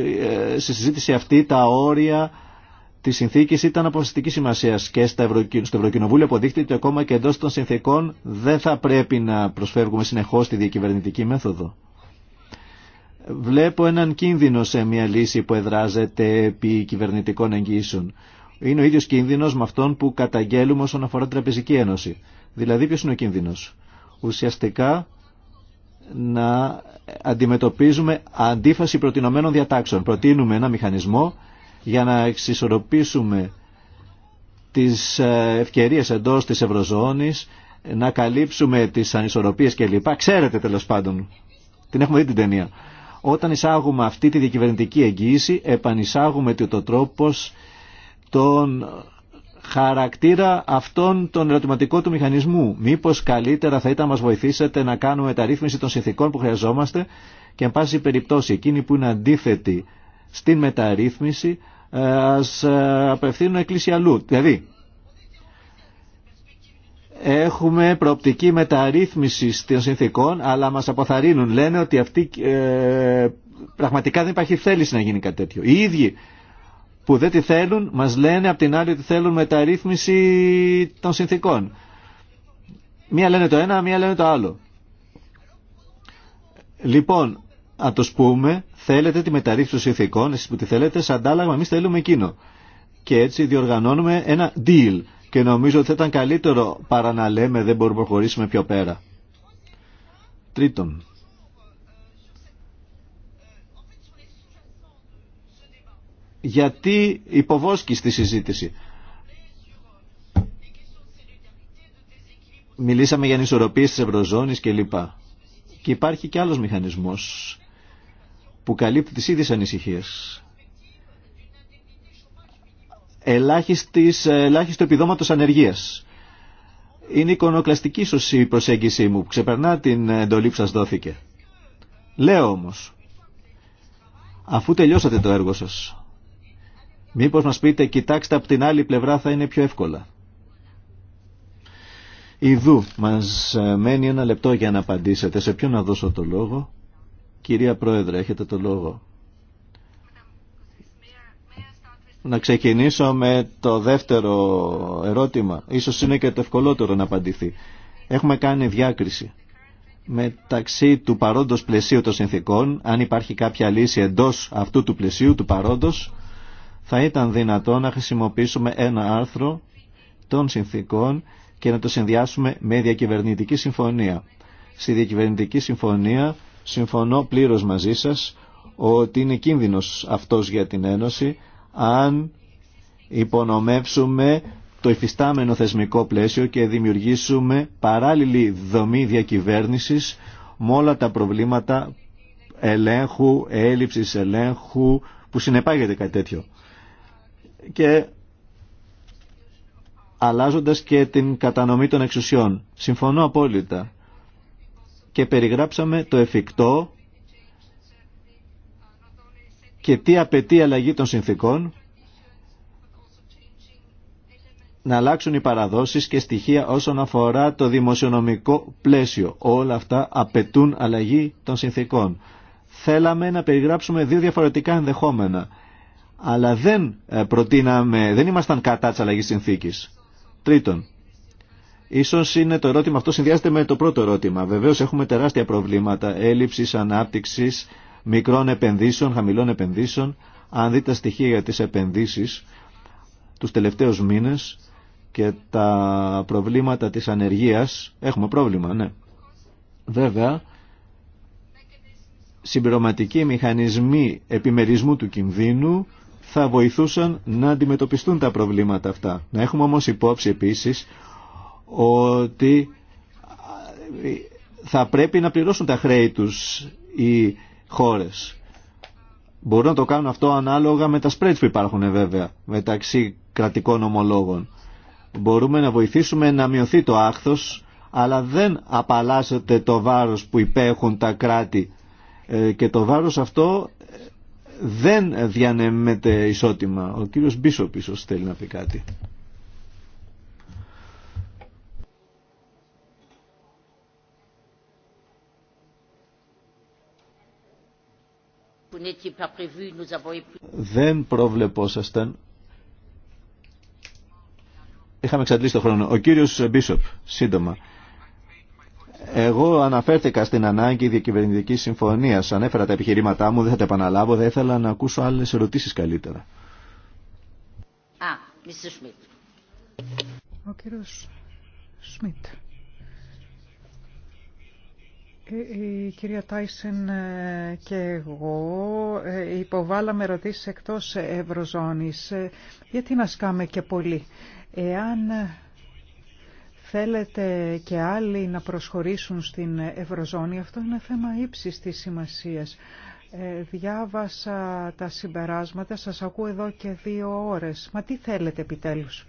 ε, στη συζήτηση αυτή τα όρια τη συνθήκη ήταν αποφασιστική σημασία και στο Ευρωκοινοβούλιο αποδείχτηκε ότι ακόμα και εντό των συνθήκων δεν θα πρέπει να προσφεύγουμε συνεχώ τη διακυβερνητική μέθοδο. Βλέπω έναν κίνδυνο σε μια λύση που εδράζεται επί κυβερνητικών εγγύσεων. Είναι ο ίδιο κίνδυνο με αυτόν που καταγγέλουμε όσον αφορά την Τραπεζική Ένωση. Δηλαδή, ποιο είναι ο κίνδυνο. Ουσιαστικά να αντιμετωπίζουμε αντίφαση προτινομένων διατάξεων. Προτείνουμε ένα μηχανισμό για να εξισορροπήσουμε τις ε, ευκαιρίες εντός της Ευρωζώνης, να καλύψουμε τις ανισορροπίες κλπ. Ξέρετε τέλος πάντων, την έχουμε δει την ταινία. Όταν εισάγουμε αυτή τη διακυβερνητική εγγύηση, επανεισάγουμε το τρόπος τον χαρακτήρα αυτών των ερωτηματικών του μηχανισμού. Μήπως καλύτερα θα ήταν να μας βοηθήσετε να κάνουμε μεταρρύθμιση των συνθήκων που χρειαζόμαστε και εν πάση περιπτώσει εκείνοι που είναι αντίθετοι στην μεταρρύθμιση ε, ας ε, απευθύνουν εκκλησιαλού. αλλού. Δηλαδή, έχουμε προοπτική μεταρρύθμιση των συνθήκων, αλλά μας αποθαρρύνουν. Λένε ότι αυτή ε, πραγματικά δεν υπάρχει θέληση να γίνει κάτι τέτοιο. Οι ίδιοι που δεν τη θέλουν, μας λένε απ' την άλλη ότι θέλουν μεταρρύθμιση των συνθήκων. Μία λένε το ένα, μία λένε το άλλο. Λοιπόν, αν το πούμε θέλετε τη μεταρρύθμιση των συνθηκών, που τη θέλετε, σαν αντάλλαγμα εμεί θέλουμε εκείνο. Και έτσι διοργανώνουμε ένα deal και νομίζω ότι θα ήταν καλύτερο παρά να λέμε δεν μπορούμε να προχωρήσουμε πιο πέρα. Τρίτον, γιατί υποβόσκει στη συζήτηση. Μιλήσαμε για ανισορροπίες της Ευρωζώνης κλπ. Και, και υπάρχει και άλλος μηχανισμός που καλύπτει τις ίδιες ανησυχίες. ελάχιστο επιδόματος ανεργίας. Είναι εικονοκλαστική ίσως η προσέγγιση μου που ξεπερνά την εντολή που σας δόθηκε. Λέω όμως, αφού τελειώσατε το έργο σας, μήπως μας πείτε κοιτάξτε από την άλλη πλευρά θα είναι πιο εύκολα. Ιδού, μας μένει ένα λεπτό για να απαντήσετε. Σε ποιον να δώσω το λόγο. Κυρία Πρόεδρε, έχετε το λόγο. Να ξεκινήσω με το δεύτερο ερώτημα. Ίσως είναι και το ευκολότερο να απαντηθεί. Έχουμε κάνει διάκριση μεταξύ του παρόντος πλαισίου των συνθήκων, αν υπάρχει κάποια λύση εντός αυτού του πλαισίου, του παρόντος, θα ήταν δυνατό να χρησιμοποιήσουμε ένα άρθρο των συνθήκων και να το συνδυάσουμε με διακυβερνητική συμφωνία. Στη διακυβερνητική συμφωνία Συμφωνώ πλήρως μαζί σας ότι είναι κίνδυνος αυτός για την Ένωση αν υπονομεύσουμε το υφιστάμενο θεσμικό πλαίσιο και δημιουργήσουμε παράλληλη δομή διακυβέρνησης με όλα τα προβλήματα ελέγχου, έλλειψης ελέγχου που συνεπάγεται κάτι τέτοιο. Και αλλάζοντας και την κατανομή των εξουσιών. Συμφωνώ απόλυτα και περιγράψαμε το εφικτό και τι απαιτεί αλλαγή των συνθήκων να αλλάξουν οι παραδόσεις και στοιχεία όσον αφορά το δημοσιονομικό πλαίσιο. Όλα αυτά απαιτούν αλλαγή των συνθήκων. Θέλαμε να περιγράψουμε δύο διαφορετικά ενδεχόμενα, αλλά δεν ε, προτείναμε, δεν ήμασταν κατά της αλλαγής συνθήκης. Τρίτον, Ίσως είναι το ερώτημα αυτό συνδυάζεται με το πρώτο ερώτημα. Βεβαίως έχουμε τεράστια προβλήματα έλλειψης, ανάπτυξης, μικρών επενδύσεων, χαμηλών επενδύσεων. Αν δείτε τα στοιχεία για τις επενδύσεις τους τελευταίους μήνες και τα προβλήματα της ανεργίας, έχουμε πρόβλημα, ναι. Βέβαια, συμπληρωματικοί μηχανισμοί επιμερισμού του κινδύνου θα βοηθούσαν να αντιμετωπιστούν τα προβλήματα αυτά. Να έχουμε όμως υπόψη επίσης ότι θα πρέπει να πληρώσουν τα χρέη τους οι χώρες. Μπορούν να το κάνουν αυτό ανάλογα με τα spreads που υπάρχουν βέβαια μεταξύ κρατικών ομολόγων. Μπορούμε να βοηθήσουμε να μειωθεί το άχθος αλλά δεν απαλλάσσεται το βάρος που υπέχουν τα κράτη ε, και το βάρος αυτό ε, δεν διανέμεται ισότιμα. Ο κύριος Μπίσοπ ίσως θέλει να πει κάτι. Δεν προβλεπόσασταν. Είχαμε εξαντλήσει το χρόνο. Ο κύριος Μπίσοπ, σύντομα. Εγώ αναφέρθηκα στην ανάγκη διακυβερνητικής συμφωνίας. Ανέφερα τα επιχειρήματά μου, δεν θα τα επαναλάβω. Δεν ήθελα να ακούσω άλλες ερωτήσεις καλύτερα. Ο κύριος Σμιτ. Ε, η κυρία Τάισεν ε, και εγώ ε, υποβάλαμε ερωτήσεις εκτός Ευρωζώνης. Γιατί να σκάμε και πολύ. Εάν θέλετε και άλλοι να προσχωρήσουν στην Ευρωζώνη, αυτό είναι θέμα ύψης της σημασίας. διάβασα τα συμπεράσματα, σας ακούω εδώ και δύο ώρες. Μα τι θέλετε επιτέλους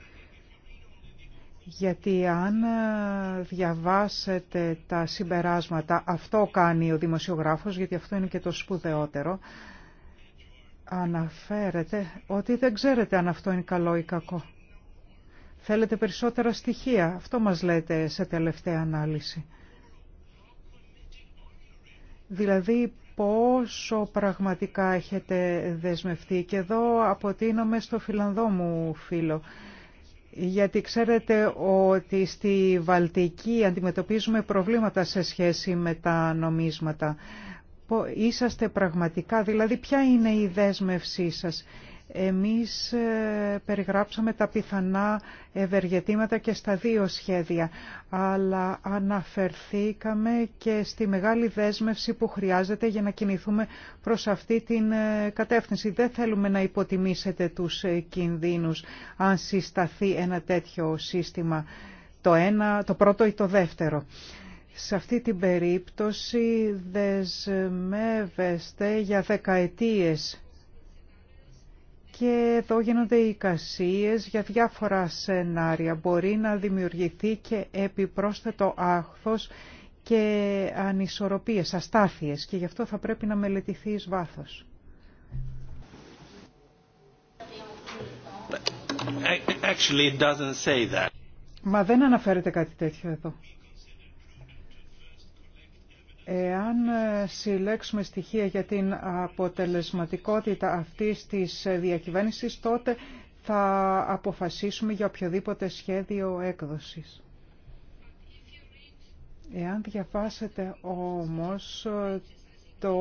γιατί αν ε, διαβάσετε τα συμπεράσματα, αυτό κάνει ο δημοσιογράφος, γιατί αυτό είναι και το σπουδαιότερο, αναφέρετε ότι δεν ξέρετε αν αυτό είναι καλό ή κακό. Θέλετε περισσότερα στοιχεία, αυτό μας λέτε σε τελευταία ανάλυση. Δηλαδή πόσο πραγματικά έχετε δεσμευτεί και εδώ αποτείνομαι στο φιλανδό μου φίλο γιατί ξέρετε ότι στη Βαλτική αντιμετωπίζουμε προβλήματα σε σχέση με τα νομίσματα. Είσαστε πραγματικά, δηλαδή ποια είναι η δέσμευσή σας εμείς ε, περιγράψαμε τα πιθανά ευεργετήματα και στα δύο σχέδια, αλλά αναφερθήκαμε και στη μεγάλη δέσμευση που χρειάζεται για να κινηθούμε προς αυτή την ε, κατεύθυνση. Δεν θέλουμε να υποτιμήσετε τους ε, κινδύνους αν συσταθεί ένα τέτοιο σύστημα, το, ένα, το πρώτο ή το δεύτερο. Σε αυτή την περίπτωση δεσμεύεστε για δεκαετίες και εδώ γίνονται εικασίες για διάφορα σενάρια. Μπορεί να δημιουργηθεί και επιπρόσθετο άχθος και ανισορροπίες, αστάθειες και γι' αυτό θα πρέπει να μελετηθεί εις βάθος. Μα δεν αναφέρεται κάτι τέτοιο εδώ. Εάν ε, συλλέξουμε στοιχεία για την αποτελεσματικότητα αυτής της διακυβέρνησης, τότε θα αποφασίσουμε για οποιοδήποτε σχέδιο έκδοσης. Εάν διαβάσετε όμως ε, το,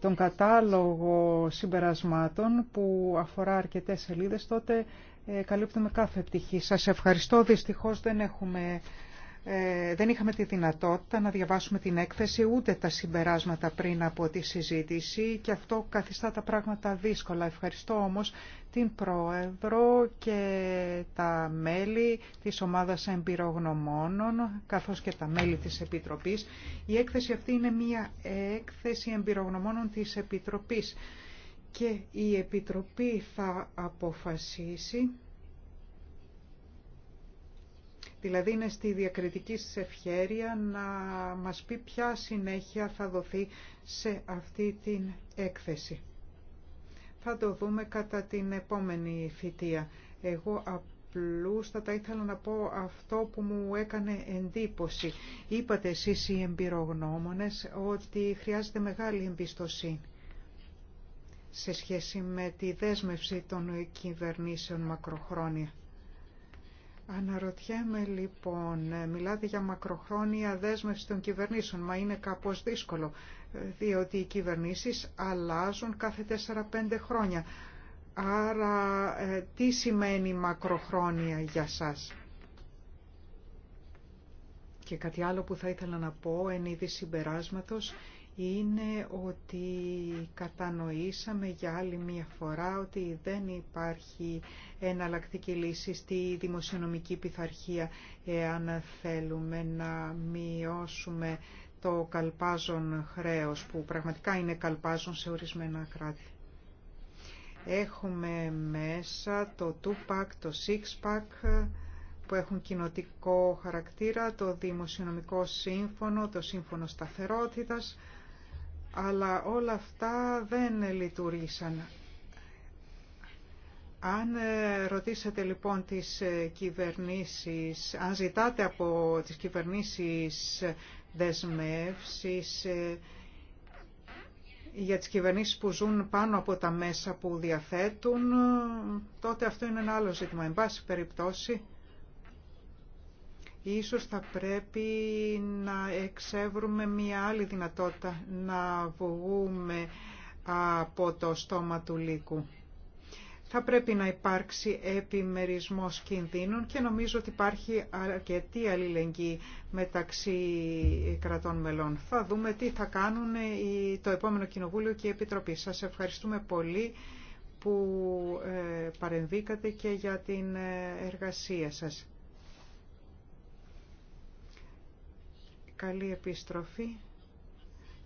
τον κατάλογο συμπερασμάτων που αφορά αρκετές σελίδες, τότε ε, καλύπτουμε κάθε πτυχή. Σας ευχαριστώ. Δυστυχώς δεν έχουμε ε, δεν είχαμε τη δυνατότητα να διαβάσουμε την έκθεση ούτε τα συμπεράσματα πριν από τη συζήτηση και αυτό καθιστά τα πράγματα δύσκολα. Ευχαριστώ όμως την Πρόεδρο και τα μέλη της ομάδας εμπειρογνωμόνων καθώς και τα μέλη της Επιτροπής. Η έκθεση αυτή είναι μια έκθεση εμπειρογνωμόνων της Επιτροπής και η Επιτροπή θα αποφασίσει Δηλαδή είναι στη διακριτική ευχέρεια να μας πει ποια συνέχεια θα δοθεί σε αυτή την έκθεση. Θα το δούμε κατά την επόμενη φοιτεία. Εγώ απλούστατα ήθελα να πω αυτό που μου έκανε εντύπωση. Είπατε εσείς οι εμπειρογνώμονες ότι χρειάζεται μεγάλη εμπιστοσύνη σε σχέση με τη δέσμευση των κυβερνήσεων μακροχρόνια. Αναρωτιέμαι λοιπόν, μιλάτε για μακροχρόνια δέσμευση των κυβερνήσεων, μα είναι κάπως δύσκολο, διότι οι κυβερνήσεις αλλάζουν κάθε 4-5 χρόνια. Άρα ε, τι σημαίνει μακροχρόνια για σας. Και κάτι άλλο που θα ήθελα να πω εν είδη συμπεράσματος είναι ότι κατανοήσαμε για άλλη μία φορά ότι δεν υπάρχει εναλλακτική λύση στη δημοσιονομική πειθαρχία εάν θέλουμε να μειώσουμε το καλπάζον χρέος που πραγματικά είναι καλπάζον σε ορισμένα κράτη. Έχουμε μέσα το 2 το 6-pack που έχουν κοινοτικό χαρακτήρα, το Δημοσιονομικό Σύμφωνο, το Σύμφωνο Σταθερότητας, αλλά όλα αυτά δεν λειτουργήσαν. Αν ε, ρωτήσετε λοιπόν τις ε, κυβερνήσεις, αν ζητάτε από τις κυβερνήσεις δεσμεύσεις ε, για τις κυβερνήσεις που ζουν πάνω από τα μέσα που διαθέτουν, τότε αυτό είναι ένα άλλο ζήτημα. Ίσως θα πρέπει να εξεύρουμε μια άλλη δυνατότητα να βγούμε από το στόμα του λύκου. Θα πρέπει να υπάρξει επιμερισμός κινδύνων και νομίζω ότι υπάρχει αρκετή αλληλεγγύη μεταξύ κρατών μελών. Θα δούμε τι θα κάνουν το επόμενο Κοινοβούλιο και η Επιτροπή. Σας ευχαριστούμε πολύ που ε, παρεμβήκατε και για την ε, εργασία σας. καλή επιστροφή.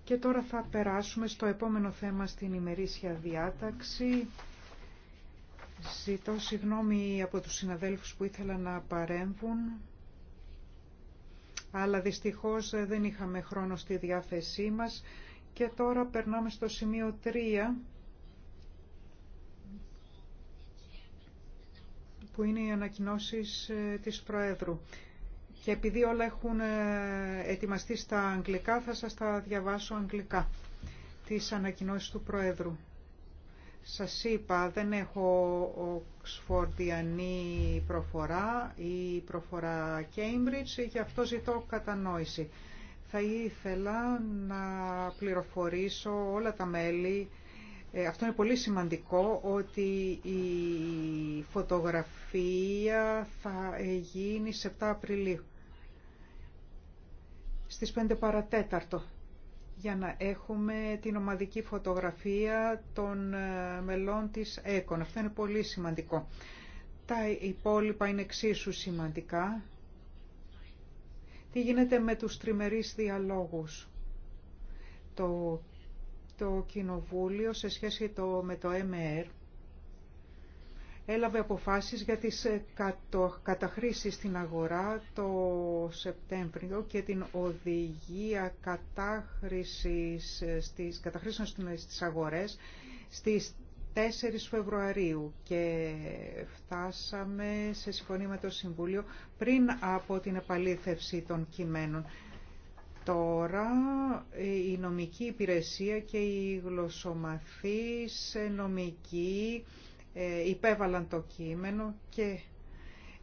Και τώρα θα περάσουμε στο επόμενο θέμα στην ημερήσια διάταξη. Ζητώ συγγνώμη από τους συναδέλφους που ήθελα να παρέμβουν, αλλά δυστυχώς δεν είχαμε χρόνο στη διάθεσή μας. Και τώρα περνάμε στο σημείο 3, που είναι οι ανακοινώσεις ε, της Προέδρου. Και επειδή όλα έχουν ε, ετοιμαστεί στα αγγλικά, θα σας τα διαβάσω αγγλικά, τις ανακοινώσεις του Προέδρου. Σας είπα, δεν έχω οξφορδιανή προφορά ή προφορά Cambridge, γι' αυτό ζητώ κατανόηση. Θα ήθελα να πληροφορήσω όλα τα μέλη, ε, αυτό είναι πολύ σημαντικό, ότι η φωτογραφία θα γίνει 7 Απριλίου στις 5 παρατέταρτο για να έχουμε την ομαδική φωτογραφία των ε, μελών της ΕΚΟΝ. Αυτό είναι πολύ σημαντικό. Τα υπόλοιπα είναι εξίσου σημαντικά. Τι γίνεται με τους τριμερείς διαλόγους. Το, το Κοινοβούλιο σε σχέση το, με το MR έλαβε αποφάσεις για τις ε, καταχρήσεις στην αγορά το Σεπτέμβριο και την οδηγία ε, στις, καταχρήσεων ε, στις αγορές στις 4 Φεβρουαρίου και φτάσαμε σε συμφωνία με το Συμβούλιο πριν από την επαλήθευση των κειμένων. Τώρα η νομική υπηρεσία και οι γλωσσομαθείς νομικοί ε, υπέβαλαν το κείμενο και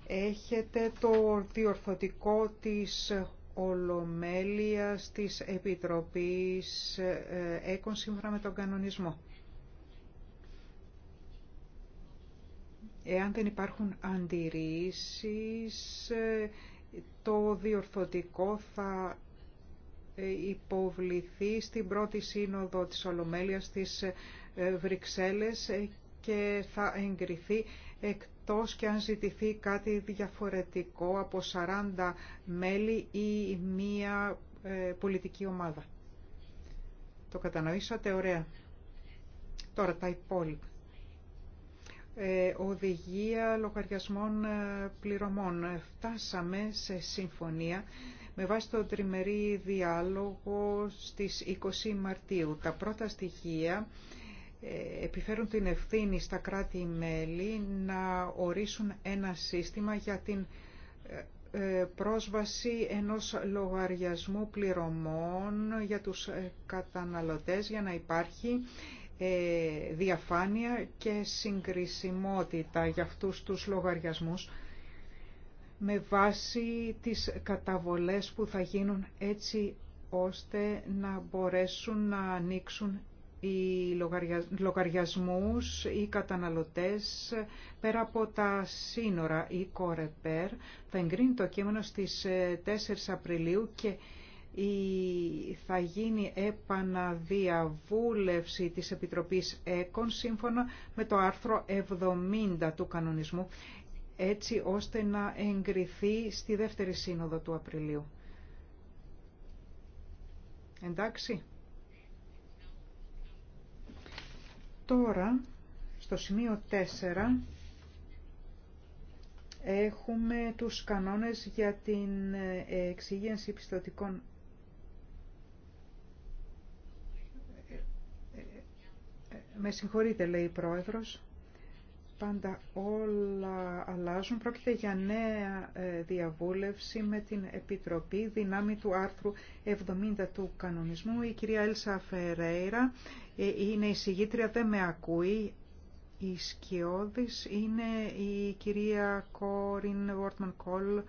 έχετε το διορθωτικό της Ολομέλειας της Επιτροπής ε, ΕΚΟΝ σύμφωνα με τον κανονισμό. Εάν δεν υπάρχουν αντιρρήσεις, ε, το διορθωτικό θα υποβληθεί στην πρώτη σύνοδο της Ολομέλειας της Βρυξέλλες και θα εγκριθεί εκτός και αν ζητηθεί κάτι διαφορετικό από 40 μέλη ή μία ε, πολιτική ομάδα. Το κατανοήσατε ωραία. Τώρα τα υπόλοιπα. Ε, οδηγία λογαριασμών ε, πληρωμών. Φτάσαμε σε συμφωνία με βάση το τριμερή διάλογο στις 20 Μαρτίου. Τα πρώτα στοιχεία ε, επιφέρουν την ευθύνη στα κράτη-μέλη να ορίσουν ένα σύστημα για την ε, ε, πρόσβαση ενός λογαριασμού πληρωμών για τους καταναλωτές για να υπάρχει διαφάνεια και συγκρισιμότητα για αυτούς τους λογαριασμούς με βάση τις καταβολές που θα γίνουν έτσι ώστε να μπορέσουν να ανοίξουν οι λογαριασμούς, οι καταναλωτές, πέρα από τα σύνορα, η Κορεπέρ, θα εγκρίνει το κείμενο στις 4 ε, Απριλίου και θα γίνει επαναδιαβούλευση της Επιτροπής ΕΚΟΝ σύμφωνα με το άρθρο 70 του κανονισμού, έτσι ώστε να εγκριθεί στη δεύτερη σύνοδο του Απριλίου. Εντάξει. Τώρα, στο σημείο 4, έχουμε τους κανόνες για την ε, εξήγηση πιστοτικών Με συγχωρείτε, λέει η Πρόεδρος. Πάντα όλα αλλάζουν. Πρόκειται για νέα ε, διαβούλευση με την Επιτροπή Δυνάμει του άρθρου 70 του Κανονισμού. Η κυρία Έλσα Φερέιρα ε, είναι η συγγήτρια, δεν με ακούει. Η Σκιώδης είναι η κυρία Κόριν Βόρτμαν Κόλ,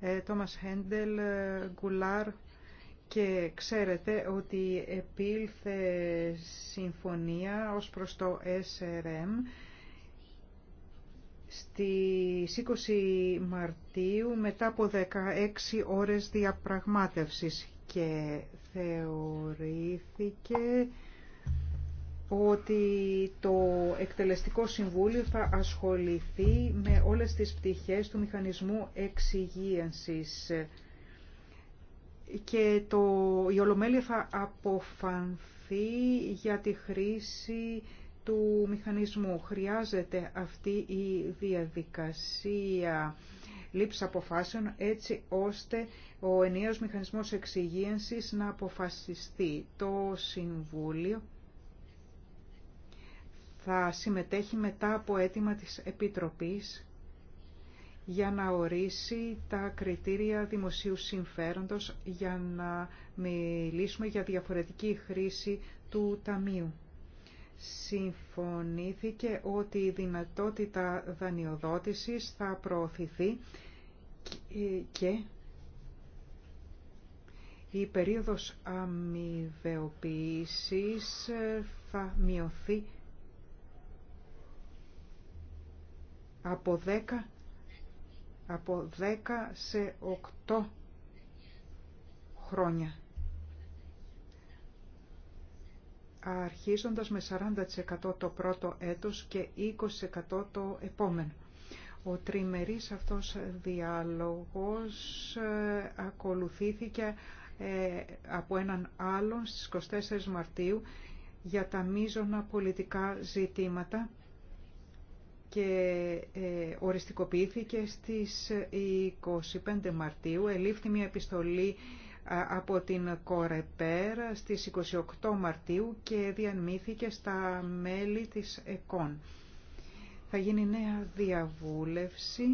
ε, Τόμας Χέντελ, ε, Γκουλάρ και ξέρετε ότι επήλθε συμφωνία ως προς το SRM στις 20 Μαρτίου μετά από 16 ώρες διαπραγμάτευσης και θεωρήθηκε ότι το εκτελεστικό συμβούλιο θα ασχοληθεί με όλες τις πτυχές του μηχανισμού εξυγίανσης και το, η Ολομέλεια θα αποφανθεί για τη χρήση του μηχανισμού. Χρειάζεται αυτή η διαδικασία λήψη αποφάσεων έτσι ώστε ο ενιαίος μηχανισμός εξυγίανσης να αποφασιστεί. Το Συμβούλιο θα συμμετέχει μετά από αίτημα της Επιτροπής για να ορίσει τα κριτήρια δημοσίου συμφέροντος για να μιλήσουμε για διαφορετική χρήση του Ταμείου. Συμφωνήθηκε ότι η δυνατότητα δανειοδότησης θα προωθηθεί και η περίοδος αμοιβεοποίησης θα μειωθεί από 10, από 10 σε 8 χρόνια. Αρχίζοντας με 40% το πρώτο έτος και 20% το επόμενο. Ο τριμερής αυτός διάλογος ε, ακολουθήθηκε ε, από έναν άλλον στις 24 Μαρτίου για τα μείζωνα πολιτικά ζητήματα και ε, οριστικοποιήθηκε στις 25 ε, Μαρτίου. Ελήφθη μια επιστολή από την Κορεπέρ στις 28 Μαρτίου και διανμήθηκε στα μέλη της ΕΚΟΝ. Θα γίνει νέα διαβούλευση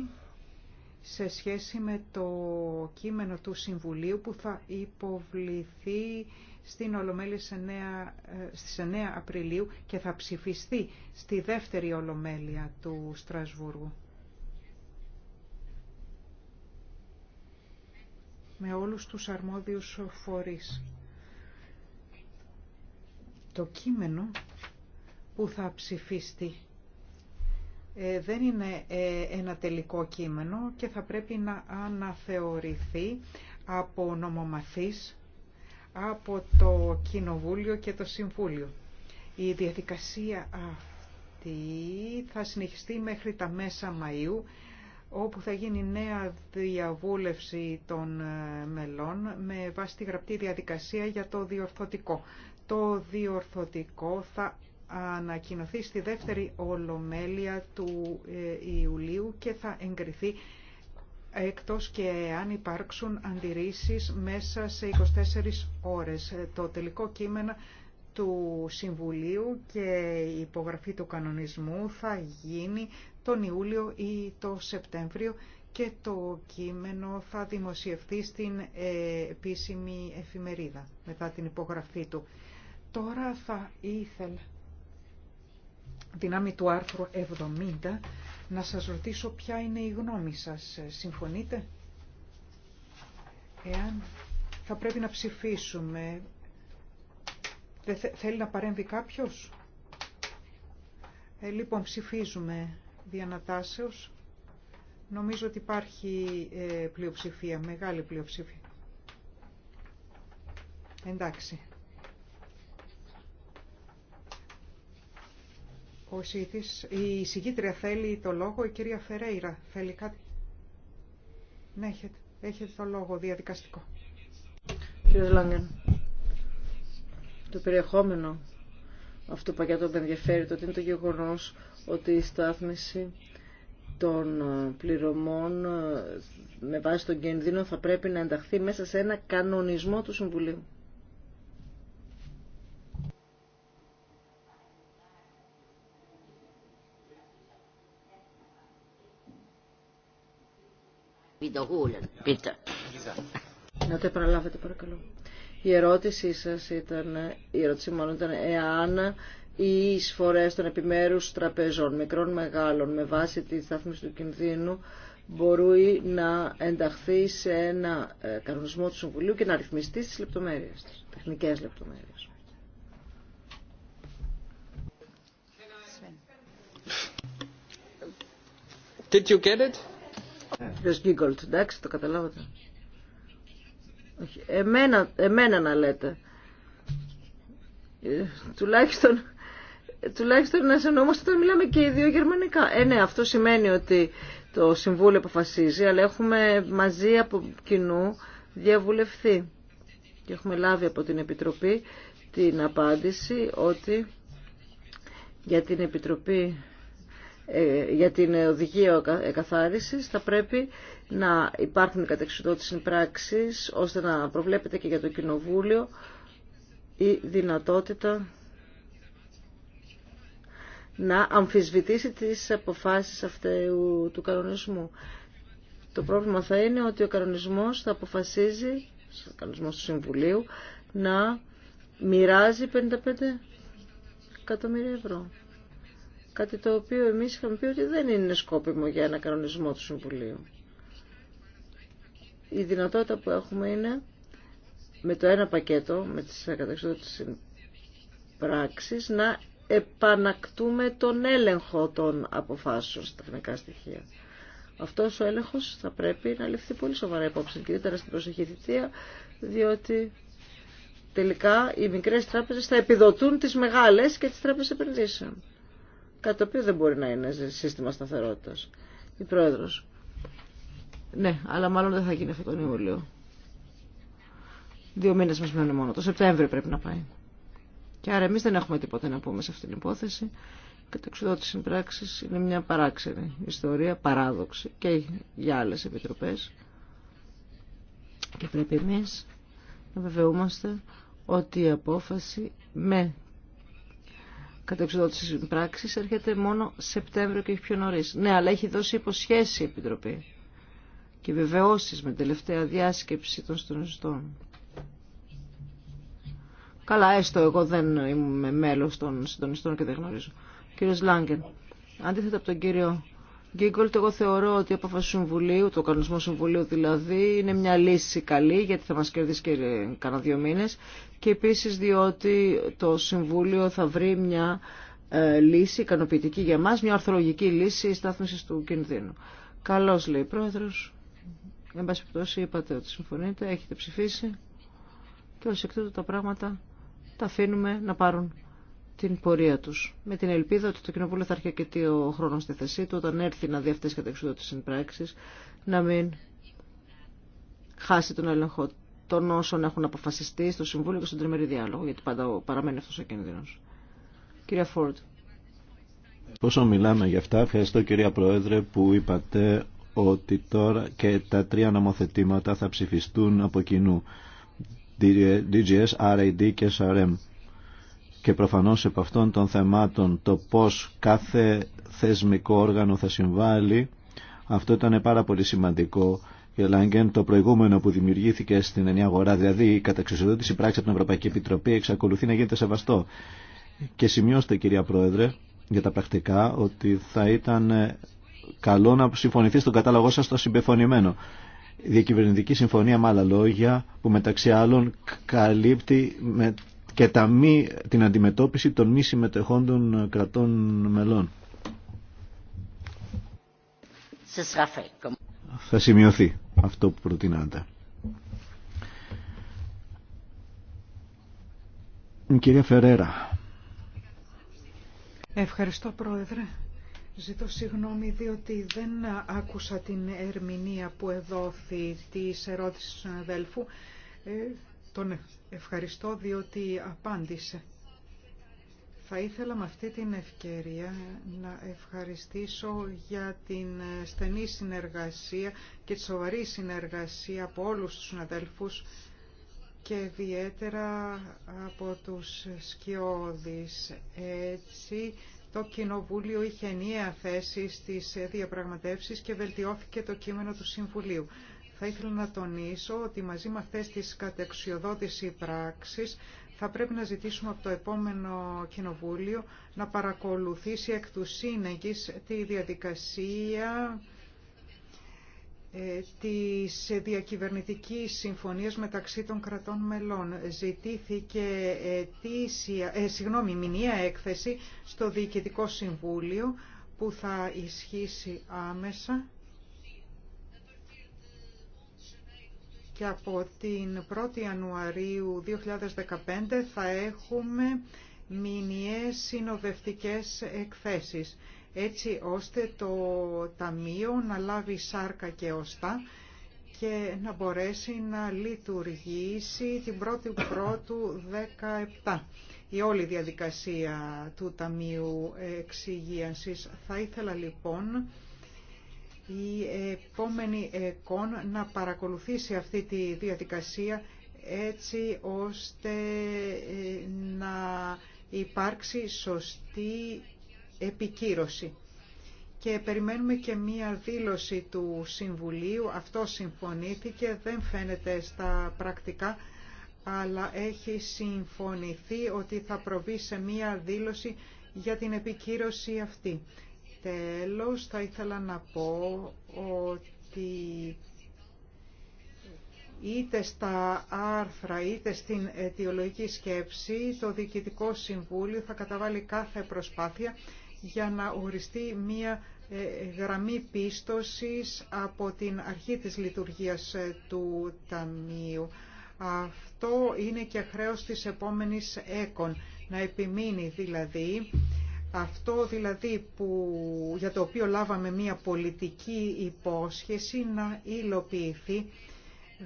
σε σχέση με το κείμενο του Συμβουλίου που θα υποβληθεί στην Ολομέλεια ε, στις 9 Απριλίου και θα ψηφιστεί στη δεύτερη Ολομέλεια του Στρασβούργου. με όλους τους αρμόδιους φορείς. Το κείμενο που θα ψηφιστεί ε, δεν είναι ε, ένα τελικό κείμενο και θα πρέπει να αναθεωρηθεί από νομομαθείς από το Κοινοβούλιο και το Συμβούλιο. Η διαδικασία αυτή θα συνεχιστεί μέχρι τα μέσα Μαΐου, όπου θα γίνει νέα διαβούλευση των ε, μελών με βάση τη γραπτή διαδικασία για το διορθωτικό. Το διορθωτικό θα ανακοινωθεί στη δεύτερη ολομέλεια του ε, Ιουλίου και θα εγκριθεί εκτός και αν υπάρξουν αντιρρήσεις μέσα σε 24 ώρες. Το τελικό κείμενο του Συμβουλίου και η υπογραφή του κανονισμού θα γίνει τον Ιούλιο ή το Σεπτέμβριο και το κείμενο θα δημοσιευθεί στην ε, επίσημη εφημερίδα μετά την υπογραφή του. Τώρα θα ήθελα, δυνάμει του άρθρου 70, να σας ρωτήσω ποια είναι η γνώμη σας. Συμφωνείτε? Εάν θα πρέπει να ψηφίσουμε, δεν θέλει να παρέμβει κάποιος? Ε, λοιπόν, ψηφίζουμε διανατάσεως. Νομίζω ότι υπάρχει ε, πλειοψηφία, μεγάλη πλειοψηφία. Εντάξει. Ο η εισηγήτρια θέλει το λόγο, η κυρία Φερέιρα θέλει κάτι. Ναι, έχετε, έχετε το λόγο διαδικαστικό. Κύριε Λάγκεν, το περιεχόμενο αυτού που πακέτου με ενδιαφέρει το είναι το γεγονός ότι η στάθμιση των ε, πληρωμών ε, με βάση τον κίνδυνο θα πρέπει να ενταχθεί μέσα σε ένα κανονισμό του Συμβουλίου. Να τα επαναλάβετε παρακαλώ. Η ερώτησή σας ήταν, η ερώτησή μου ήταν εάν οι εισφορές των επιμέρους τραπεζών, μικρών μεγάλων, με βάση τη στάθμιση του κινδύνου, μπορεί να ενταχθεί σε ένα ε, κανονισμό του Συμβουλίου και να ρυθμιστεί στις λεπτομέρειες, στις τεχνικές λεπτομέρειες. Did you get it? Κύριος Γκίγκολτ, εντάξει, το καταλάβατε. Όχι, εμένα, εμένα να λέτε. Ε, τουλάχιστον, τουλάχιστον να αισθανόμαστε όταν μιλάμε και οι δύο γερμανικά. Ε, ναι, αυτό σημαίνει ότι το Συμβούλιο αποφασίζει, αλλά έχουμε μαζί από κοινού διαβουλευθεί. Και έχουμε λάβει από την Επιτροπή την απάντηση ότι για την Επιτροπή ε, για την οδηγία εκαθάρισης θα πρέπει να υπάρχουν κατεξουδότηση πράξεις ώστε να προβλέπεται και για το Κοινοβούλιο η δυνατότητα να αμφισβητήσει τις αποφάσεις αυτού του κανονισμού. Το πρόβλημα θα είναι ότι ο κανονισμός θα αποφασίζει, ο κανονισμός του Συμβουλίου, να μοιράζει 55 εκατομμύρια ευρώ. Κάτι το οποίο εμείς είχαμε πει ότι δεν είναι σκόπιμο για ένα κανονισμό του Συμβουλίου. Η δυνατότητα που έχουμε είναι με το ένα πακέτο, με τις καταξιδότητες πράξεις, να επανακτούμε τον έλεγχο των αποφάσεων στα τεχνικά στοιχεία. Αυτός ο έλεγχος θα πρέπει να ληφθεί πολύ σοβαρά υπόψη, ιδιαίτερα στην προσεχή θητεία, διότι τελικά οι μικρές τράπεζες θα επιδοτούν τις μεγάλες και τις τράπεζες επενδύσεων. Κάτι το οποίο δεν μπορεί να είναι σύστημα σταθερότητα. Η πρόεδρο. Ναι, αλλά μάλλον δεν θα γίνει αυτό τον Ιούλιο. Δύο μήνε μα μένουν μόνο. Το Σεπτέμβριο πρέπει να πάει. Και άρα εμεί δεν έχουμε τίποτα να πούμε σε αυτή την υπόθεση. Κατεξουδότηση πράξη είναι μια παράξενη ιστορία, παράδοξη και για άλλε επιτροπέ. Και πρέπει εμεί να βεβαιούμαστε ότι η απόφαση με της πράξης έρχεται μόνο Σεπτέμβριο και έχει πιο νωρί. Ναι, αλλά έχει δώσει υποσχέσει η Επιτροπή και βεβαιώσεις με τελευταία διάσκεψη των συντονιστών. Καλά, έστω εγώ δεν είμαι μέλος των συντονιστών και δεν γνωρίζω. Κύριος Λάγκεν, αντίθετα από τον κύριο Γκίγκολτ, εγώ θεωρώ ότι η απόφαση συμβουλίου, το κανονισμό συμβουλίου δηλαδή, είναι μια λύση καλή γιατί θα μας κερδίσει και κανένα δύο μήνες και επίσης διότι το συμβούλιο θα βρει μια ε, λύση ικανοποιητική για μας, μια ορθολογική λύση στάθμισης του κινδύνου. Καλώς λέει η Πρόεδρος. Εν πάση πτώση είπατε ότι συμφωνείτε, έχετε ψηφίσει και ως εκ τούτου τα πράγματα τα αφήνουμε να πάρουν την πορεία του. Με την ελπίδα ότι το Κοινοβούλιο θα αρκετεί ο χρόνο στη θεσή του όταν έρθει να δει αυτές τις πράξη, να μην χάσει τον έλεγχο των όσων έχουν αποφασιστεί στο Συμβούλιο και στον τριμερή διάλογο, γιατί πάντα παραμένει αυτό ο κίνδυνο. Κυρία Φόρτ. Πόσο μιλάμε γι' αυτά, ευχαριστώ κυρία Πρόεδρε που είπατε ότι τώρα και τα τρία νομοθετήματα θα ψηφιστούν από κοινού. DGS, RAD ε, και SRM και προφανώς επ' αυτών των θεμάτων το πώς κάθε θεσμικό όργανο θα συμβάλλει αυτό ήταν πάρα πολύ σημαντικό για Λάγκεν το προηγούμενο που δημιουργήθηκε στην ενιαία αγορά δηλαδή η καταξιοδότηση πράξη από την Ευρωπαϊκή Επιτροπή εξακολουθεί να γίνεται σεβαστό και σημειώστε κυρία Πρόεδρε για τα πρακτικά ότι θα ήταν καλό να συμφωνηθεί στον κατάλογό σας το συμπεφωνημένο διακυβερνητική συμφωνία με άλλα λόγια που μεταξύ άλλων καλύπτει με και τα μη, την αντιμετώπιση των μη συμμετεχόντων κρατών μελών. Θα σημειωθεί αυτό που προτείνατε. κυρία Φερέρα. Ευχαριστώ πρόεδρε. Ζητώ συγγνώμη διότι δεν άκουσα την ερμηνεία που εδόθη τη ερώτησης του συναδέλφου. Ε, τον ευχαριστώ διότι απάντησε. Θα ήθελα με αυτή την ευκαιρία να ευχαριστήσω για την στενή συνεργασία και τη σοβαρή συνεργασία από όλους τους συναδέλφους και ιδιαίτερα από τους σκιώδεις. Έτσι, το Κοινοβούλιο είχε ενιαία θέση στις διαπραγματεύσεις και βελτιώθηκε το κείμενο του Συμβουλίου. Θα ήθελα να τονίσω ότι μαζί με αυτές τις κατεξιοδότηση πράξεις θα πρέπει να ζητήσουμε από το επόμενο Κοινοβούλιο να παρακολουθήσει εκ του σύνεγγης τη διαδικασία ε, της διακυβερνητικής συμφωνίας μεταξύ των κρατών μελών. Ζητήθηκε αιτήσια, ε, συγγνώμη, μηνιαία έκθεση στο Διοικητικό Συμβούλιο που θα ισχύσει άμεσα και από την 1η Ιανουαρίου 2015 θα έχουμε μηνιαίες συνοδευτικές εκθέσεις, έτσι ώστε το Ταμείο να λάβει σάρκα και ωστά και να μπορέσει να λειτουργήσει την 1η Πρώτου 17. Η όλη διαδικασία του Ταμείου Εξυγίανσης θα ήθελα λοιπόν η επόμενη ΕΚΟΝ να παρακολουθήσει αυτή τη διαδικασία έτσι ώστε ε, να υπάρξει σωστή επικύρωση. Και περιμένουμε και μία δήλωση του Συμβουλίου, αυτό συμφωνήθηκε, δεν φαίνεται στα πρακτικά, αλλά έχει συμφωνηθεί ότι θα προβεί σε μία δήλωση για την επικύρωση αυτή τέλος θα ήθελα να πω ότι είτε στα άρθρα είτε στην αιτιολογική σκέψη το Διοικητικό Συμβούλιο θα καταβάλει κάθε προσπάθεια για να οριστεί μία ε, γραμμή πίστοσης από την αρχή της λειτουργίας ε, του Ταμείου. Αυτό είναι και χρέος της επόμενης έκον, να επιμείνει δηλαδή αυτό δηλαδή που, για το οποίο λάβαμε μια πολιτική υπόσχεση να υλοποιηθεί,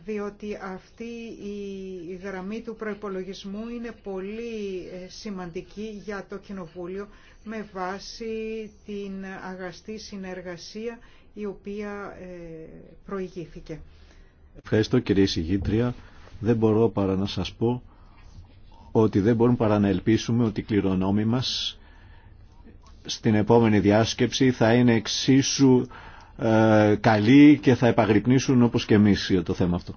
διότι αυτή η γραμμή του προϋπολογισμού είναι πολύ ε, σημαντική για το Κοινοβούλιο με βάση την αγαστή συνεργασία η οποία ε, προηγήθηκε. Ευχαριστώ κυρία Συγήτρια. Δεν μπορώ παρά να σας πω ότι δεν μπορούμε παρά να ελπίσουμε ότι οι κληρονόμοι μας στην επόμενη διάσκεψη θα είναι εξίσου ε, καλοί και θα επαγρυπνήσουν όπως και εμείς για το θέμα αυτό.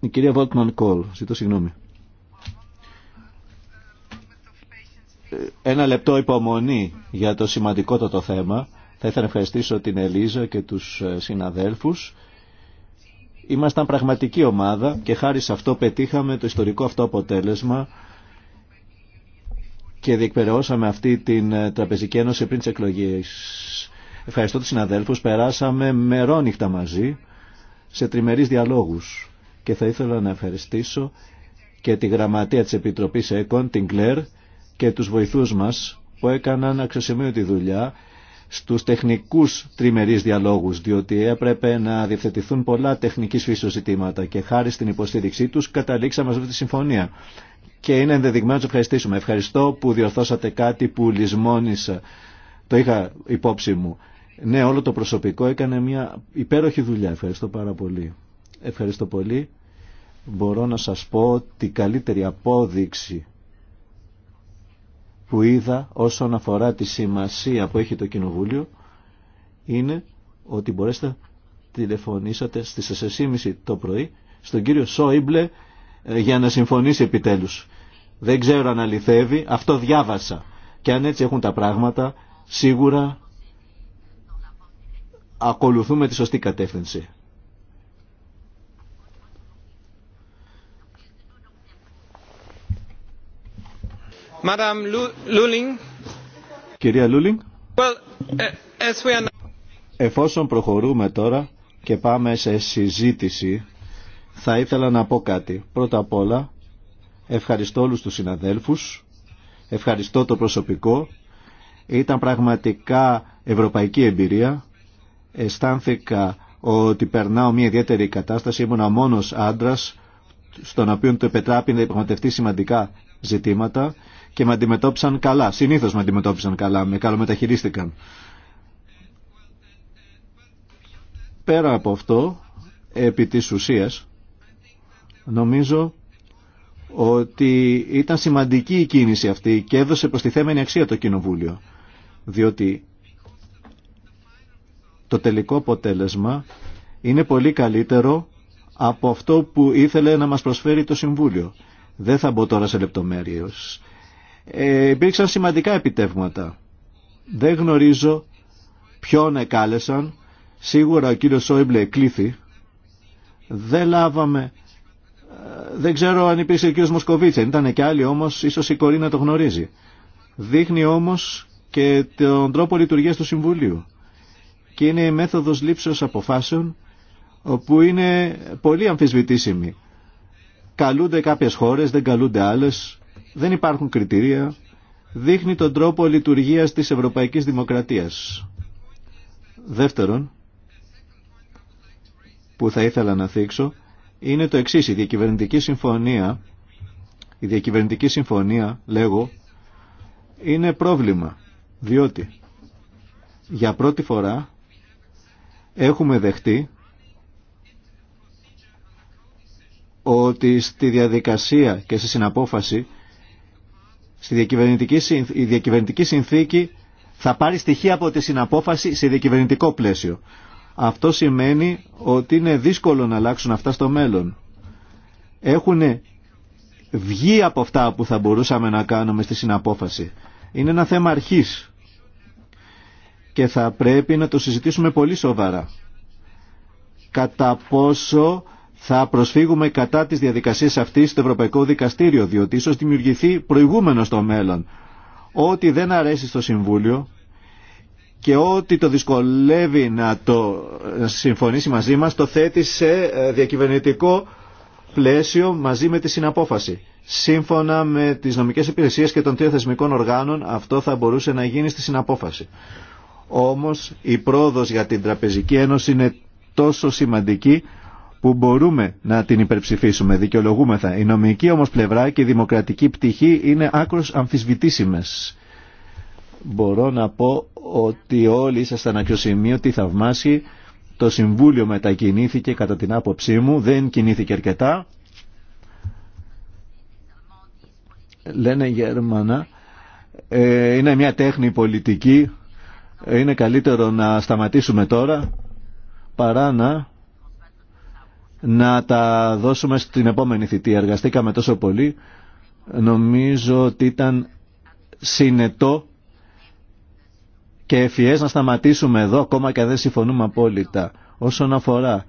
Η κυρία Βόλτμαν Κόλ, ζητώ συγγνώμη. Ε, ένα λεπτό υπομονή για το σημαντικότατο θέμα. Θα ήθελα να ευχαριστήσω την Ελίζα και τους ε, συναδέλφους. Ήμασταν πραγματική ομάδα και χάρη σε αυτό πετύχαμε το ιστορικό αυτό αποτέλεσμα και διεκπαιρεώσαμε αυτή την ε, Τραπεζική Ένωση πριν τι εκλογέ. Ευχαριστώ του συναδέλφου. Περάσαμε μερόνυχτα μαζί σε τριμερεί διαλόγου. Και θα ήθελα να ευχαριστήσω και τη γραμματεία τη Επιτροπή ΕΚΟΝ, την Κλέρ, και του βοηθού μα που έκαναν αξιοσημείωτη δουλειά στου τεχνικού τριμερεί διαλόγου, διότι έπρεπε να διευθετηθούν πολλά τεχνική φύση ζητήματα και χάρη στην υποστήριξή του καταλήξαμε σε αυτή τη συμφωνία και είναι ενδεδειγμένο να του ευχαριστήσουμε. Ευχαριστώ που διορθώσατε κάτι που λησμόνησα. Το είχα υπόψη μου. Ναι, όλο το προσωπικό έκανε μια υπέροχη δουλειά. Ευχαριστώ πάρα πολύ. Ευχαριστώ πολύ. Μπορώ να σας πω ότι η καλύτερη απόδειξη που είδα όσον αφορά τη σημασία που έχει το Κοινοβούλιο είναι ότι μπορέσετε τηλεφωνήσατε στις 4.30 το πρωί στον κύριο Σόιμπλε για να συμφωνήσει επιτέλους. Δεν ξέρω αν αληθεύει, αυτό διάβασα. Και αν έτσι έχουν τα πράγματα, σίγουρα ακολουθούμε τη σωστή κατεύθυνση. Κυρία Λούλινγκ, ε, εφόσον προχωρούμε τώρα και πάμε σε συζήτηση θα ήθελα να πω κάτι. Πρώτα απ' όλα, ευχαριστώ όλους τους συναδέλφους, ευχαριστώ το προσωπικό. Ήταν πραγματικά ευρωπαϊκή εμπειρία. Αισθάνθηκα ότι περνάω μια ιδιαίτερη κατάσταση. Ήμουν μόνος άντρας, στον οποίο το επετράπη να σημαντικά ζητήματα και με αντιμετώπισαν καλά. Συνήθως με αντιμετώπισαν καλά, με καλομεταχειρίστηκαν. Πέρα από αυτό, επί της ουσίας, Νομίζω ότι ήταν σημαντική η κίνηση αυτή και έδωσε προστιθέμενη αξία το Κοινοβούλιο. Διότι το τελικό αποτέλεσμα είναι πολύ καλύτερο από αυτό που ήθελε να μας προσφέρει το Συμβούλιο. Δεν θα μπω τώρα σε λεπτομέρειες. Ε, υπήρξαν σημαντικά επιτεύγματα. Δεν γνωρίζω ποιον εκάλεσαν. Σίγουρα ο κύριος Σόιμπλε εκλήθη. Δεν λάβαμε δεν ξέρω αν υπήρξε ο κ. Μοσκοβίτσα, ήταν και άλλοι όμως, ίσως η Κορίνα το γνωρίζει. Δείχνει όμως και τον τρόπο λειτουργίας του Συμβουλίου. Και είναι η μέθοδος λήψεως αποφάσεων, όπου είναι πολύ αμφισβητήσιμη. Καλούνται κάποιες χώρες, δεν καλούνται άλλες, δεν υπάρχουν κριτήρια. Δείχνει τον τρόπο λειτουργίας της Ευρωπαϊκής Δημοκρατίας. Δεύτερον, που θα ήθελα να θίξω, είναι το εξής. Η διακυβερνητική συμφωνία, η διακυβερνητική συμφωνία, λέγω, είναι πρόβλημα. Διότι για πρώτη φορά έχουμε δεχτεί ότι στη διαδικασία και στη συναπόφαση στη η διακυβερνητική συνθήκη θα πάρει στοιχεία από τη συναπόφαση σε διακυβερνητικό πλαίσιο. Αυτό σημαίνει ότι είναι δύσκολο να αλλάξουν αυτά στο μέλλον. Έχουν βγει από αυτά που θα μπορούσαμε να κάνουμε στη συναπόφαση. Είναι ένα θέμα αρχής και θα πρέπει να το συζητήσουμε πολύ σοβαρά. Κατά πόσο θα προσφύγουμε κατά της διαδικασίας αυτής στο Ευρωπαϊκό Δικαστήριο, διότι ίσως δημιουργηθεί προηγούμενο στο μέλλον. Ό,τι δεν αρέσει στο Συμβούλιο και ό,τι το δυσκολεύει να το συμφωνήσει μαζί μας το θέτει σε ε, διακυβερνητικό πλαίσιο μαζί με τη συναπόφαση. Σύμφωνα με τις νομικές υπηρεσίες και των τρία θεσμικών οργάνων αυτό θα μπορούσε να γίνει στη συναπόφαση. Όμως η πρόοδος για την Τραπεζική Ένωση είναι τόσο σημαντική που μπορούμε να την υπερψηφίσουμε, δικαιολογούμεθα. Η νομική όμως πλευρά και η δημοκρατική πτυχή είναι άκρως αμφισβητήσιμες μπορώ να πω ότι όλοι ήσασταν Τι θαυμάσει Το Συμβούλιο μετακινήθηκε κατά την άποψή μου, δεν κινήθηκε αρκετά. Λένε Γερμανά, ε, είναι μια τέχνη πολιτική, είναι καλύτερο να σταματήσουμε τώρα παρά να, να τα δώσουμε στην επόμενη θητεία. Εργαστήκαμε τόσο πολύ, νομίζω ότι ήταν συνετό και ευφυές να σταματήσουμε εδώ ακόμα και δεν συμφωνούμε απόλυτα. Όσον αφορά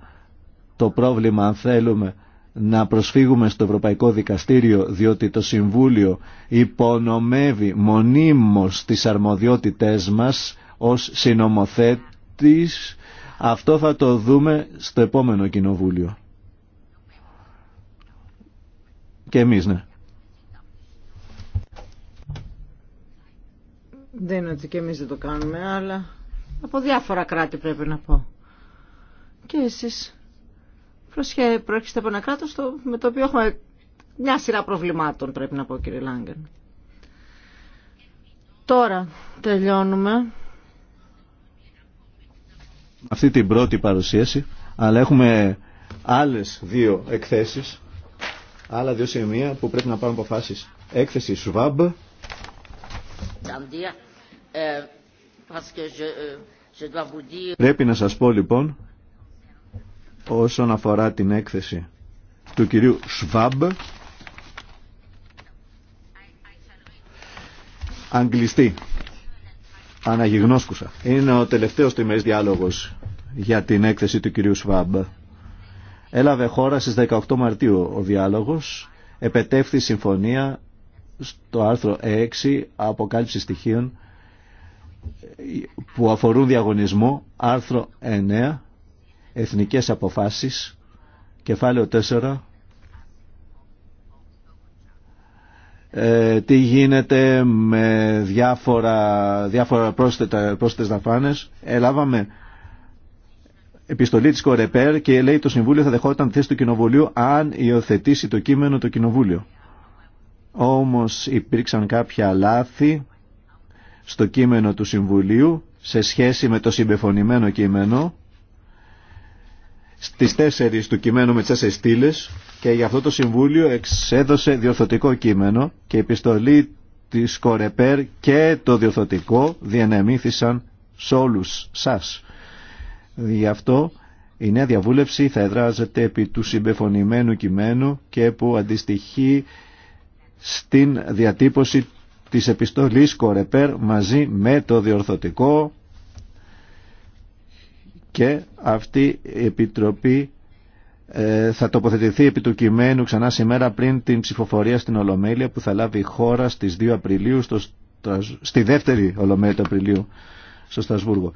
το πρόβλημα αν θέλουμε να προσφύγουμε στο Ευρωπαϊκό Δικαστήριο διότι το Συμβούλιο υπονομεύει μονίμως τις αρμοδιότητές μας ως συνομοθέτης αυτό θα το δούμε στο επόμενο Κοινοβούλιο. Και εμείς ναι. Δεν είναι ότι και εμείς δεν το κάνουμε, αλλά από διάφορα κράτη πρέπει να πω. Και εσείς προέρχεστε από ένα κράτος με το οποίο έχουμε μια σειρά προβλημάτων, πρέπει να πω κύριε Λάγκεν. Τώρα τελειώνουμε. Αυτή την πρώτη παρουσίαση, αλλά έχουμε άλλες δύο εκθέσεις, άλλα δύο σημεία που πρέπει να πάρουν αποφάσεις. Έκθεση ΣΒΑΜΠ Euh, euh, Πρέπει να σας πω λοιπόν όσον αφορά την έκθεση του κυρίου Σβάμπ Αγγλιστή Αναγιγνώσκουσα Είναι ο τελευταίος τιμές διάλογος για την έκθεση του κυρίου Σβάμπ Έλαβε χώρα στις 18 Μαρτίου ο διάλογος επετεύθη συμφωνία στο άρθρο 6 αποκάλυψη στοιχείων που αφορούν διαγωνισμό άρθρο 9 εθνικές αποφάσεις κεφάλαιο 4 ε, τι γίνεται με διάφορα, διάφορα πρόσθετα, πρόσθετες δαφάνες έλαβαμε επιστολή της Κορεπέρ και λέει το Συμβούλιο θα δεχόταν τη θέση του Κοινοβουλίου αν υιοθετήσει το κείμενο το Κοινοβούλιο όμως υπήρξαν κάποια λάθη στο κείμενο του Συμβουλίου σε σχέση με το συμπεφωνημένο κείμενο στις τέσσερις του κειμένου με τις τέσσερις στήλες και γι' αυτό το Συμβούλιο εξέδωσε διορθωτικό κείμενο και η επιστολή της Κορεπέρ και το διορθωτικό διενεμήθησαν σε όλου σας. Γι' αυτό η νέα διαβούλευση θα εδράζεται επί του συμπεφωνημένου κειμένου και που αντιστοιχεί στην διατύπωση της επιστολής Κορεπέρ μαζί με το διορθωτικό και αυτή η Επιτροπή ε, θα τοποθετηθεί επί του κειμένου ξανά σήμερα πριν την ψηφοφορία στην Ολομέλεια που θα λάβει η χώρα στις 2 Απριλίου στο, στη δεύτερη Ολομέλεια του Απριλίου στο Στασβούργο.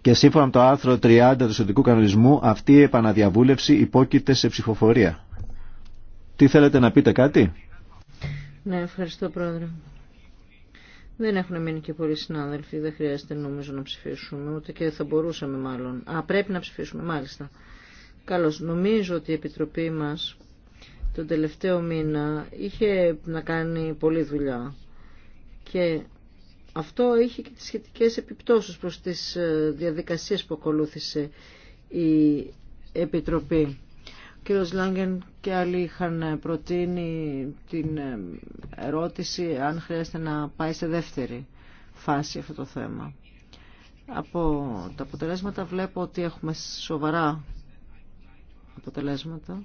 Και σύμφωνα με το άρθρο 30 του Σωτικού Κανονισμού αυτή η επαναδιαβούλευση υπόκειται σε ψηφοφορία. Τι θέλετε να πείτε κάτι? Ναι, ευχαριστώ πρόεδρε. Δεν έχουν μείνει και πολλοί συνάδελφοι, δεν χρειάζεται νομίζω να ψηφίσουμε, ούτε και θα μπορούσαμε μάλλον. Α, πρέπει να ψηφίσουμε, μάλιστα. Καλώς, νομίζω ότι η Επιτροπή μας τον τελευταίο μήνα είχε να κάνει πολλή δουλειά και αυτό είχε και τις σχετικές επιπτώσεις προς τις ε, διαδικασίες που ακολούθησε η Επιτροπή κύριος Λάγκεν και άλλοι είχαν προτείνει την ε, ερώτηση αν χρειάζεται να πάει σε δεύτερη φάση αυτό το θέμα. Από τα αποτελέσματα βλέπω ότι έχουμε σοβαρά αποτελέσματα.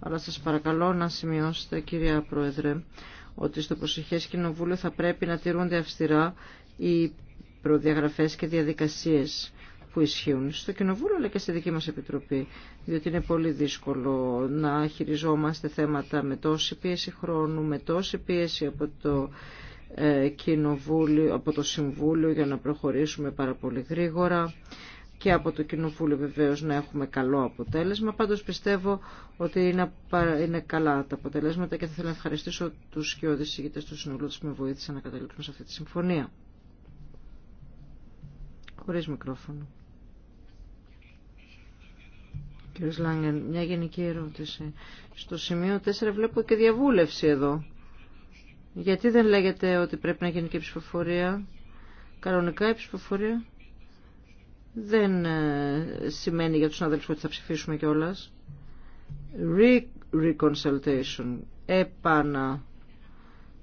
Αλλά σας παρακαλώ να σημειώσετε, κυρία Πρόεδρε, ότι στο προσεχές κοινοβούλιο θα πρέπει να τηρούνται αυστηρά οι προδιαγραφές και διαδικασίες που ισχύουν στο Κοινοβούλιο αλλά και στη δική μας Επιτροπή, διότι είναι πολύ δύσκολο να χειριζόμαστε θέματα με τόση πίεση χρόνου, με τόση πίεση από το ε, Κοινοβούλιο, από το Συμβούλιο για να προχωρήσουμε πάρα πολύ γρήγορα και από το Κοινοβούλιο βεβαίως να έχουμε καλό αποτέλεσμα. Πάντως πιστεύω ότι είναι, είναι καλά τα αποτελέσματα και θα ήθελα να ευχαριστήσω τους και οδησίγητες του Συνολού που με βοήθησαν να καταλήξουμε σε αυτή τη συμφωνία. Χωρίς μικρόφωνο. Κύριε Σλάνγκεν, μια γενική ερώτηση. Στο σημείο 4 βλέπω και διαβούλευση εδώ. Γιατί δεν λέγεται ότι πρέπει να γίνει και ψηφοφορία. Κανονικά η ψηφοφορία δεν ε, σημαίνει για τους αδέλφους ότι θα ψηφίσουμε κιόλα. Re Reconsultation. Επανα.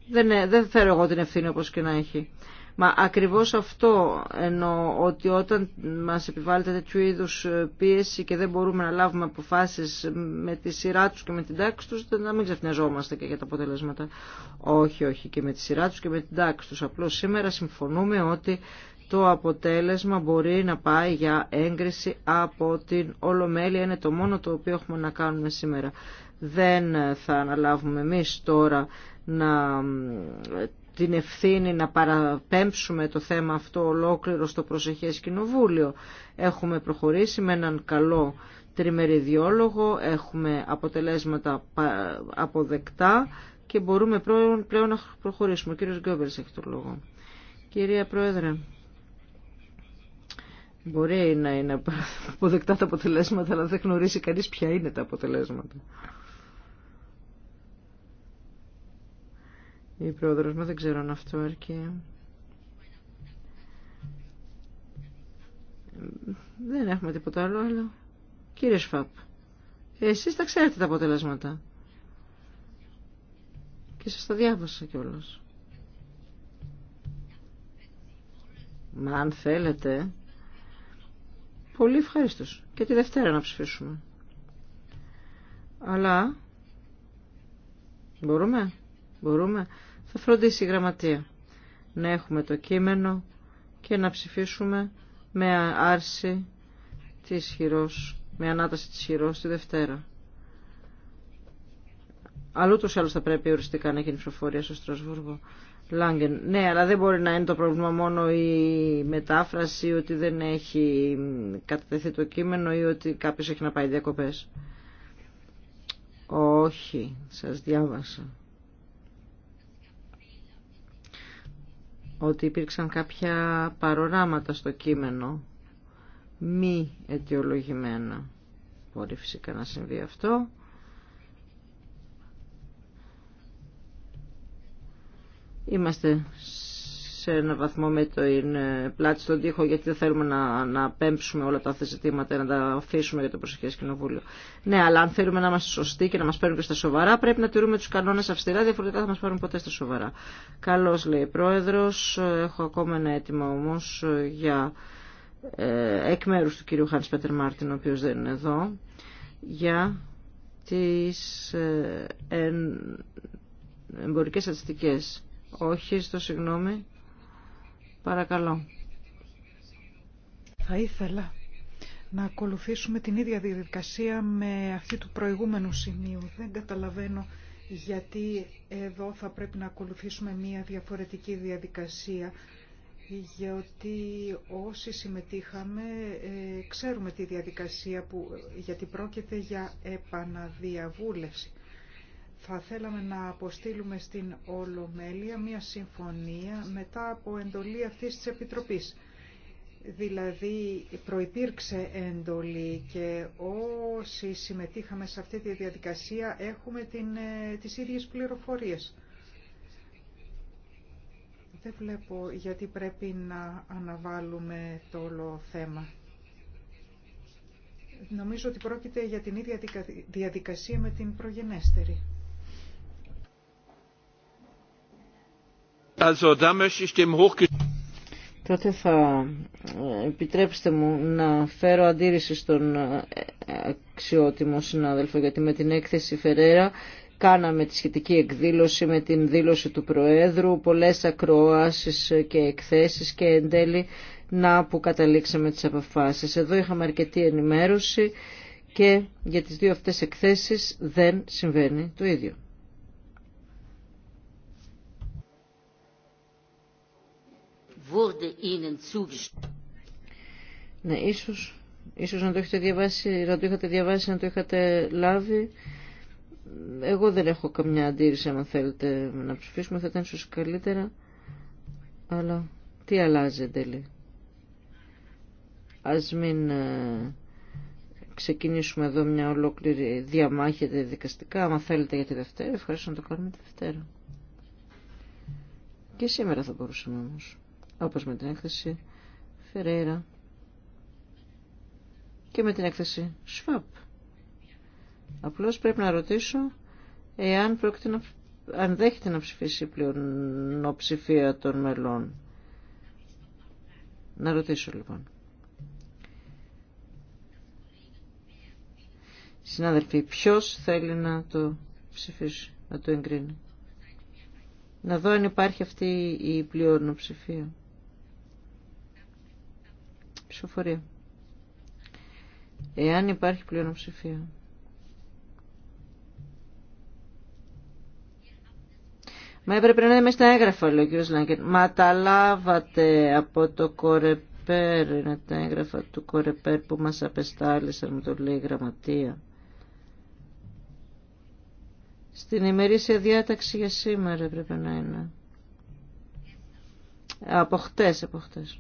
Δεν, ε, δεν φέρω εγώ την ευθύνη όπως και να έχει. Μα ακριβώς αυτό εννοώ ότι όταν μας επιβάλλεται τέτοιου είδου ε, πίεση και δεν μπορούμε να λάβουμε αποφάσεις με τη σειρά τους και με την τάξη τους, να μην ξαφνιαζόμαστε και για τα αποτελέσματα. Όχι, όχι, και με τη σειρά τους και με την τάξη τους. Απλώς σήμερα συμφωνούμε ότι το αποτέλεσμα μπορεί να πάει για έγκριση από την Ολομέλεια. Είναι το μόνο το οποίο έχουμε να κάνουμε σήμερα. Δεν θα αναλάβουμε εμείς τώρα να την ευθύνη να παραπέμψουμε το θέμα αυτό ολόκληρο στο προσεχές κοινοβούλιο. Έχουμε προχωρήσει με έναν καλό τριμεριδιόλογο, έχουμε αποτελέσματα αποδεκτά και μπορούμε πλέον, να προχωρήσουμε. Ο κύριος Γκόβερς έχει το λόγο. Κυρία Πρόεδρε, μπορεί να είναι αποδεκτά τα αποτελέσματα, αλλά δεν γνωρίζει κανείς ποια είναι τα αποτελέσματα. η πρόεδρος μου, δεν ξέρω αν αυτό αρκεί. Δεν έχουμε τίποτα άλλο, αλλά... Κύριε Σφαπ, εσείς τα ξέρετε τα αποτελέσματα. Και σας τα διάβασα κιόλας. Μα αν θέλετε, πολύ ευχαριστώ. Και τη Δευτέρα να ψηφίσουμε. Αλλά, μπορούμε μπορούμε, θα φροντίσει η γραμματεία να έχουμε το κείμενο και να ψηφίσουμε με άρση της χειρός, με ανάταση της χειρός τη Δευτέρα. Αλλού τους άλλους θα πρέπει οριστικά να γίνει προφορία στο Στρασβούργο. Λάγκεν. Ναι, αλλά δεν μπορεί να είναι το πρόβλημα μόνο η μετάφραση, ότι δεν έχει κατατεθεί το κείμενο ή ότι κάποιος έχει να πάει διακοπές. Όχι, σας διάβασα. ότι υπήρξαν κάποια παροράματα στο κείμενο, μη αιτιολογημένα. Μπορεί φυσικά να συμβεί αυτό. Είμαστε σε έναν βαθμό με το ε, πλάτη στον τοίχο γιατί δεν θέλουμε να, να πέμψουμε όλα τα ζητήματα να τα αφήσουμε για το προσεχέ κοινοβούλιο. Ναι, αλλά αν θέλουμε να είμαστε σωστοί και να μα παίρνουν και στα σοβαρά πρέπει να τηρούμε του κανόνε αυστηρά, διαφορετικά θα μα πάρουν ποτέ στα σοβαρά. Καλώ λέει η Πρόεδρος, έχω ακόμα ένα αίτημα όμω για ε, εκ μέρου του κυρίου Χάνης Πέτερ Μάρτιν, ο οποίο δεν είναι εδώ, για τις ε, εμπορικέ στατιστικέ. Όχι, στο συγγνώμη. Παρακαλώ. Θα ήθελα να ακολουθήσουμε την ίδια διαδικασία με αυτή του προηγούμενου σημείου. Δεν καταλαβαίνω γιατί εδώ θα πρέπει να ακολουθήσουμε μία διαφορετική διαδικασία γιατί όσοι συμμετείχαμε ε, ξέρουμε τη διαδικασία που, γιατί πρόκειται για επαναδιαβούλευση θα θέλαμε να αποστείλουμε στην Ολομέλεια μια συμφωνία μετά από εντολή αυτής της Επιτροπής. Δηλαδή προϋπήρξε εντολή και όσοι συμμετείχαμε σε αυτή τη διαδικασία έχουμε την, ε, τις ίδιες πληροφορίες. Δεν βλέπω γιατί πρέπει να αναβάλουμε το όλο θέμα. Νομίζω ότι πρόκειται για την ίδια διαδικασία με την προγενέστερη. Τότε θα ε, επιτρέψτε μου να φέρω αντίρρηση στον ε, αξιότιμο συνάδελφο, γιατί με την έκθεση Φερέρα κάναμε τη σχετική εκδήλωση με την δήλωση του Προέδρου, πολλές ακροάσεις και εκθέσεις και εν τέλει να που καταλήξαμε τις αποφάσεις. Εδώ είχαμε αρκετή ενημέρωση και για τις δύο αυτές εκθέσεις δεν συμβαίνει το ίδιο. Ναι, ίσως, ίσως να το έχετε διαβάσει, να το είχατε διαβάσει, να το είχατε λάβει. Εγώ δεν έχω καμιά αντίρρηση αν θέλετε να ψηφίσουμε, θα ήταν ίσως καλύτερα. Αλλά τι αλλάζει εν τέλει. Ας μην ε, ξεκινήσουμε εδώ μια ολόκληρη διαμάχη δικαστικά. Αν θέλετε για τη Δευτέρα, ευχαριστώ να το κάνουμε τη Δευτέρα. Και σήμερα θα μπορούσαμε όμως όπως με την έκθεση Φερέρα και με την έκθεση ΣΦΑΠ. Απλώς πρέπει να ρωτήσω εάν πρόκειται να, αν δέχεται να ψηφίσει η πλειονοψηφία των μελών. Να ρωτήσω λοιπόν. Συνάδελφοι, ποιος θέλει να το ψηφίσει, να το εγκρίνει. Να δω αν υπάρχει αυτή η πλειονοψηφία ψηφοφορία. Εάν υπάρχει πλειονοψηφία. Μα έπρεπε να είναι μέσα στα έγγραφα, λέει ο κ. Λάγκεν. Μα τα λάβατε από το κορεπέρ, είναι τα έγγραφα του κορεπέρ που μας απεστάλησαν, μου το λέει η γραμματεία. Στην ημερήσια διάταξη για σήμερα έπρεπε να είναι. Από χτες, από χτες.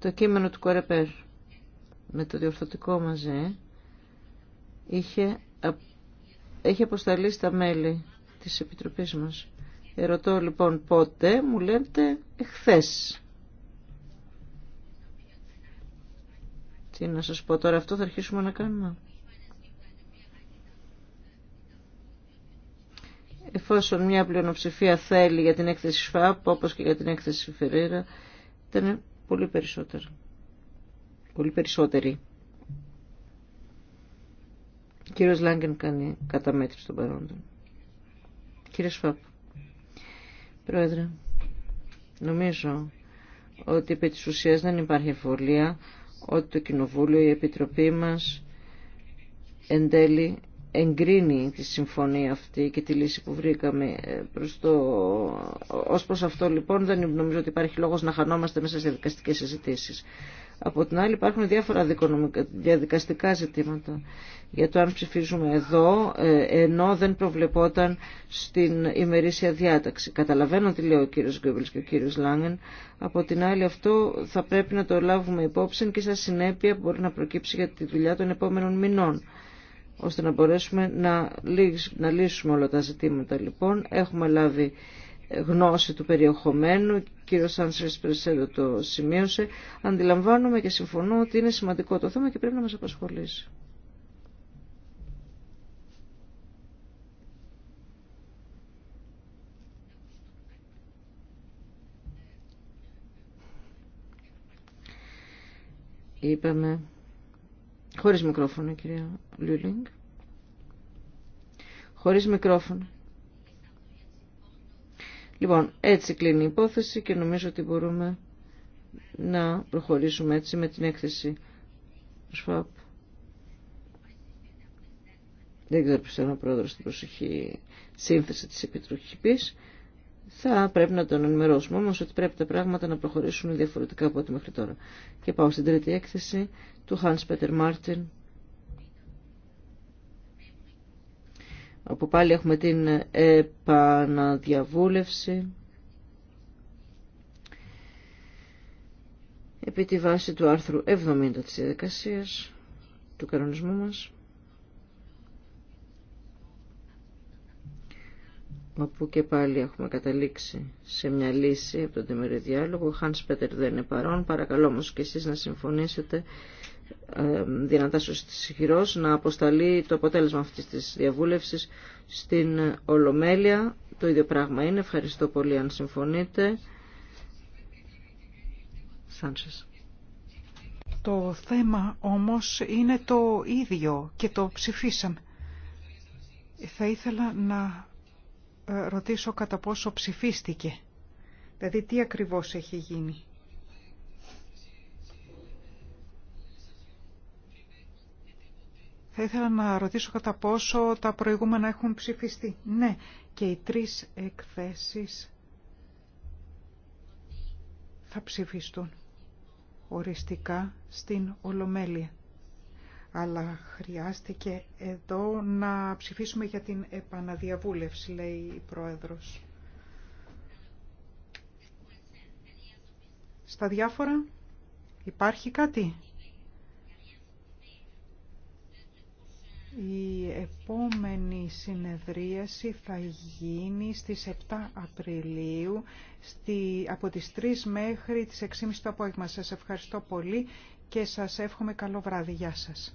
το κείμενο του Κορεπέρ με το διορθωτικό μαζί είχε, έχει αποσταλεί στα μέλη της Επιτροπής μας. Ερωτώ λοιπόν πότε, μου λέτε εχθές. Τι να σας πω τώρα, αυτό θα αρχίσουμε να κάνουμε. Εφόσον μια πλειονοψηφία θέλει για την έκθεση ΣΦΑΠ, όπως και για την έκθεση Φερήρα, ήταν πολύ περισσότερο. Πολύ περισσότεροι. Ο κύριος Λάγκεν κάνει καταμέτρηση των παρόντων. Κύριε Σφάπ, Πρόεδρε, νομίζω ότι επί της ουσίας δεν υπάρχει φορλία, ότι το Κοινοβούλιο, η Επιτροπή μας εν τέλει εγκρίνει τη συμφωνία αυτή και τη λύση που βρήκαμε ε, προς το... ως προς αυτό λοιπόν δεν νομίζω ότι υπάρχει λόγος να χανόμαστε μέσα σε δικαστικές συζητήσεις. Από την άλλη υπάρχουν διάφορα διαδικαστικά ζητήματα για το αν ψηφίζουμε εδώ ε, ενώ δεν προβλεπόταν στην ημερήσια διάταξη. Καταλαβαίνω τι λέει ο κύριος Γκέμπελς και ο κύριος Λάγεν. Από την άλλη αυτό θα πρέπει να το λάβουμε υπόψη και στα συνέπεια που μπορεί να προκύψει για τη δουλειά των επόμενων μηνών ώστε να μπορέσουμε να, να λύσουμε όλα τα ζητήματα λοιπόν. Έχουμε λάβει γνώση του περιεχομένου, ο κύριος Άνσερς το σημείωσε. Αντιλαμβάνομαι και συμφωνώ ότι είναι σημαντικό το θέμα και πρέπει να μας απασχολήσει. Είπαμε Χωρίς μικρόφωνο, κυρία Λούλινγκ. Χωρίς μικρόφωνο. Λοιπόν, έτσι κλείνει η υπόθεση και νομίζω ότι μπορούμε να προχωρήσουμε έτσι με την έκθεση ΣΦΑΠ. Δεν ξέρω ποιος είναι ο πρόεδρος στην προσοχή σύνθεση της επιτροχής θα πρέπει να τον ενημερώσουμε όμως ότι πρέπει τα πράγματα να προχωρήσουν διαφορετικά από ό,τι μέχρι τώρα. Και πάω στην τρίτη έκθεση του Hans Peter Martin. Όπου πάλι έχουμε την επαναδιαβούλευση. Επί τη βάση του άρθρου 70 της διαδικασίας του κανονισμού μας. που και πάλι έχουμε καταλήξει σε μια λύση από τον τεμερή διάλογο. Ο Χάνς Πέτερ δεν είναι παρόν. Παρακαλώ όμως και εσείς να συμφωνήσετε δυνατά σωστής να αποσταλεί το αποτέλεσμα αυτής της διαβούλευσης στην Ολομέλεια. Το ίδιο πράγμα είναι. Ευχαριστώ πολύ αν συμφωνείτε. Σάντσες. Το θέμα όμως είναι το ίδιο και το ψηφίσαμε. Θα ήθελα να ε, ρωτήσω κατά πόσο ψηφίστηκε. Δηλαδή τι ακριβώς έχει γίνει. Θα ήθελα να ρωτήσω κατά πόσο τα προηγούμενα έχουν ψηφιστεί. Ναι, και οι τρεις εκθέσεις θα ψηφιστούν οριστικά στην Ολομέλεια αλλά χρειάστηκε εδώ να ψηφίσουμε για την επαναδιαβούλευση, λέει η Πρόεδρος. Στα διάφορα υπάρχει κάτι. Η επόμενη συνεδρίαση θα γίνει στις 7 Απριλίου στη, από τις 3 μέχρι τις 6.30 το απόγευμα. Σας ευχαριστώ πολύ και σας εύχομαι καλό βράδυ. Γεια σας.